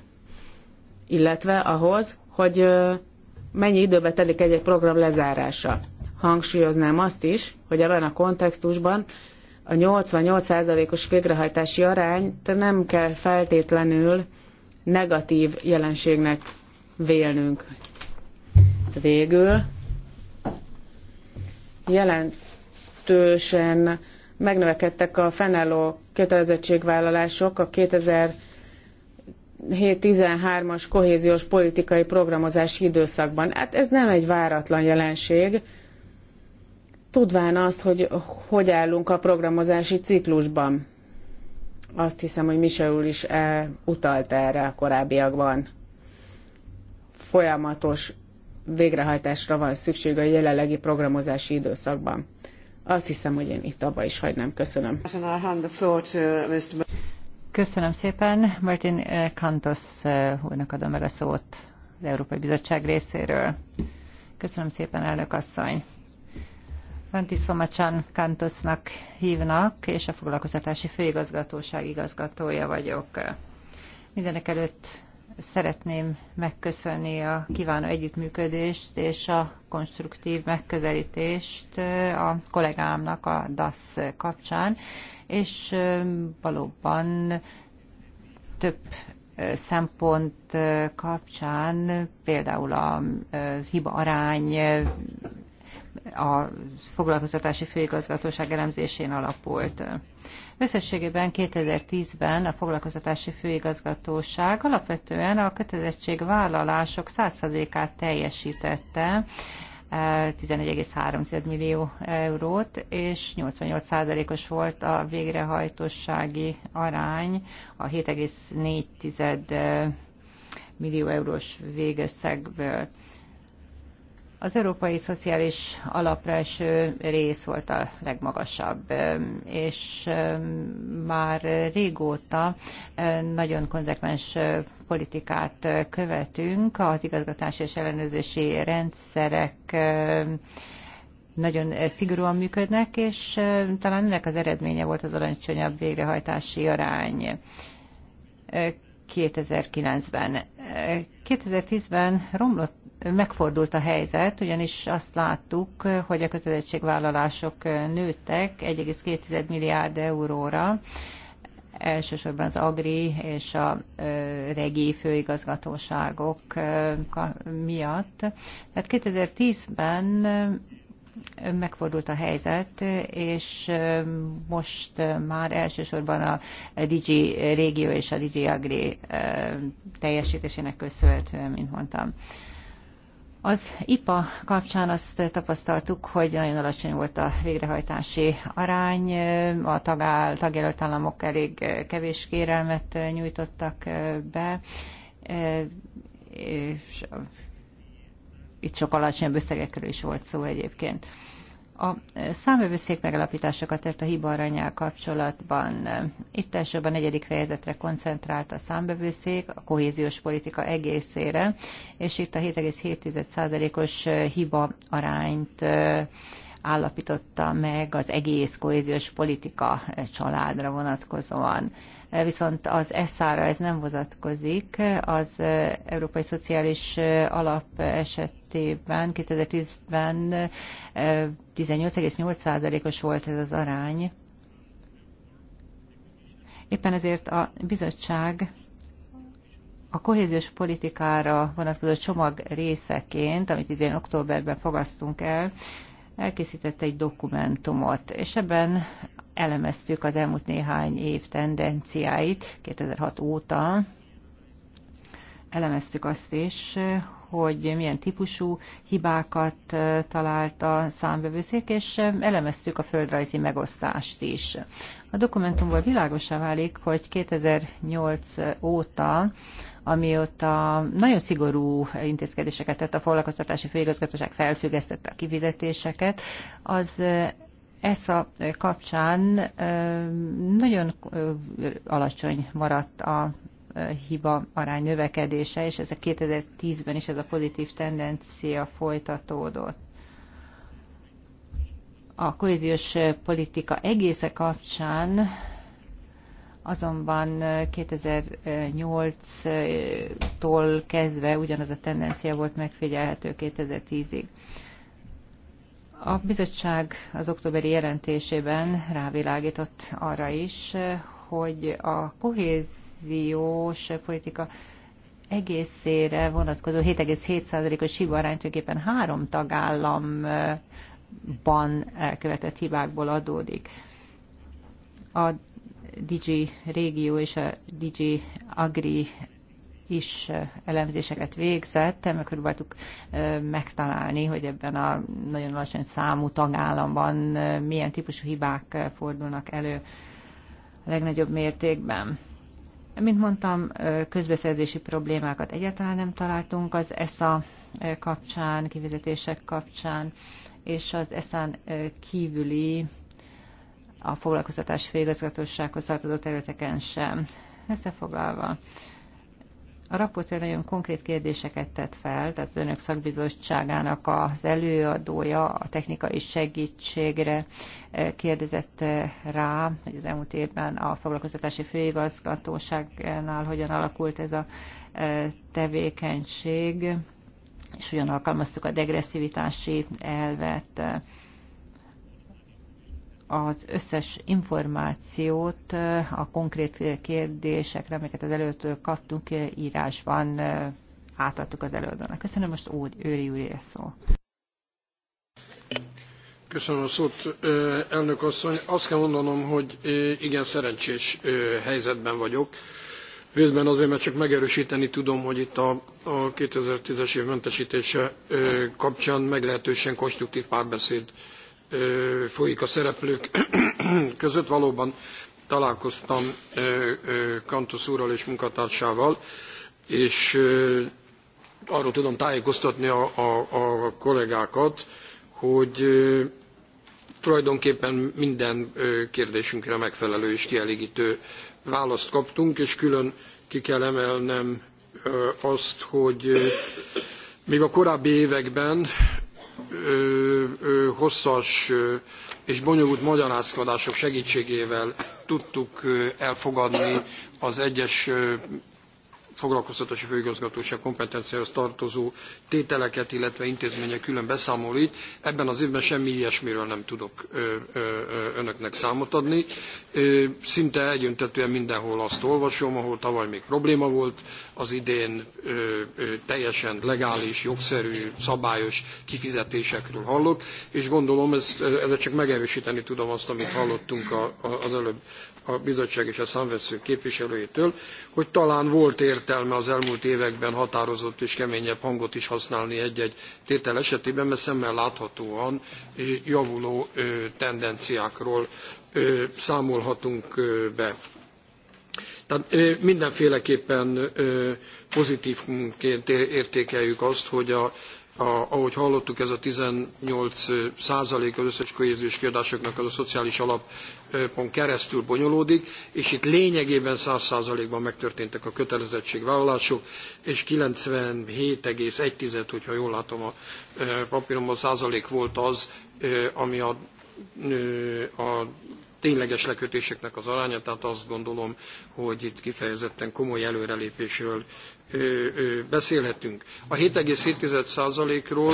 illetve ahhoz, hogy mennyi időbe telik egy-egy program lezárása hangsúlyoznám azt is, hogy ebben a kontextusban a 88%-os végrehajtási arányt nem kell feltétlenül negatív jelenségnek vélnünk. Végül jelentősen megnövekedtek a fennálló kötelezettségvállalások a 2007-13-as kohéziós politikai programozási időszakban. Hát ez nem egy váratlan jelenség, tudván azt, hogy hogy állunk a programozási ciklusban. Azt hiszem, hogy Michel úr is utalt erre a korábbiakban. Folyamatos végrehajtásra van szükség a jelenlegi programozási időszakban. Azt hiszem, hogy én itt abba is hagynám. Köszönöm. Köszönöm szépen. Martin Kantos eh, úrnak adom meg a szót az Európai Bizottság részéről. Köszönöm szépen, elnök asszony. Vanti Szomacsán Kantosznak hívnak, és a foglalkoztatási főigazgatóság igazgatója vagyok. Mindenek előtt szeretném megköszönni a kívánó együttműködést és a konstruktív megközelítést a kollégámnak a DASZ kapcsán, és valóban több szempont kapcsán, például a hiba arány a foglalkoztatási főigazgatóság elemzésén alapult. Összességében 2010-ben a foglalkoztatási főigazgatóság alapvetően a kötelezettségvállalások 100%-át teljesítette, 11,3 eh, millió eurót, és 88%-os volt a végrehajtósági arány, a 7,4 eh, millió eurós végösszegből. Az európai szociális alapra eső rész volt a legmagasabb, és már régóta nagyon konzekvens politikát követünk, az igazgatási és ellenőrzési rendszerek nagyon szigorúan működnek, és talán ennek az eredménye volt az alacsonyabb végrehajtási arány 2009-ben. 2010-ben romlott megfordult a helyzet, ugyanis azt láttuk, hogy a kötelezettségvállalások nőttek 1,2 milliárd euróra, elsősorban az Agri és a regi főigazgatóságok miatt. Tehát 2010-ben megfordult a helyzet, és most már elsősorban a Digi régió és a Digi Agri teljesítésének köszönhetően, mint mondtam. Az IPA kapcsán azt tapasztaltuk, hogy nagyon alacsony volt a végrehajtási arány, a tagáll, tagjelölt államok elég kevés kérelmet nyújtottak be, e, és itt sok alacsonyabb összegekről is volt szó egyébként. A számövőszék megalapításokat tett a hibarányjal kapcsolatban. Itt elsőbb a negyedik fejezetre koncentrált a számövőszék a kohéziós politika egészére, és itt a 7,7%-os hiba arányt állapította meg az egész kohéziós politika családra vonatkozóan viszont az ESZ-ra ez nem vonatkozik. Az Európai Szociális Alap esetében 2010-ben 18,8%-os volt ez az arány. Éppen ezért a bizottság a kohéziós politikára vonatkozó csomag részeként, amit idén októberben fogasztunk el, elkészített egy dokumentumot, és ebben elemeztük az elmúlt néhány év tendenciáit, 2006 óta elemeztük azt is, hogy milyen típusú hibákat talált a számbevőszék, és elemeztük a földrajzi megosztást is. A dokumentumból világosá válik, hogy 2008 óta amióta nagyon szigorú intézkedéseket tett a foglalkoztatási főigazgatóság, felfüggesztette a kifizetéseket, az a kapcsán nagyon alacsony maradt a hiba arány növekedése, és ez a 2010-ben is ez a pozitív tendencia folytatódott. A kohéziós politika egésze kapcsán azonban 2008-tól kezdve ugyanaz a tendencia volt megfigyelhető 2010-ig. A bizottság az októberi jelentésében rávilágított arra is, hogy a kohéziós politika egészére vonatkozó 7,7%-os hibarány tulajdonképpen három tagállamban elkövetett hibákból adódik. A DJ Régió és a DG Agri is elemzéseket végzett, megpróbáltuk megtalálni, hogy ebben a nagyon alacsony számú tagállamban milyen típusú hibák fordulnak elő a legnagyobb mértékben. Mint mondtam, közbeszerzési problémákat egyáltalán nem találtunk az ESA kapcsán, kivezetések kapcsán, és az ESA-n kívüli a foglalkoztatás főigazgatósághoz tartozó területeken sem. Összefoglalva, a raportőr nagyon konkrét kérdéseket tett fel, tehát az önök szakbizottságának az előadója a technikai segítségre eh, kérdezett eh, rá, hogy az elmúlt évben a foglalkoztatási főigazgatóságnál hogyan alakult ez a eh, tevékenység, és hogyan alkalmaztuk a degresszivitási elvet az összes információt a konkrét kérdésekre, amiket az előtt kaptunk írásban, átadtuk az előadónak. Köszönöm, most úgy Őri úr szó. Köszönöm a szót, elnök asszony. Azt kell mondanom, hogy igen szerencsés helyzetben vagyok. Részben azért, mert csak megerősíteni tudom, hogy itt a, a 2010-es év mentesítése kapcsán meglehetősen konstruktív párbeszéd folyik a szereplők között. Valóban találkoztam Kantusz úrral és munkatársával, és arról tudom tájékoztatni a, a, a kollégákat, hogy tulajdonképpen minden kérdésünkre megfelelő és kielégítő választ kaptunk, és külön ki kell emelnem azt, hogy még a korábbi években hosszas és bonyolult magyarázkodások segítségével tudtuk elfogadni az egyes foglalkoztatási főigazgatóság kompetenciához tartozó tételeket, illetve intézmények külön beszámolít. Ebben az évben semmi ilyesmiről nem tudok önöknek számot adni. Szinte egyöntetően mindenhol azt olvasom, ahol tavaly még probléma volt, az idén ö, ö, teljesen legális, jogszerű, szabályos kifizetésekről hallok, és gondolom ezzel csak megerősíteni tudom azt, amit hallottunk a, a, az előbb a bizottság és a számvesző képviselőjétől, hogy talán volt értelme az elmúlt években határozott és keményebb hangot is használni egy-egy tétel esetében, mert szemmel láthatóan javuló tendenciákról számolhatunk be. Tehát mindenféleképpen pozitívként értékeljük azt, hogy a, a, ahogy hallottuk, ez a 18 százalék az összes kohéziós kiadásoknak az a szociális alapon keresztül bonyolódik, és itt lényegében 100 százalékban megtörténtek a kötelezettségvállalások, és 97,1, hogyha jól látom a papíromban, százalék volt az, ami a, a tényleges lekötéseknek az aránya, tehát azt gondolom, hogy itt kifejezetten komoly előrelépésről beszélhetünk. A 7,7%-ról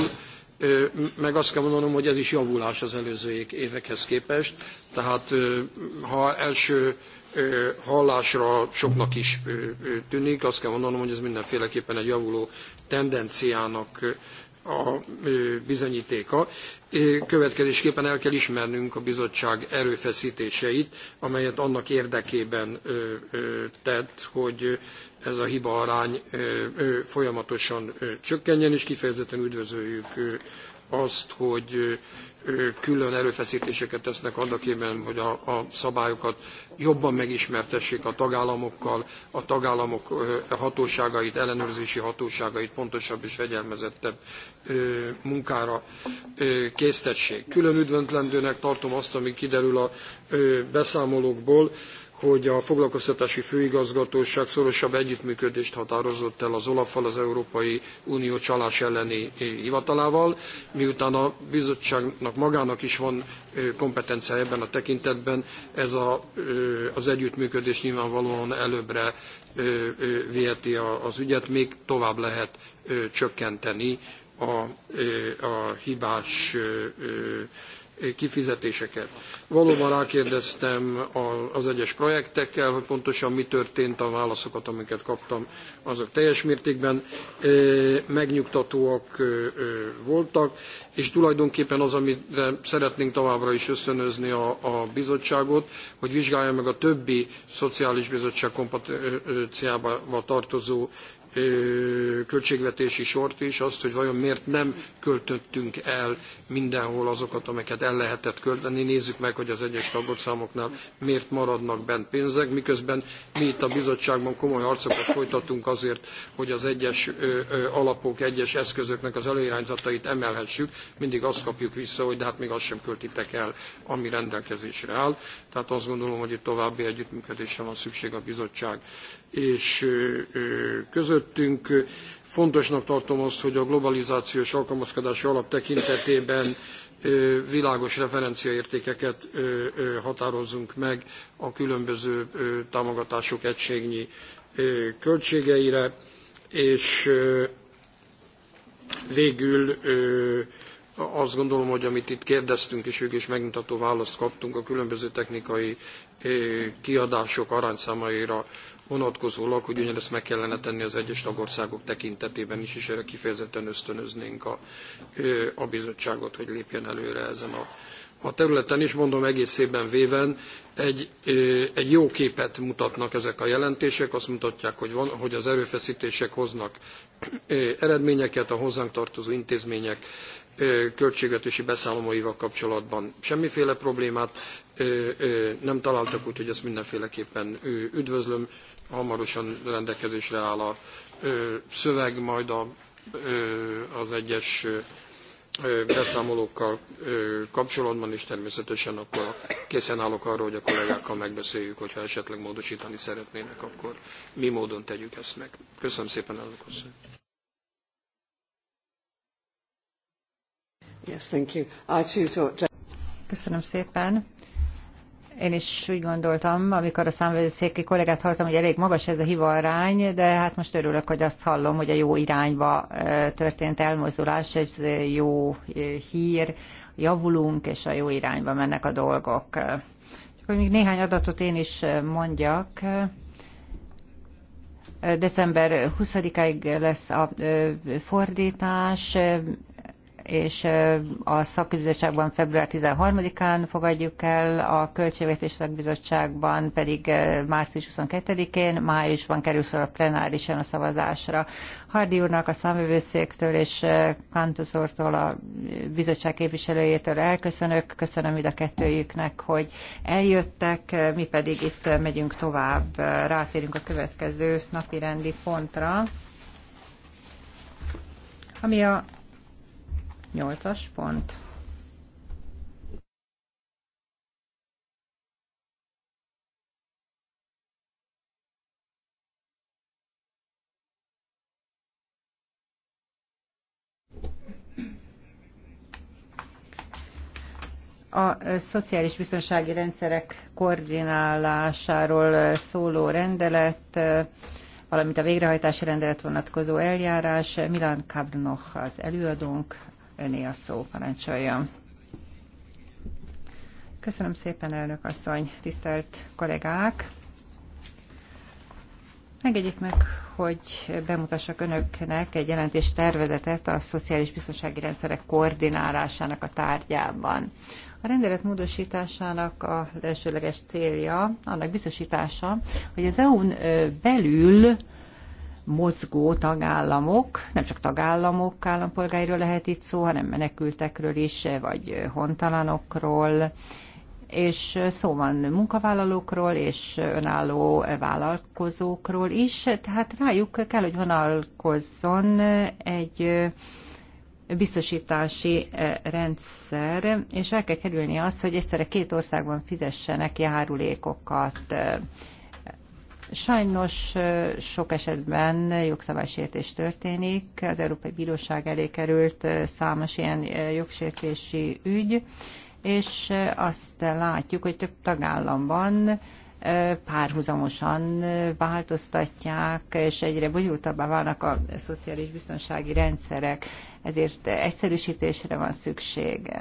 meg azt kell mondanom, hogy ez is javulás az előző évekhez képest, tehát ha első hallásra soknak is tűnik, azt kell mondanom, hogy ez mindenféleképpen egy javuló tendenciának a bizonyítéka. Következésképpen el kell ismernünk a bizottság erőfeszítéseit, amelyet annak érdekében tett, hogy ez a hiba arány folyamatosan csökkenjen, és kifejezetten üdvözöljük azt, hogy külön erőfeszítéseket tesznek érdekében, hogy a, a, szabályokat jobban megismertessék a tagállamokkal, a tagállamok hatóságait, ellenőrzési hatóságait pontosabb és fegyelmezettebb munkára késztetség. Külön üdvöntlendőnek tartom azt, ami kiderül a beszámolókból, hogy a foglalkoztatási főigazgatóság szorosabb együttműködést határozott el az olaf az Európai Unió csalás elleni hivatalával, miután a bizottságnak magának is van kompetencia ebben a tekintetben, ez a, az együttműködés nyilvánvalóan előbbre viheti az ügyet, még tovább lehet csökkenteni a, a hibás kifizetéseket. Valóban rákérdeztem az egyes projektekkel, hogy pontosan mi történt, a válaszokat, amiket kaptam, azok teljes mértékben megnyugtatóak voltak, és tulajdonképpen az, amire szeretnénk továbbra is ösztönözni a, a bizottságot, hogy vizsgálja meg a többi szociális bizottság kompetenciába tartozó költségvetési sort is, azt, hogy vajon miért nem költöttünk el mindenhol azokat, amiket el lehetett költeni. Nézzük meg, hogy az egyes tagországoknál miért maradnak bent pénzek, miközben mi itt a bizottságban komoly harcokat folytatunk azért, hogy az egyes alapok, egyes eszközöknek az előirányzatait emelhessük. Mindig azt kapjuk vissza, hogy de hát még azt sem költitek el, ami rendelkezésre áll. Tehát azt gondolom, hogy itt további együttműködésre van szükség a bizottság és közöttünk. Fontosnak tartom azt, hogy a globalizációs alkalmazkodási alap tekintetében világos referenciaértékeket határozzunk meg a különböző támogatások egységnyi költségeire, és végül azt gondolom, hogy amit itt kérdeztünk, és ők is megmutató választ kaptunk a különböző technikai kiadások arányszámaira vonatkozólag, hogy ugyanezt meg kellene tenni az egyes tagországok tekintetében is, és erre kifejezetten ösztönöznénk a, a bizottságot, hogy lépjen előre ezen a, a területen is, mondom egészében véven, egy, egy jó képet mutatnak ezek a jelentések, azt mutatják, hogy, van, hogy az erőfeszítések hoznak eredményeket, a hozzánk tartozó intézmények költségvetési beszámolóival kapcsolatban semmiféle problémát nem találtak, úgyhogy ezt mindenféleképpen üdvözlöm. Hamarosan rendelkezésre áll a szöveg, majd a, az egyes beszámolókkal kapcsolatban, és természetesen akkor készen állok arra, hogy a kollégákkal megbeszéljük, hogyha esetleg módosítani szeretnének, akkor mi módon tegyük ezt meg. Köszönöm szépen, elnök asszony. Yes, thank you. I too thought... Köszönöm szépen. Én is úgy gondoltam, amikor a számvevőszéki kollégát hallottam, hogy elég magas ez a hivarány, de hát most örülök, hogy azt hallom, hogy a jó irányba történt elmozdulás, ez jó hír, javulunk, és a jó irányba mennek a dolgok. Csak hogy még néhány adatot én is mondjak. December 20-áig lesz a fordítás, és a szakbizottságban február 13-án fogadjuk el, a Költségvetés Szakbizottságban pedig március 22-én, májusban kerül sor a plenárisan a szavazásra. Hardi úrnak a számövőszéktől és Kantusz úrtól, a bizottság képviselőjétől elköszönök, köszönöm mind a kettőjüknek, hogy eljöttek, mi pedig itt megyünk tovább, rátérünk a következő napi rendi pontra ami a Nyolcas pont. a szociális biztonsági rendszerek koordinálásáról szóló rendelet, valamint a végrehajtási rendelet vonatkozó eljárás. Milan Kabrnoch az előadónk, öné a szó, parancsoljon. Köszönöm szépen, elnök asszony, tisztelt kollégák! Megegyik meg, hogy bemutassak önöknek egy jelentés tervezetet a szociális biztonsági rendszerek koordinálásának a tárgyában. A rendelet módosításának a elsőleges célja annak biztosítása, hogy az EU-n belül mozgó tagállamok, nem csak tagállamok állampolgáiról lehet itt szó, hanem menekültekről is, vagy hontalanokról, és szó van munkavállalókról és önálló vállalkozókról is, tehát rájuk kell, hogy vonalkozzon egy biztosítási e, rendszer, és el kell kerülni azt, hogy egyszerre két országban fizessenek járulékokat. E, Sajnos sok esetben jogszabálysértés történik. Az Európai Bíróság elé került számos ilyen jogsértési ügy, és azt látjuk, hogy több tagállamban párhuzamosan változtatják, és egyre bonyolultabbá válnak a szociális biztonsági rendszerek, ezért egyszerűsítésre van szükség,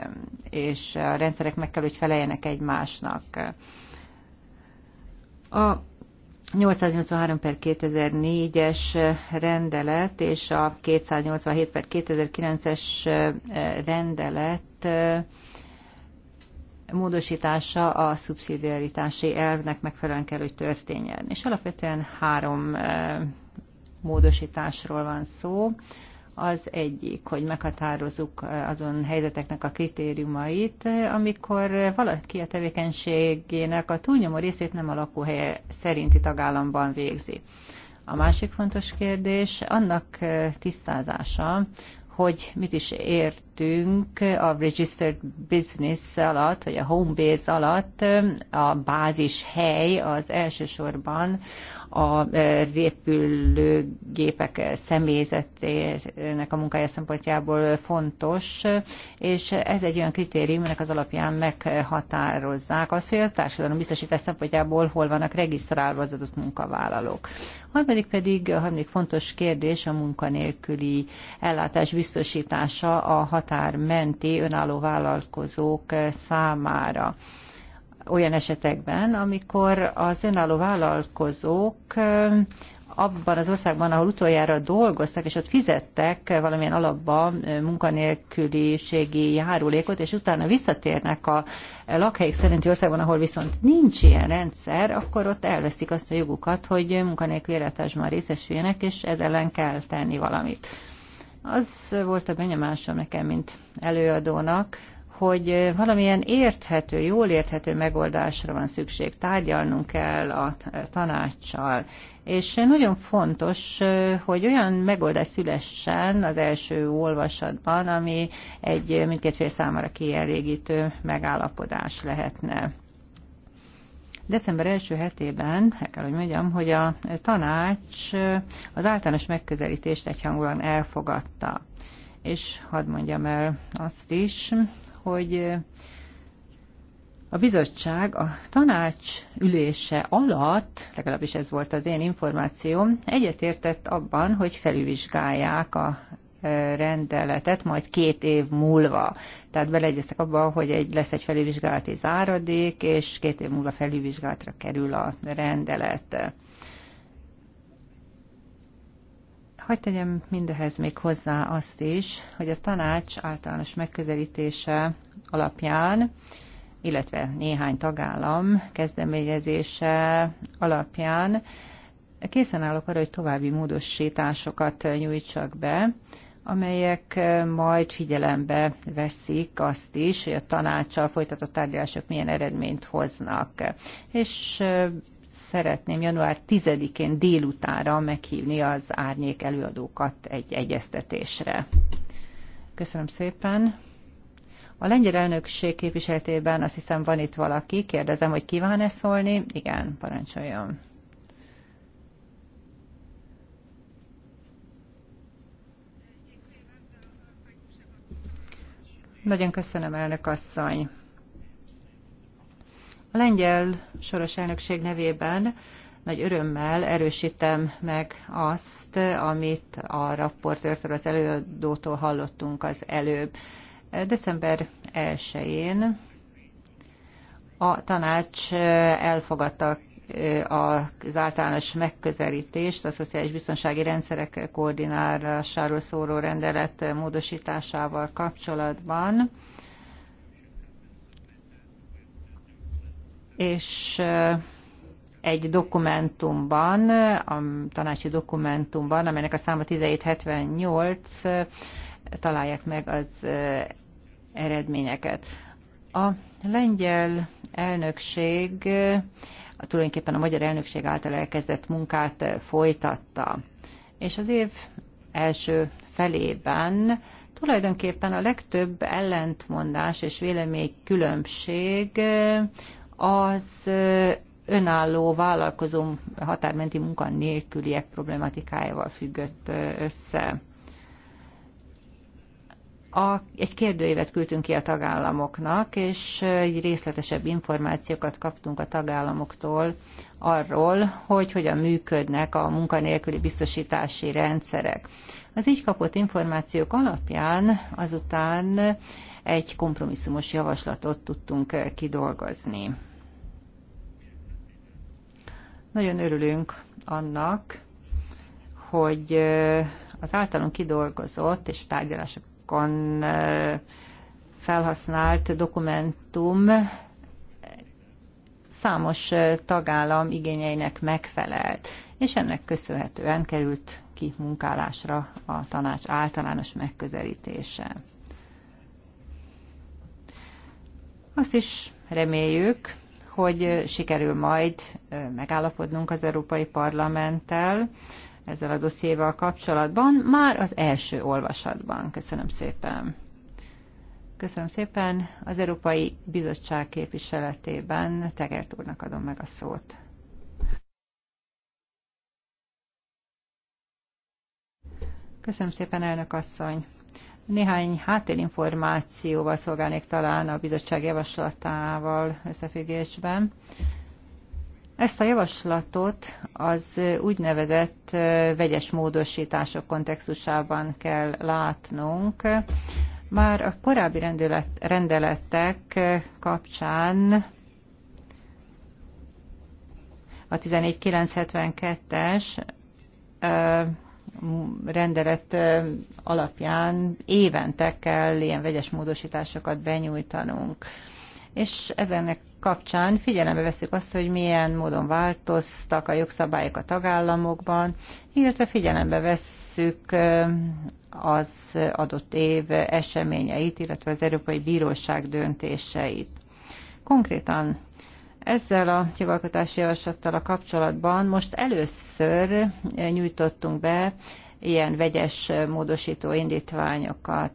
és a rendszerek meg kell, hogy feleljenek egymásnak. A 883 per 2004-es rendelet és a 287 per 2009-es rendelet módosítása a szubszidiaritási elvnek megfelelően kell, hogy történjen. És alapvetően három módosításról van szó. Az egyik, hogy meghatározzuk eh, azon helyzeteknek a kritériumait, eh, amikor valaki a tevékenységének a túlnyomó részét nem a lakóhelye szerinti tagállamban végzi. A másik fontos kérdés annak eh, tisztázása, hogy mit is értünk a registered business alatt, vagy a home base alatt, a bázis hely az elsősorban a eh, repülőgépek személyzetének a munkája szempontjából fontos, és ez egy olyan kritérium, ennek az alapján meghatározzák azt, hogy a társadalom biztosítás szempontjából hol vannak regisztrálva az adott munkavállalók. Harmadik pedig, a harmadik fontos kérdés a munkanélküli ellátás biztosítása a határ menti önálló vállalkozók számára olyan esetekben, amikor az önálló vállalkozók abban az országban, ahol utoljára dolgoztak, és ott fizettek valamilyen alapba munkanélküliségi járulékot, és utána visszatérnek a lakhelyek szerinti országban, ahol viszont nincs ilyen rendszer, akkor ott elvesztik azt a jogukat, hogy munkanélkül életesben részesüljenek, és ez ellen kell tenni valamit. Az volt a benyomásom nekem, mint előadónak, hogy valamilyen érthető, jól érthető megoldásra van szükség. Tárgyalnunk kell a tanácssal. És nagyon fontos, hogy olyan megoldás szülessen az első olvasatban, ami egy mindkét fél számára kielégítő megállapodás lehetne. December első hetében, el kell, hogy mondjam, hogy a tanács az általános megközelítést egyhangúan elfogadta. És hadd mondjam el azt is, hogy a bizottság a tanács ülése alatt, legalábbis ez volt az én információm, egyetértett abban, hogy felülvizsgálják a rendeletet majd két év múlva. Tehát beleegyeztek abba, hogy egy, lesz egy felülvizsgálati záradék, és két év múlva felülvizsgálatra kerül a rendelet. Hogy tegyem mindehez még hozzá azt is, hogy a tanács általános megközelítése alapján, illetve néhány tagállam kezdeményezése alapján készen állok arra, hogy további módosításokat nyújtsak be, amelyek majd figyelembe veszik azt is, hogy a tanácssal folytatott tárgyalások milyen eredményt hoznak. És szeretném január 10-én délutára meghívni az árnyék előadókat egy egyeztetésre. Köszönöm szépen. A lengyel elnökség képviseletében azt hiszem van itt valaki. Kérdezem, hogy kíván-e szólni? Igen, parancsoljon. Nagyon köszönöm, elnök asszony. A lengyel soros elnökség nevében nagy örömmel erősítem meg azt, amit a rapportőrtől, az előadótól hallottunk az előbb. December 1-én a tanács elfogadta az általános megközelítést a szociális biztonsági rendszerek koordinálásáról szóló rendelet módosításával kapcsolatban. és egy dokumentumban, a tanácsi dokumentumban, amelynek a száma 1778, találják meg az eredményeket. A lengyel elnökség tulajdonképpen a magyar elnökség által elkezdett munkát folytatta. És az év első felében tulajdonképpen a legtöbb ellentmondás és vélemény különbség az önálló vállalkozó határmenti munkanélküliek problématikájával függött össze. A, egy kérdőévet küldtünk ki a tagállamoknak, és egy részletesebb információkat kaptunk a tagállamoktól arról, hogy hogyan működnek a munkanélküli biztosítási rendszerek. Az így kapott információk alapján azután egy kompromisszumos javaslatot tudtunk kidolgozni. Nagyon örülünk annak, hogy az általunk kidolgozott és tárgyalásokon felhasznált dokumentum számos tagállam igényeinek megfelelt, és ennek köszönhetően került ki munkálásra a tanács általános megközelítése. Azt is reméljük, hogy sikerül majd megállapodnunk az Európai Parlamenttel ezzel a dossziéval kapcsolatban, már az első olvasatban. Köszönöm szépen. Köszönöm szépen. Az Európai Bizottság képviseletében Tegert úrnak adom meg a szót. Köszönöm szépen, elnök asszony. Néhány háttérinformációval szolgálnék talán a bizottság javaslatával összefüggésben. Ezt a javaslatot az úgynevezett vegyes módosítások kontextusában kell látnunk. Már a korábbi rendelet, rendeletek kapcsán a 14972-es rendelet alapján évente kell ilyen vegyes módosításokat benyújtanunk. És ezennek kapcsán figyelembe veszük azt, hogy milyen módon változtak a jogszabályok a tagállamokban, illetve figyelembe vesszük az adott év eseményeit, illetve az Európai Bíróság döntéseit. Konkrétan ezzel a jogalkotási javaslattal a kapcsolatban most először nyújtottunk be ilyen vegyes módosító indítványokat.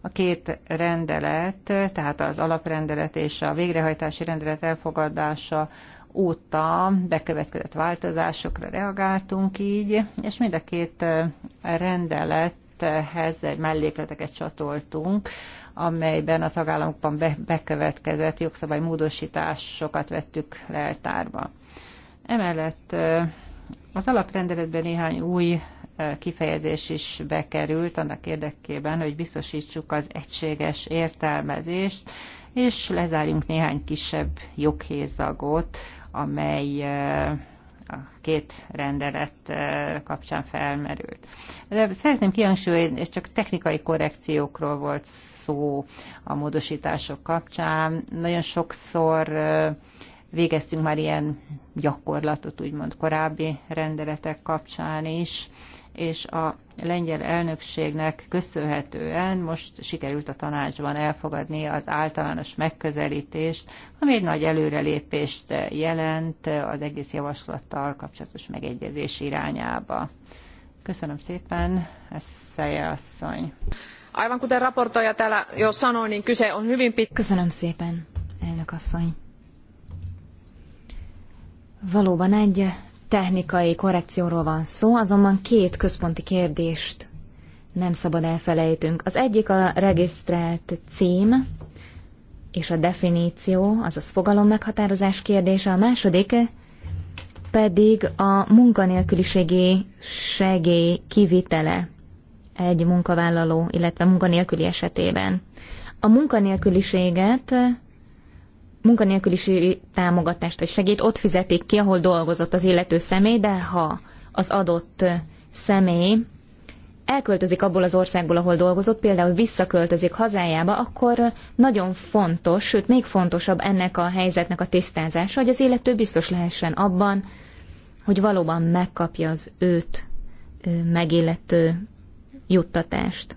A két rendelet, tehát az alaprendelet és a végrehajtási rendelet elfogadása óta bekövetkezett változásokra reagáltunk így, és mind a két rendelethez egy mellékleteket csatoltunk, amelyben a tagállamokban be, bekövetkezett jogszabálymódosításokat vettük leltárba. Emellett az alaprendeletben néhány új kifejezés is bekerült annak érdekében, hogy biztosítsuk az egységes értelmezést, és lezárjunk néhány kisebb joghézagot, amely a két rendelet kapcsán felmerült. De szeretném kihangsúlyozni, és csak technikai korrekciókról volt szó a módosítások kapcsán. Nagyon sokszor végeztünk már ilyen gyakorlatot, úgymond korábbi rendeletek kapcsán is, és a lengyel elnökségnek köszönhetően most sikerült a tanácsban elfogadni az általános megközelítést, ami egy nagy előrelépést jelent az egész javaslattal kapcsolatos megegyezés irányába. Köszönöm szépen, Eszeje asszony. Aivan kuten raportoja täällä jo sanoi, niin kyse on hyvin pit... Köszönöm szépen, elnök asszony. Valóban egy technikai korrekcióról van szó, azonban két központi kérdést nem szabad elfelejtünk. Az egyik a regisztrált cím és a definíció, azaz fogalom meghatározás kérdése, a második pedig a munkanélküliségi segély kivitele egy munkavállaló, illetve munkanélküli esetében. A munkanélküliséget munkanélküliségi támogatást vagy segít ott fizetik ki, ahol dolgozott az illető személy, de ha az adott személy elköltözik abból az országból, ahol dolgozott, például visszaköltözik hazájába, akkor nagyon fontos, sőt még fontosabb ennek a helyzetnek a tisztázása, hogy az illető biztos lehessen abban, hogy valóban megkapja az őt megillető juttatást.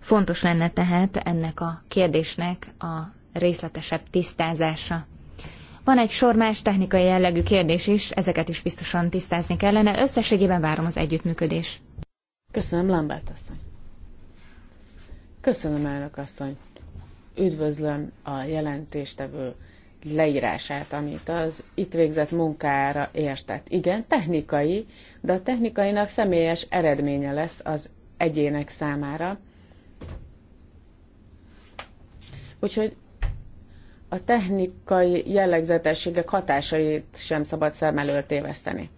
Fontos lenne tehát ennek a kérdésnek a részletesebb tisztázása. Van egy sor más technikai jellegű kérdés is, ezeket is biztosan tisztázni kellene. Összességében várom az együttműködés. Köszönöm, Lambert asszony. Köszönöm, elnök asszony. Üdvözlöm a jelentéstevő leírását, amit az itt végzett munkára értett. Igen, technikai, de a technikainak személyes eredménye lesz az egyének számára. Úgyhogy a technikai jellegzetességek hatásait sem szabad szem előtt téveszteni.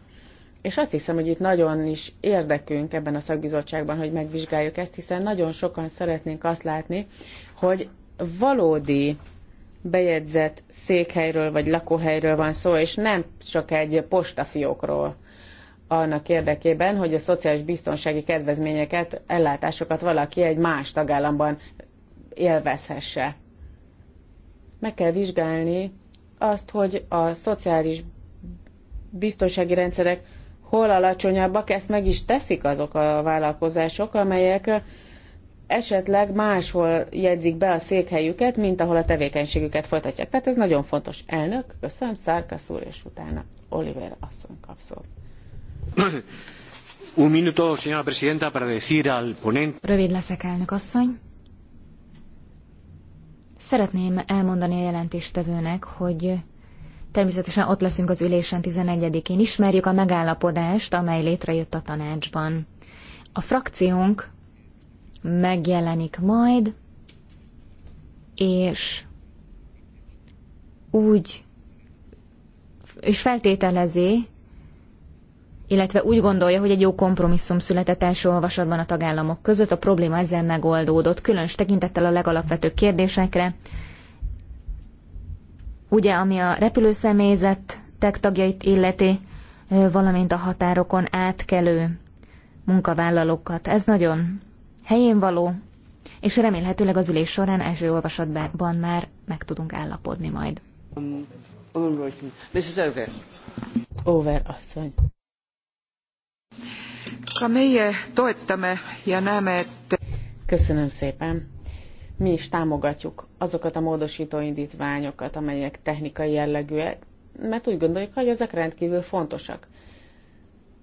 És azt hiszem, hogy itt nagyon is érdekünk ebben a szakbizottságban, hogy megvizsgáljuk ezt, hiszen nagyon sokan szeretnénk azt látni, hogy valódi bejegyzett székhelyről vagy lakóhelyről van szó, és nem csak egy postafiókról annak érdekében, hogy a szociális biztonsági kedvezményeket, ellátásokat valaki egy más tagállamban élvezhesse meg kell vizsgálni azt, hogy a szociális biztonsági rendszerek hol alacsonyabbak, ezt meg is teszik azok a vállalkozások, amelyek esetleg máshol jegyzik be a székhelyüket, mint ahol a tevékenységüket folytatják. Tehát ez nagyon fontos. Elnök, köszönöm, Szárkasz úr, és utána Oliver asszony kap Un minuto, señora presidenta, para decir al ponente... Rövid leszek, elnök asszony. Szeretném elmondani a jelentéstevőnek, hogy természetesen ott leszünk az ülésen 11-én. Ismerjük a megállapodást, amely létrejött a tanácsban. A frakciónk megjelenik majd, és úgy és feltételezi, illetve úgy gondolja, hogy egy jó kompromisszum született első olvasatban a tagállamok között, a probléma ezzel megoldódott, különös tekintettel a legalapvetőbb kérdésekre. Ugye, ami a repülőszemélyzet tagjait illeti, valamint a határokon átkelő munkavállalókat. Ez nagyon helyén való, és remélhetőleg az ülés során első olvasatban már meg tudunk állapodni majd. Um, Over asszony. Köszönöm szépen. Mi is támogatjuk azokat a módosító indítványokat, amelyek technikai jellegűek, mert úgy gondoljuk, hogy ezek rendkívül fontosak.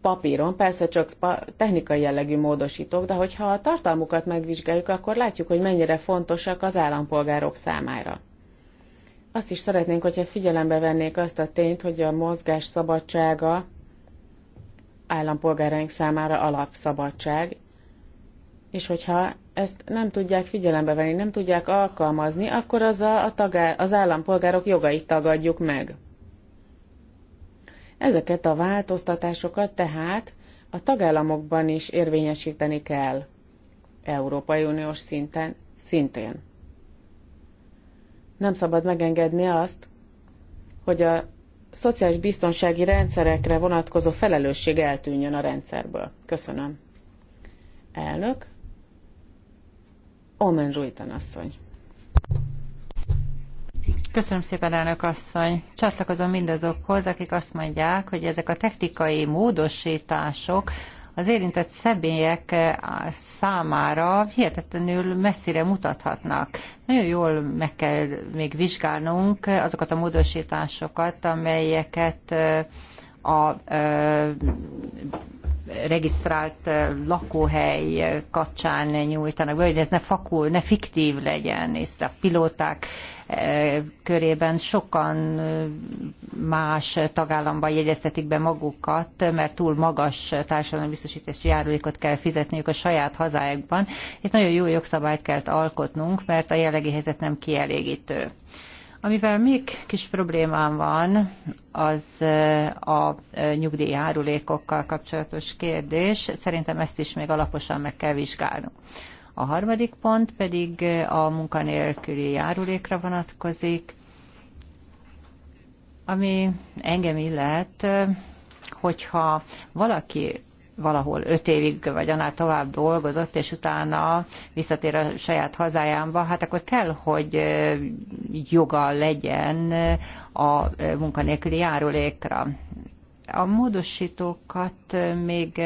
Papíron persze csak technikai jellegű módosítók, de hogyha a tartalmukat megvizsgáljuk, akkor látjuk, hogy mennyire fontosak az állampolgárok számára. Azt is szeretnénk, hogyha figyelembe vennék azt a tényt, hogy a mozgás szabadsága állampolgáraink számára alapszabadság, és hogyha ezt nem tudják figyelembe venni, nem tudják alkalmazni, akkor az, a, a tagá, az állampolgárok jogait tagadjuk meg. Ezeket a változtatásokat tehát a tagállamokban is érvényesíteni kell, Európai Uniós szinten szintén. Nem szabad megengedni azt, hogy a szociális biztonsági rendszerekre vonatkozó felelősség eltűnjön a rendszerből. Köszönöm. Elnök. Omen Ruitan asszony. Köszönöm szépen, elnök asszony. Csatlakozom mindazokhoz, akik azt mondják, hogy ezek a technikai módosítások, az érintett személyek eh, számára hihetetlenül messzire mutathatnak. Nagyon jól meg kell még vizsgálnunk eh, azokat a módosításokat, amelyeket eh, a regisztrált eh, lakóhely kapcsán nyújtanak be, hogy ez ne fakul, ne fiktív legyen, és a pilóták eh, körében sokan eh, más tagállamban jegyeztetik be magukat, mert túl magas társadalmi biztosítási járulékot kell fizetniük a saját hazájukban. Itt nagyon jó jogszabályt kell alkotnunk, mert a jelenlegi helyzet nem kielégítő. Amivel még kis problémám van, az eh, a eh, nyugdíjárulékokkal kapcsolatos kérdés. Szerintem ezt is még alaposan meg kell vizsgálnunk. A harmadik pont pedig eh, a munkanélküli járulékra vonatkozik, ami engem illet, hogyha valaki valahol öt évig vagy annál tovább dolgozott, és utána visszatér a saját hazájába, hát akkor kell, hogy joga legyen a munkanélküli járulékra. A módosítókat még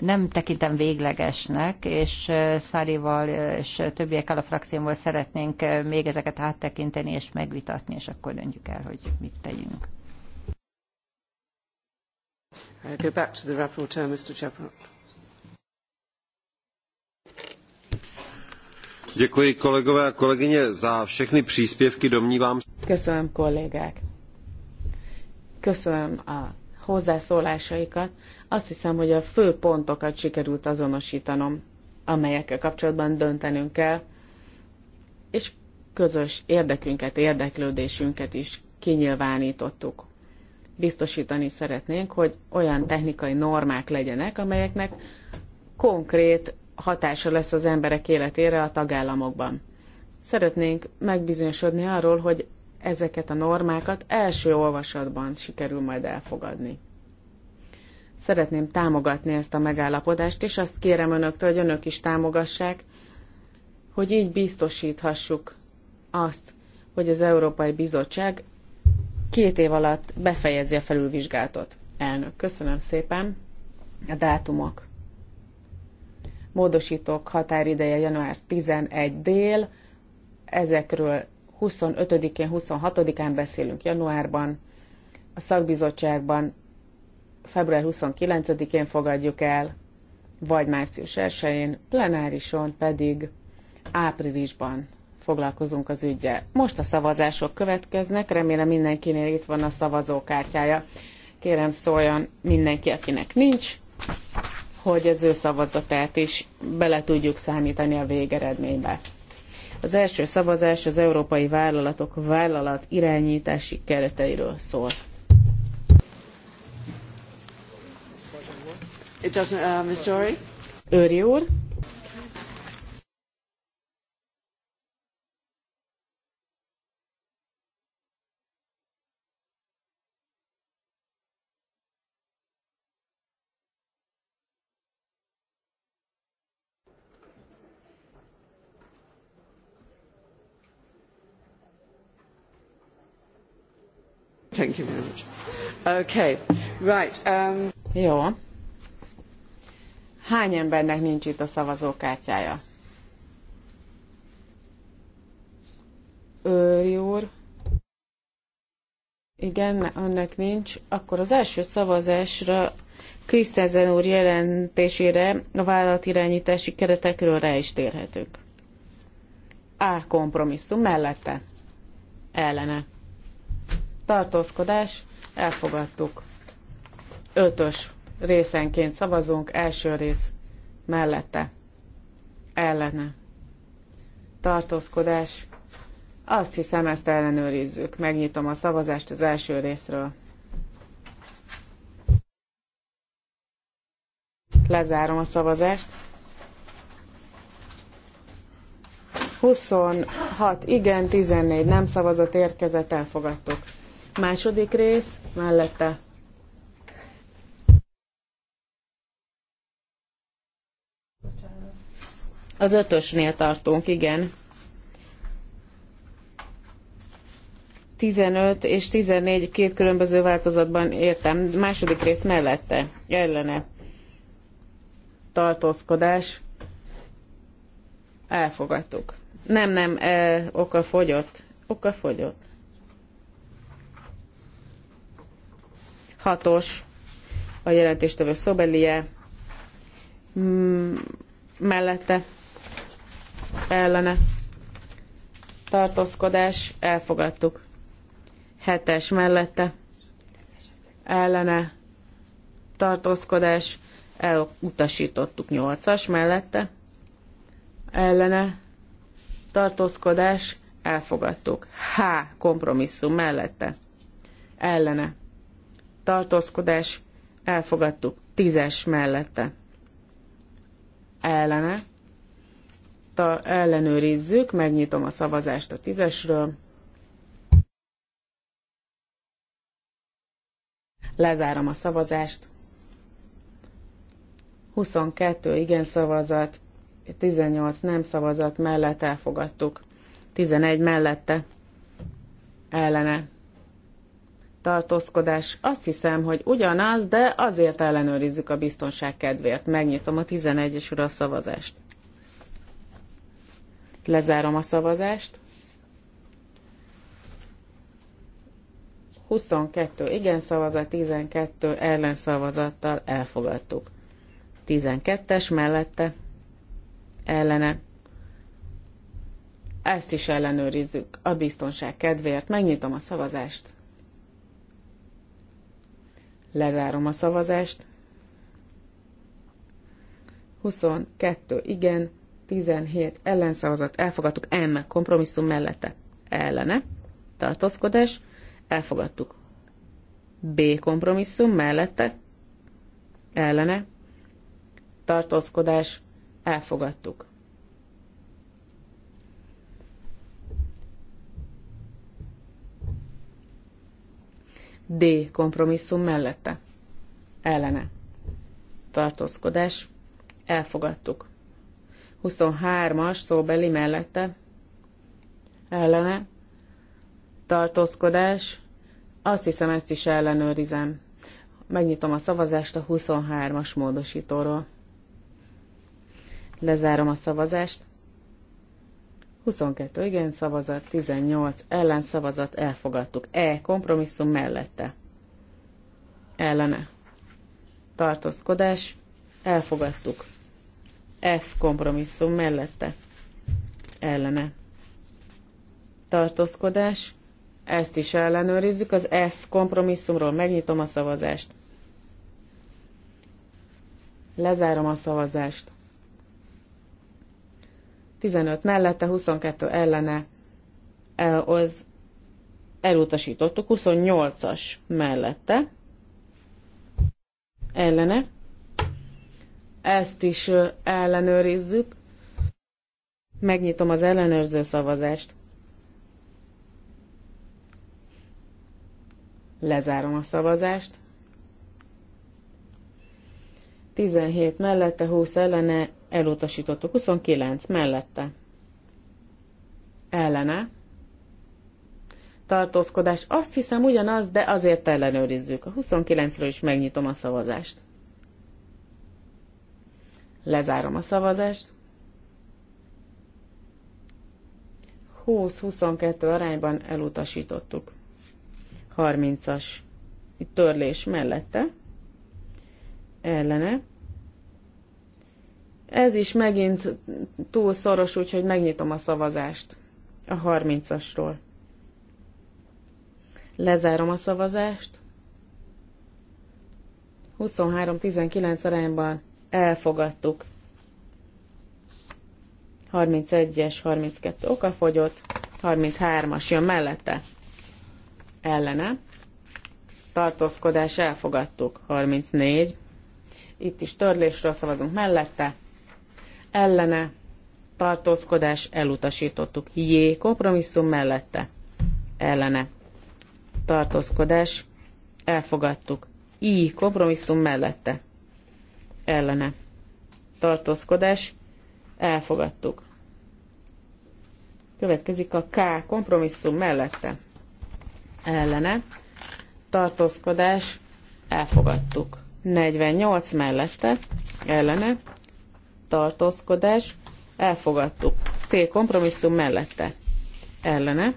nem tekintem véglegesnek, és Szárival és többiekkel a frakciómból szeretnénk még ezeket áttekinteni és megvitatni, és akkor döntjük el, hogy mit tegyünk. I go back to the rapporteur, Mr. Děkuji kolegové a kolegyně za všechny příspěvky, domnívám se. Köszönöm kollégák. Köszönöm a hozzászólásaikat. Azt hiszem, hogy a fő pontokat sikerült azonosítanom, amelyekkel kapcsolatban döntenünk kell, és közös érdekünket, érdeklődésünket is kinyilvánítottuk biztosítani szeretnénk, hogy olyan technikai normák legyenek, amelyeknek konkrét hatása lesz az emberek életére a tagállamokban. Szeretnénk megbizonyosodni arról, hogy ezeket a normákat első olvasatban sikerül majd elfogadni. Szeretném támogatni ezt a megállapodást, és azt kérem önöktől, hogy önök is támogassák, hogy így biztosíthassuk azt, hogy az Európai Bizottság két év alatt befejezi a felülvizsgálatot. Elnök, köszönöm szépen. A dátumok. Módosítók határideje január 11 dél, ezekről 25-én, 26-án beszélünk januárban, a szakbizottságban február 29-én fogadjuk el, vagy március 1-én, plenárison pedig áprilisban foglalkozunk az ügyel. Most a szavazások következnek, remélem mindenkinél itt van a szavazókártyája. Kérem szóljon mindenki, akinek nincs, hogy az ő szavazatát is bele tudjuk számítani a végeredménybe. Az első szavazás az európai vállalatok vállalat irányítási kereteiről szól. It doesn't, uh, Mr. Őri úr. Thank you very much. Okay. Right. Um... Jó. Hány embernek nincs itt a szavazókártyája? Őri úr. Igen, annak nincs. Akkor az első szavazásra Krisztenzen úr jelentésére a vállalatirányítási keretekről rá is térhetünk. A kompromisszum mellette. Ellene tartózkodás, elfogadtuk. Ötös részenként szavazunk, első rész mellette, ellene, tartózkodás. Azt hiszem, ezt ellenőrizzük. Megnyitom a szavazást az első részről. Lezárom a szavazást. 26 igen, 14 nem szavazat érkezett, elfogadtuk. Második rész mellette. Az ötösnél tartunk, igen. 15 és 14 két különböző változatban értem. Második rész mellette, ellene. Tartózkodás. Elfogadtuk. Nem, nem, e, oka fogyott. Oka fogyott. Hatos, a jelentéstevő Szobelie mm, mellette ellene tartózkodás, elfogadtuk. Hetes mellette ellene tartózkodás, elutasítottuk. Nyolcas mellette ellene tartózkodás, elfogadtuk. H kompromisszum mellette ellene tartózkodás, elfogadtuk. Tízes mellette ellene, ta, ellenőrizzük, megnyitom a szavazást a tízesről. Lezárom a szavazást. 22 igen szavazat, 18 nem szavazat mellett elfogadtuk. 11 mellette ellene tartózkodás. Azt hiszem, hogy ugyanaz, de azért ellenőrizzük a biztonság kedvéért. Megnyitom a 11-es ura szavazást. Lezárom a szavazást. 22 igen szavazat, 12 ellen szavazattal elfogadtuk. 12-es mellette ellene. Ezt is ellenőrizzük a biztonság kedvéért. Megnyitom a szavazást. Lezárom a szavazást. 22 igen, 17 ellenszavazat, elfogadtuk M kompromisszum mellette ellene, tartózkodás, elfogadtuk B kompromisszum mellette ellene, tartózkodás, elfogadtuk. D kompromisszum mellette. Ellene. Tartózkodás. Elfogadtuk. 23-as szóbeli mellette. Ellene. Tartózkodás. Azt hiszem, ezt is ellenőrizem. Megnyitom a szavazást a 23-as módosítóról. Lezárom a szavazást. 22 igen szavazat, 18 ellen szavazat, elfogadtuk. E kompromisszum mellette. Ellene. Tartózkodás, elfogadtuk. F kompromisszum mellette. Ellene. Tartózkodás, ezt is ellenőrizzük. Az F kompromisszumról megnyitom a szavazást. Lezárom a szavazást. 15 mellette, 22 ellene e, az elutasítottuk, 28-as mellette ellene. Ezt is ellenőrizzük. Megnyitom az ellenőrző szavazást. Lezárom a szavazást. 17 mellette, 20 ellene, elutasítottuk. 29 mellette. Ellene. Tartózkodás. Azt hiszem ugyanaz, de azért ellenőrizzük. A 29-ről is megnyitom a szavazást. Lezárom a szavazást. 20-22 arányban elutasítottuk. 30-as törlés mellette ellene. Ez is megint túl szoros, úgyhogy megnyitom a szavazást a 30-asról. Lezárom a szavazást. 23-19 arányban elfogadtuk. 31-es, 32 oka fogyott, 33-as jön mellette. Ellene. Tartózkodás elfogadtuk. 34 itt is törlésről szavazunk mellette. Ellene tartózkodás elutasítottuk. Jé, Kompromisszum mellette. Ellene tartózkodás elfogadtuk. I. Kompromisszum mellette. Ellene tartózkodás elfogadtuk. Következik a K. Kompromisszum mellette. Ellene tartózkodás elfogadtuk. 48 mellette, ellene, tartózkodás, elfogadtuk. C kompromisszum mellette, ellene,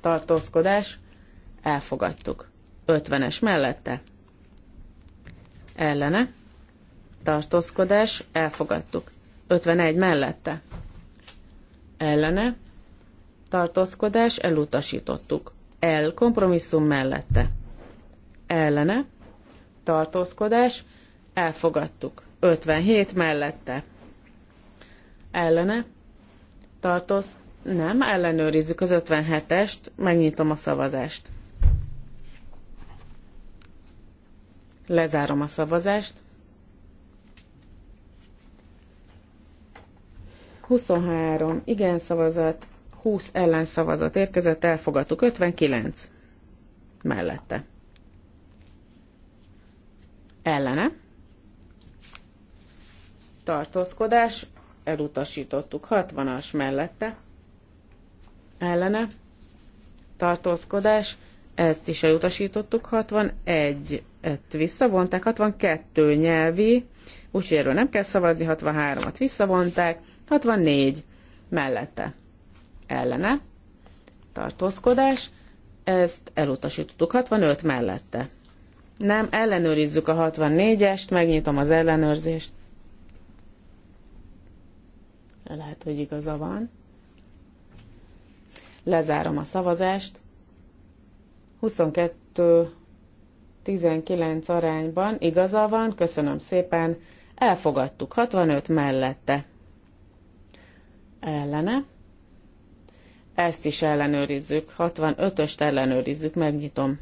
tartózkodás, elfogadtuk. 50-es mellette, ellene, tartózkodás, elfogadtuk. 51 mellette, ellene, tartózkodás, elutasítottuk. L kompromisszum mellette, ellene, tartózkodás, elfogadtuk. 57 mellette. Ellene, tartóz, nem, ellenőrizzük az 57-est, megnyitom a szavazást. Lezárom a szavazást. 23 igen szavazat, 20 ellen szavazat érkezett, elfogadtuk 59 mellette ellene, tartózkodás, elutasítottuk 60-as mellette, ellene, tartózkodás, ezt is elutasítottuk, 61 et visszavonták, 62 nyelvi, úgyhogy erről nem kell szavazni, 63-at visszavonták, 64 mellette ellene, tartózkodás, ezt elutasítottuk, 65 mellette nem, ellenőrizzük a 64-est, megnyitom az ellenőrzést. Lehet, hogy igaza van. Lezárom a szavazást. 22-19 arányban igaza van, köszönöm szépen. Elfogadtuk 65 mellette. Ellene. Ezt is ellenőrizzük. 65-öst ellenőrizzük, megnyitom.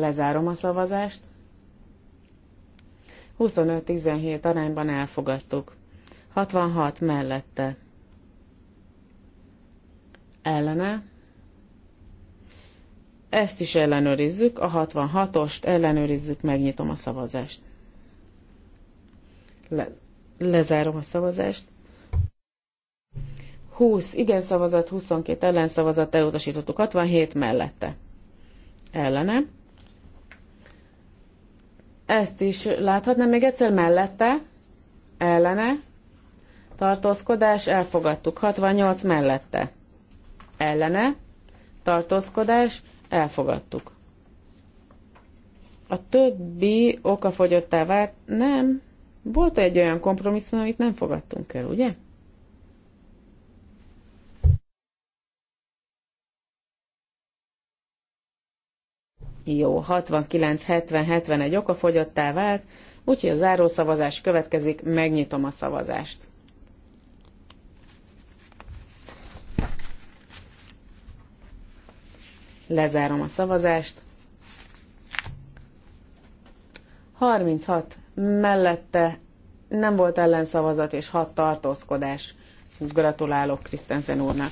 Lezárom a szavazást. 25-17 arányban elfogadtuk. 66 mellette. Ellene. Ezt is ellenőrizzük, a 66-ost ellenőrizzük, megnyitom a szavazást. Le, lezárom a szavazást. 20 igen szavazat, 22 ellen szavazat, elutasítottuk, 67 mellette. Ellenem. Ezt is láthatnám még egyszer mellette, ellene, tartózkodás, elfogadtuk. 68 mellette, ellene, tartózkodás, elfogadtuk. A többi okafogyottá vált, nem, volt egy olyan kompromisszum, amit nem fogadtunk el, ugye? Jó, 69, 70, 71 okafogyottá vált, úgyhogy a zárószavazás következik, megnyitom a szavazást. Lezárom a szavazást. 36 mellette nem volt ellenszavazat és 6 tartózkodás. Gratulálok Krisztensen úrnak!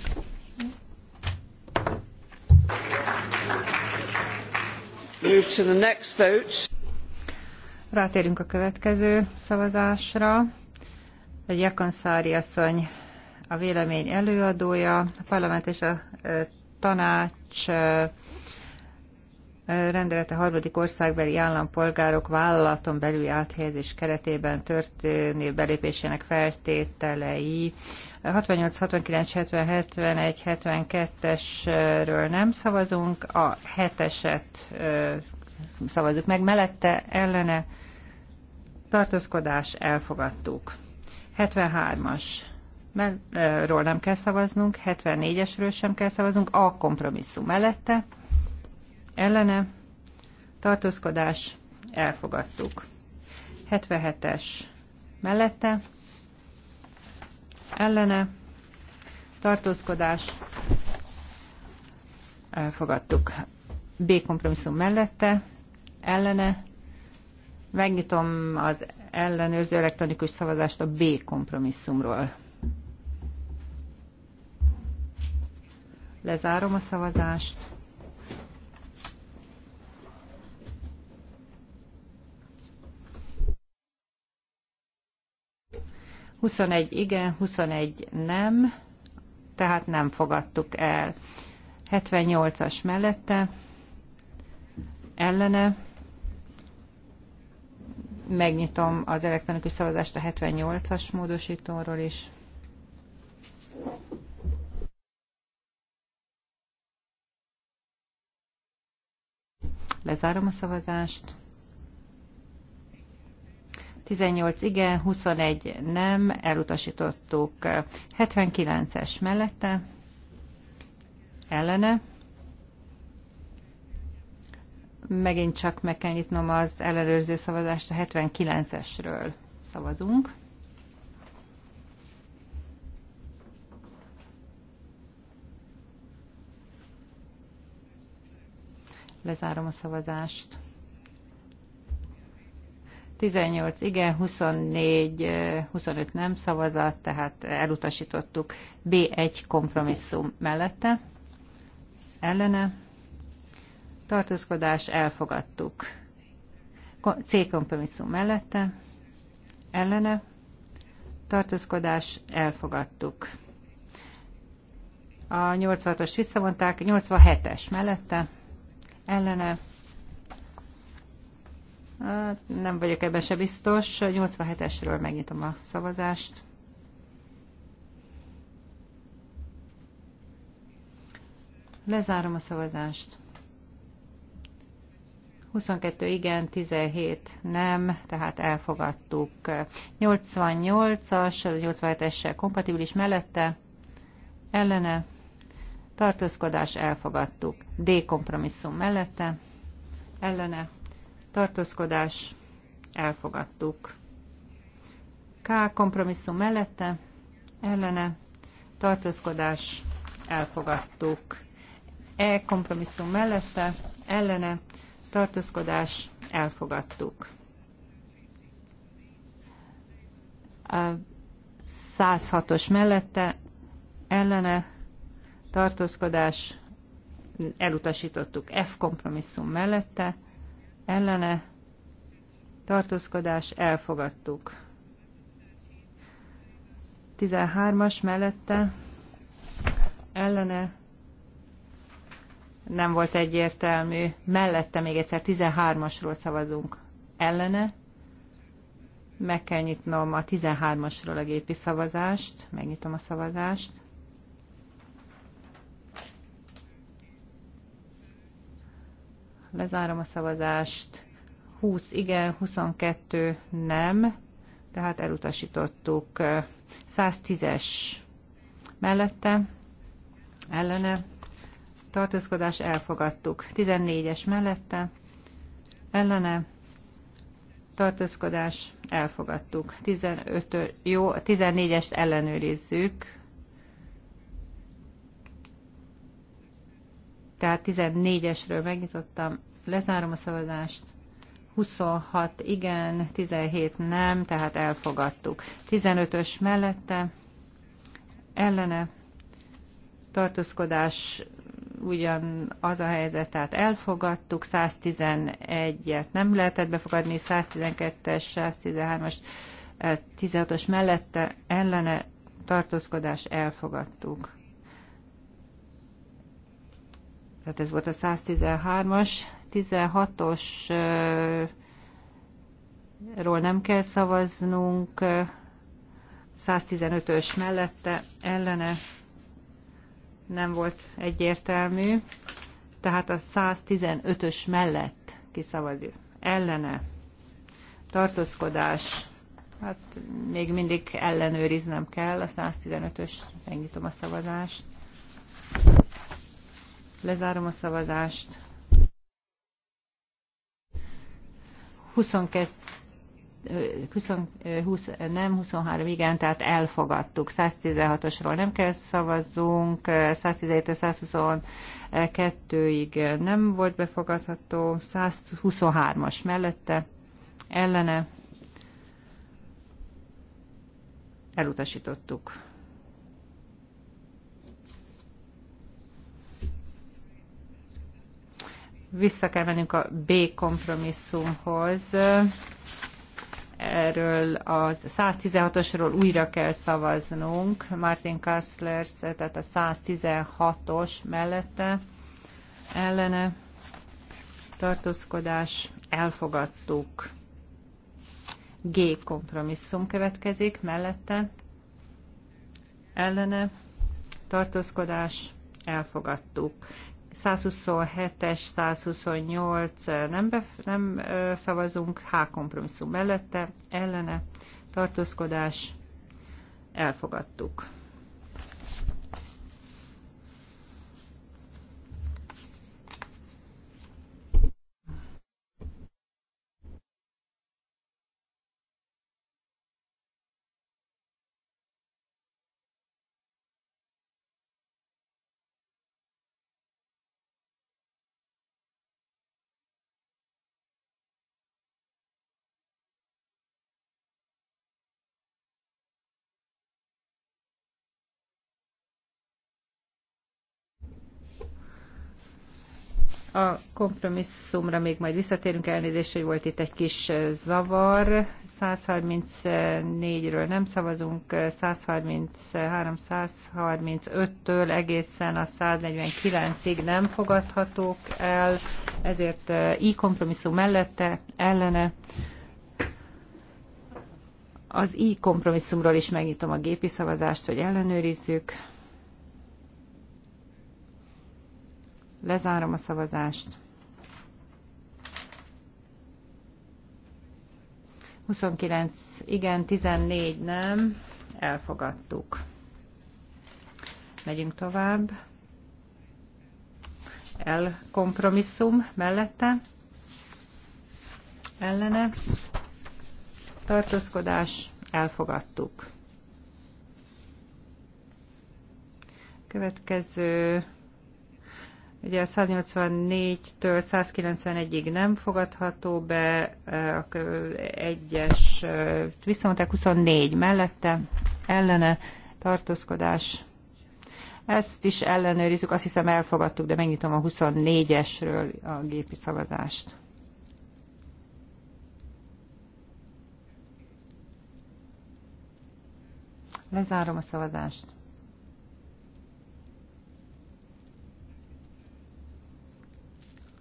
Rátérünk a következő szavazásra. A Jakonszári asszony a vélemény előadója, a parlament és a tanács rendelete harmadik országbeli állampolgárok vállalaton belüli áthelyezés keretében történő belépésének feltételei 68, 69, 70, 71, 72-esről nem szavazunk, a 7-eset szavazunk meg, mellette ellene tartózkodás elfogadtuk. 73-as ról nem kell szavaznunk, 74-esről sem kell szavaznunk, a kompromisszum mellette, ellene, tartózkodás, elfogadtuk. 77-es mellette, ellene, tartózkodás, elfogadtuk. B kompromisszum mellette, ellene, megnyitom az ellenőrző elektronikus szavazást a B kompromisszumról. Lezárom a szavazást. 21 igen, 21 nem, tehát nem fogadtuk el. 78-as mellette, ellene, megnyitom az elektronikus szavazást a 78-as módosítóról is. Lezárom a szavazást. 18 igen, 21 nem, elutasítottuk. 79-es mellette, ellene. Megint csak meg kell nyitnom az ellenőrző szavazást, a 79-esről szavazunk. Lezárom a szavazást. 18 igen, 24, 25 nem szavazat, tehát elutasítottuk B1 kompromisszum mellette. Ellene. Tartózkodás elfogadtuk. C kompromisszum mellette. Ellene. Tartózkodás elfogadtuk. A 86-os visszavonták, 87-es mellette. Ellene nem vagyok ebben se biztos. 87-esről megnyitom a szavazást. Lezárom a szavazást. 22 igen, 17 nem, tehát elfogadtuk. 88-as, az 87-essel kompatibilis mellette, ellene, tartózkodás elfogadtuk. D kompromisszum mellette, ellene, tartózkodás, elfogadtuk. K kompromisszum mellette, ellene, tartózkodás, elfogadtuk. E kompromisszum mellette, ellene, tartózkodás, elfogadtuk. A 106-os mellette, ellene, tartózkodás, elutasítottuk F kompromisszum mellette, ellene tartózkodás elfogadtuk. 13-as mellette ellene nem volt egyértelmű, mellette még egyszer 13-asról szavazunk ellene. Meg kell nyitnom a 13-asról a gépi szavazást, megnyitom a szavazást. Lezárom a szavazást. 20 igen, 22 nem, tehát elutasítottuk. 110-es mellette, ellene, tartózkodás elfogadtuk. 14-es mellette, ellene, tartózkodás elfogadtuk. 15 jó, 14-est ellenőrizzük. Tehát 14-esről megnyitottam, Lezárom a szavazást. 26 igen, 17 nem, tehát elfogadtuk. 15-ös mellette, ellene, tartózkodás ugyan az a helyzet, tehát elfogadtuk, 111-et nem lehetett befogadni, 112-es, 113-as, 16-os mellette ellene tartózkodás elfogadtuk. Tehát ez volt a 113-as, 16-os ról nem kell szavaznunk, 115-ös mellette ellene nem volt egyértelmű, tehát a 115-ös mellett kiszavazni ellene tartózkodás, hát még mindig ellenőriznem kell a 115-ös, megnyitom a szavazást, lezárom a szavazást, 22 20, nem, 23 igen, tehát elfogadtuk. 116-osról nem kell szavazzunk, 117-től 122-ig nem volt befogadható, 123-as mellette, ellene elutasítottuk. vissza kell mennünk a B kompromisszumhoz. Erről a 116-osról újra kell szavaznunk. Martin Kassler, tehát a 116-os mellette ellene tartózkodás elfogadtuk. G kompromisszum következik mellette ellene tartózkodás elfogadtuk. 127-es, 128 nem, be, nem szavazunk, H kompromisszum mellette, ellene, tartózkodás, elfogadtuk. A kompromisszumra még majd visszatérünk, elnézést, hogy volt itt egy kis zavar. 134-ről nem szavazunk, 133-135-től egészen a 149-ig nem fogadhatók el, ezért így kompromisszum mellette, ellene. Az így kompromisszumról is megnyitom a gépi szavazást, hogy ellenőrizzük. Lezárom a szavazást. 29 igen, 14 nem. Elfogadtuk. Megyünk tovább. El kompromisszum mellette. Ellene. Tartózkodás. Elfogadtuk. Következő Ugye 184-től 191-ig nem fogadható be, a egyes visszamondták 24 mellette, ellene tartózkodás. Ezt is ellenőrizzük, azt hiszem elfogadtuk, de megnyitom a 24-esről a gépi szavazást. Lezárom a szavazást.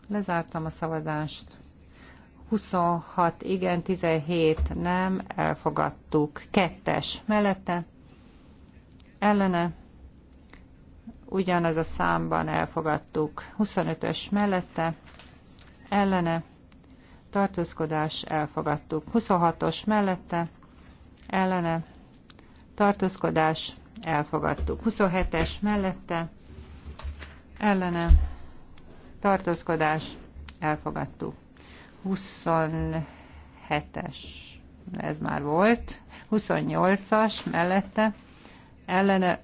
Lezártam a szavazást. 26 igen, 17 nem, elfogadtuk. Kettes mellette, ellene, ugyanaz a számban elfogadtuk. 25-ös mellette, ellene, tartózkodás elfogadtuk. 26-os mellette, ellene, tartózkodás elfogadtuk. 27-es mellette, ellene, tartózkodás, elfogadtuk. 27-es, ez már volt, 28-as mellette, ellene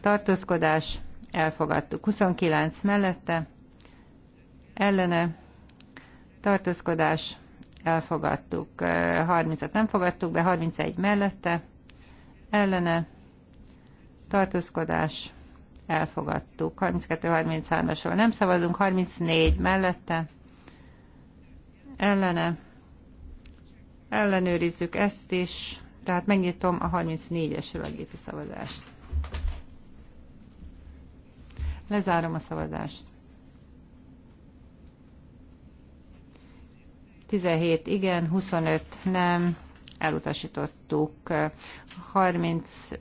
tartózkodás, elfogadtuk. 29 mellette, ellene tartózkodás, elfogadtuk. 30-at nem fogadtuk be, 31 mellette, ellene tartózkodás, elfogadtuk. 32-33-asról nem szavazunk, 34 mellette, ellene, ellenőrizzük ezt is, tehát megnyitom a 34-esről a gépi szavazást. Lezárom a szavazást. 17 igen, 25 nem, elutasítottuk. 35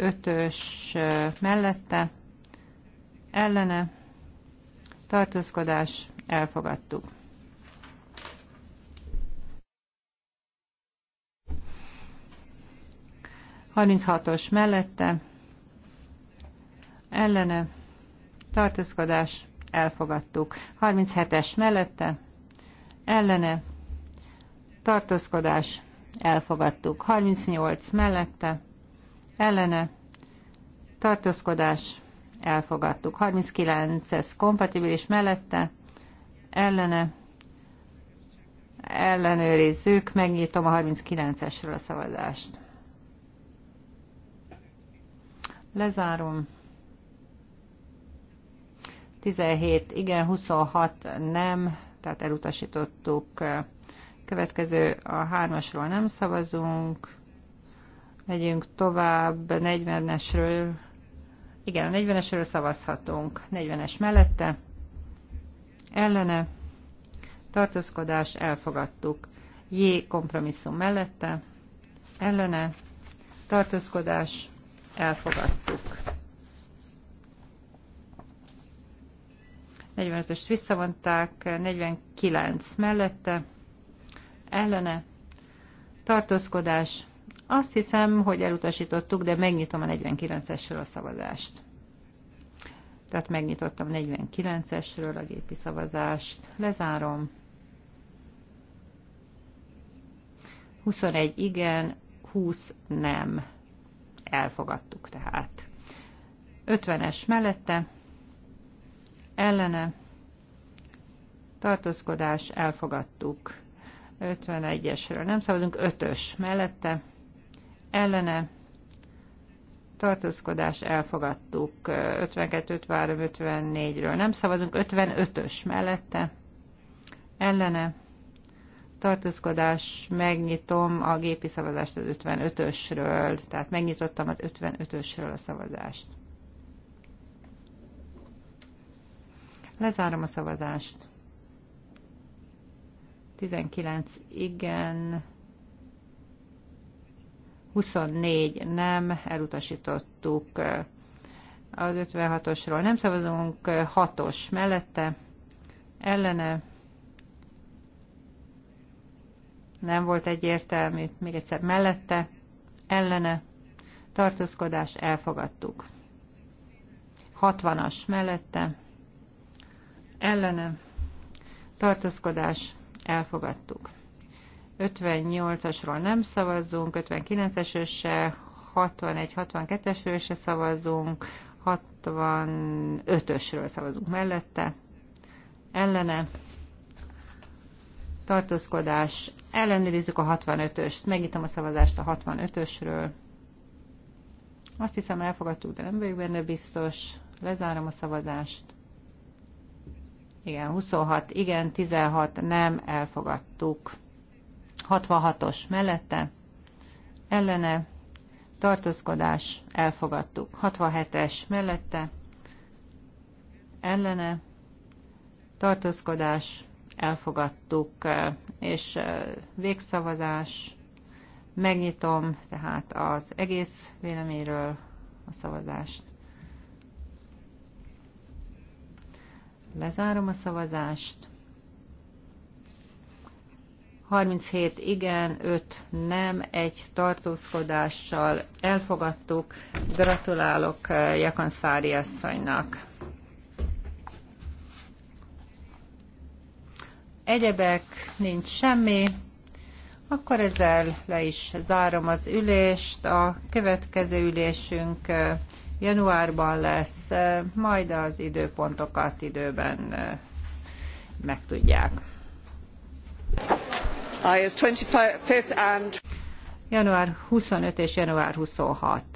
ötös mellette, ellene, tartózkodás, elfogadtuk. Harminchatos mellette, ellene, tartózkodás, elfogadtuk. harminc es mellette, ellene, tartózkodás, elfogadtuk. 38 mellette, ellene tartózkodás elfogadtuk. 39-es kompatibilis mellette ellene ellenőrizzük, megnyitom a 39-esről a szavazást. Lezárom. 17 igen, 26 nem, tehát elutasítottuk. Következő a hármasról nem szavazunk. Megyünk tovább 40-esről. Igen, a 40-esről szavazhatunk. 40-es mellette. Ellene. Tartózkodás elfogadtuk. J kompromisszum mellette. Ellene. Tartózkodás elfogadtuk. 45-öst visszavonták, 49 mellette, ellene, tartózkodás, azt hiszem, hogy elutasítottuk, de megnyitom a 49-esről a szavazást. Tehát megnyitottam a 49-esről a gépi szavazást. Lezárom. 21 igen, 20 nem. Elfogadtuk tehát. 50-es mellette, ellene, tartózkodás, elfogadtuk. 51-esről nem szavazunk, 5-ös mellette, ellene tartózkodás elfogadtuk 52-53-54-ről. Nem szavazunk 55-ös mellette. Ellene tartózkodás, megnyitom a gépi szavazást az 55-ösről, tehát megnyitottam az 55-ösről a szavazást. Lezárom a szavazást. 19 igen, 24 nem, elutasítottuk az 56-osról. Nem szavazunk 6-os mellette, ellene nem volt egyértelmű, még egyszer mellette, ellene tartózkodás elfogadtuk. 60-as mellette, ellene tartózkodás elfogadtuk. 58-asról nem szavazzunk, 59-esről se, 61-62-esről se szavazzunk, 65-ösről szavazunk mellette, ellene, tartózkodás, ellenőrizzük a 65-öst, megnyitom a szavazást a 65-ösről, azt hiszem elfogadtuk, de nem vagyok benne biztos, lezárom a szavazást, igen, 26, igen, 16, nem, elfogadtuk. 66-os mellette, ellene, tartózkodás, elfogadtuk. 67-es mellette, ellene, tartózkodás, elfogadtuk, és végszavazás, megnyitom tehát az egész véleményről a szavazást. Lezárom a szavazást. 37 igen, 5 nem, egy tartózkodással elfogadtuk. Gratulálok eh, Jakonszári asszonynak. Egyebek, nincs semmi. Akkor ezzel le is zárom az ülést. A következő ülésünk eh, januárban lesz, eh, majd az időpontokat időben megtudják. Január 25 és január 26.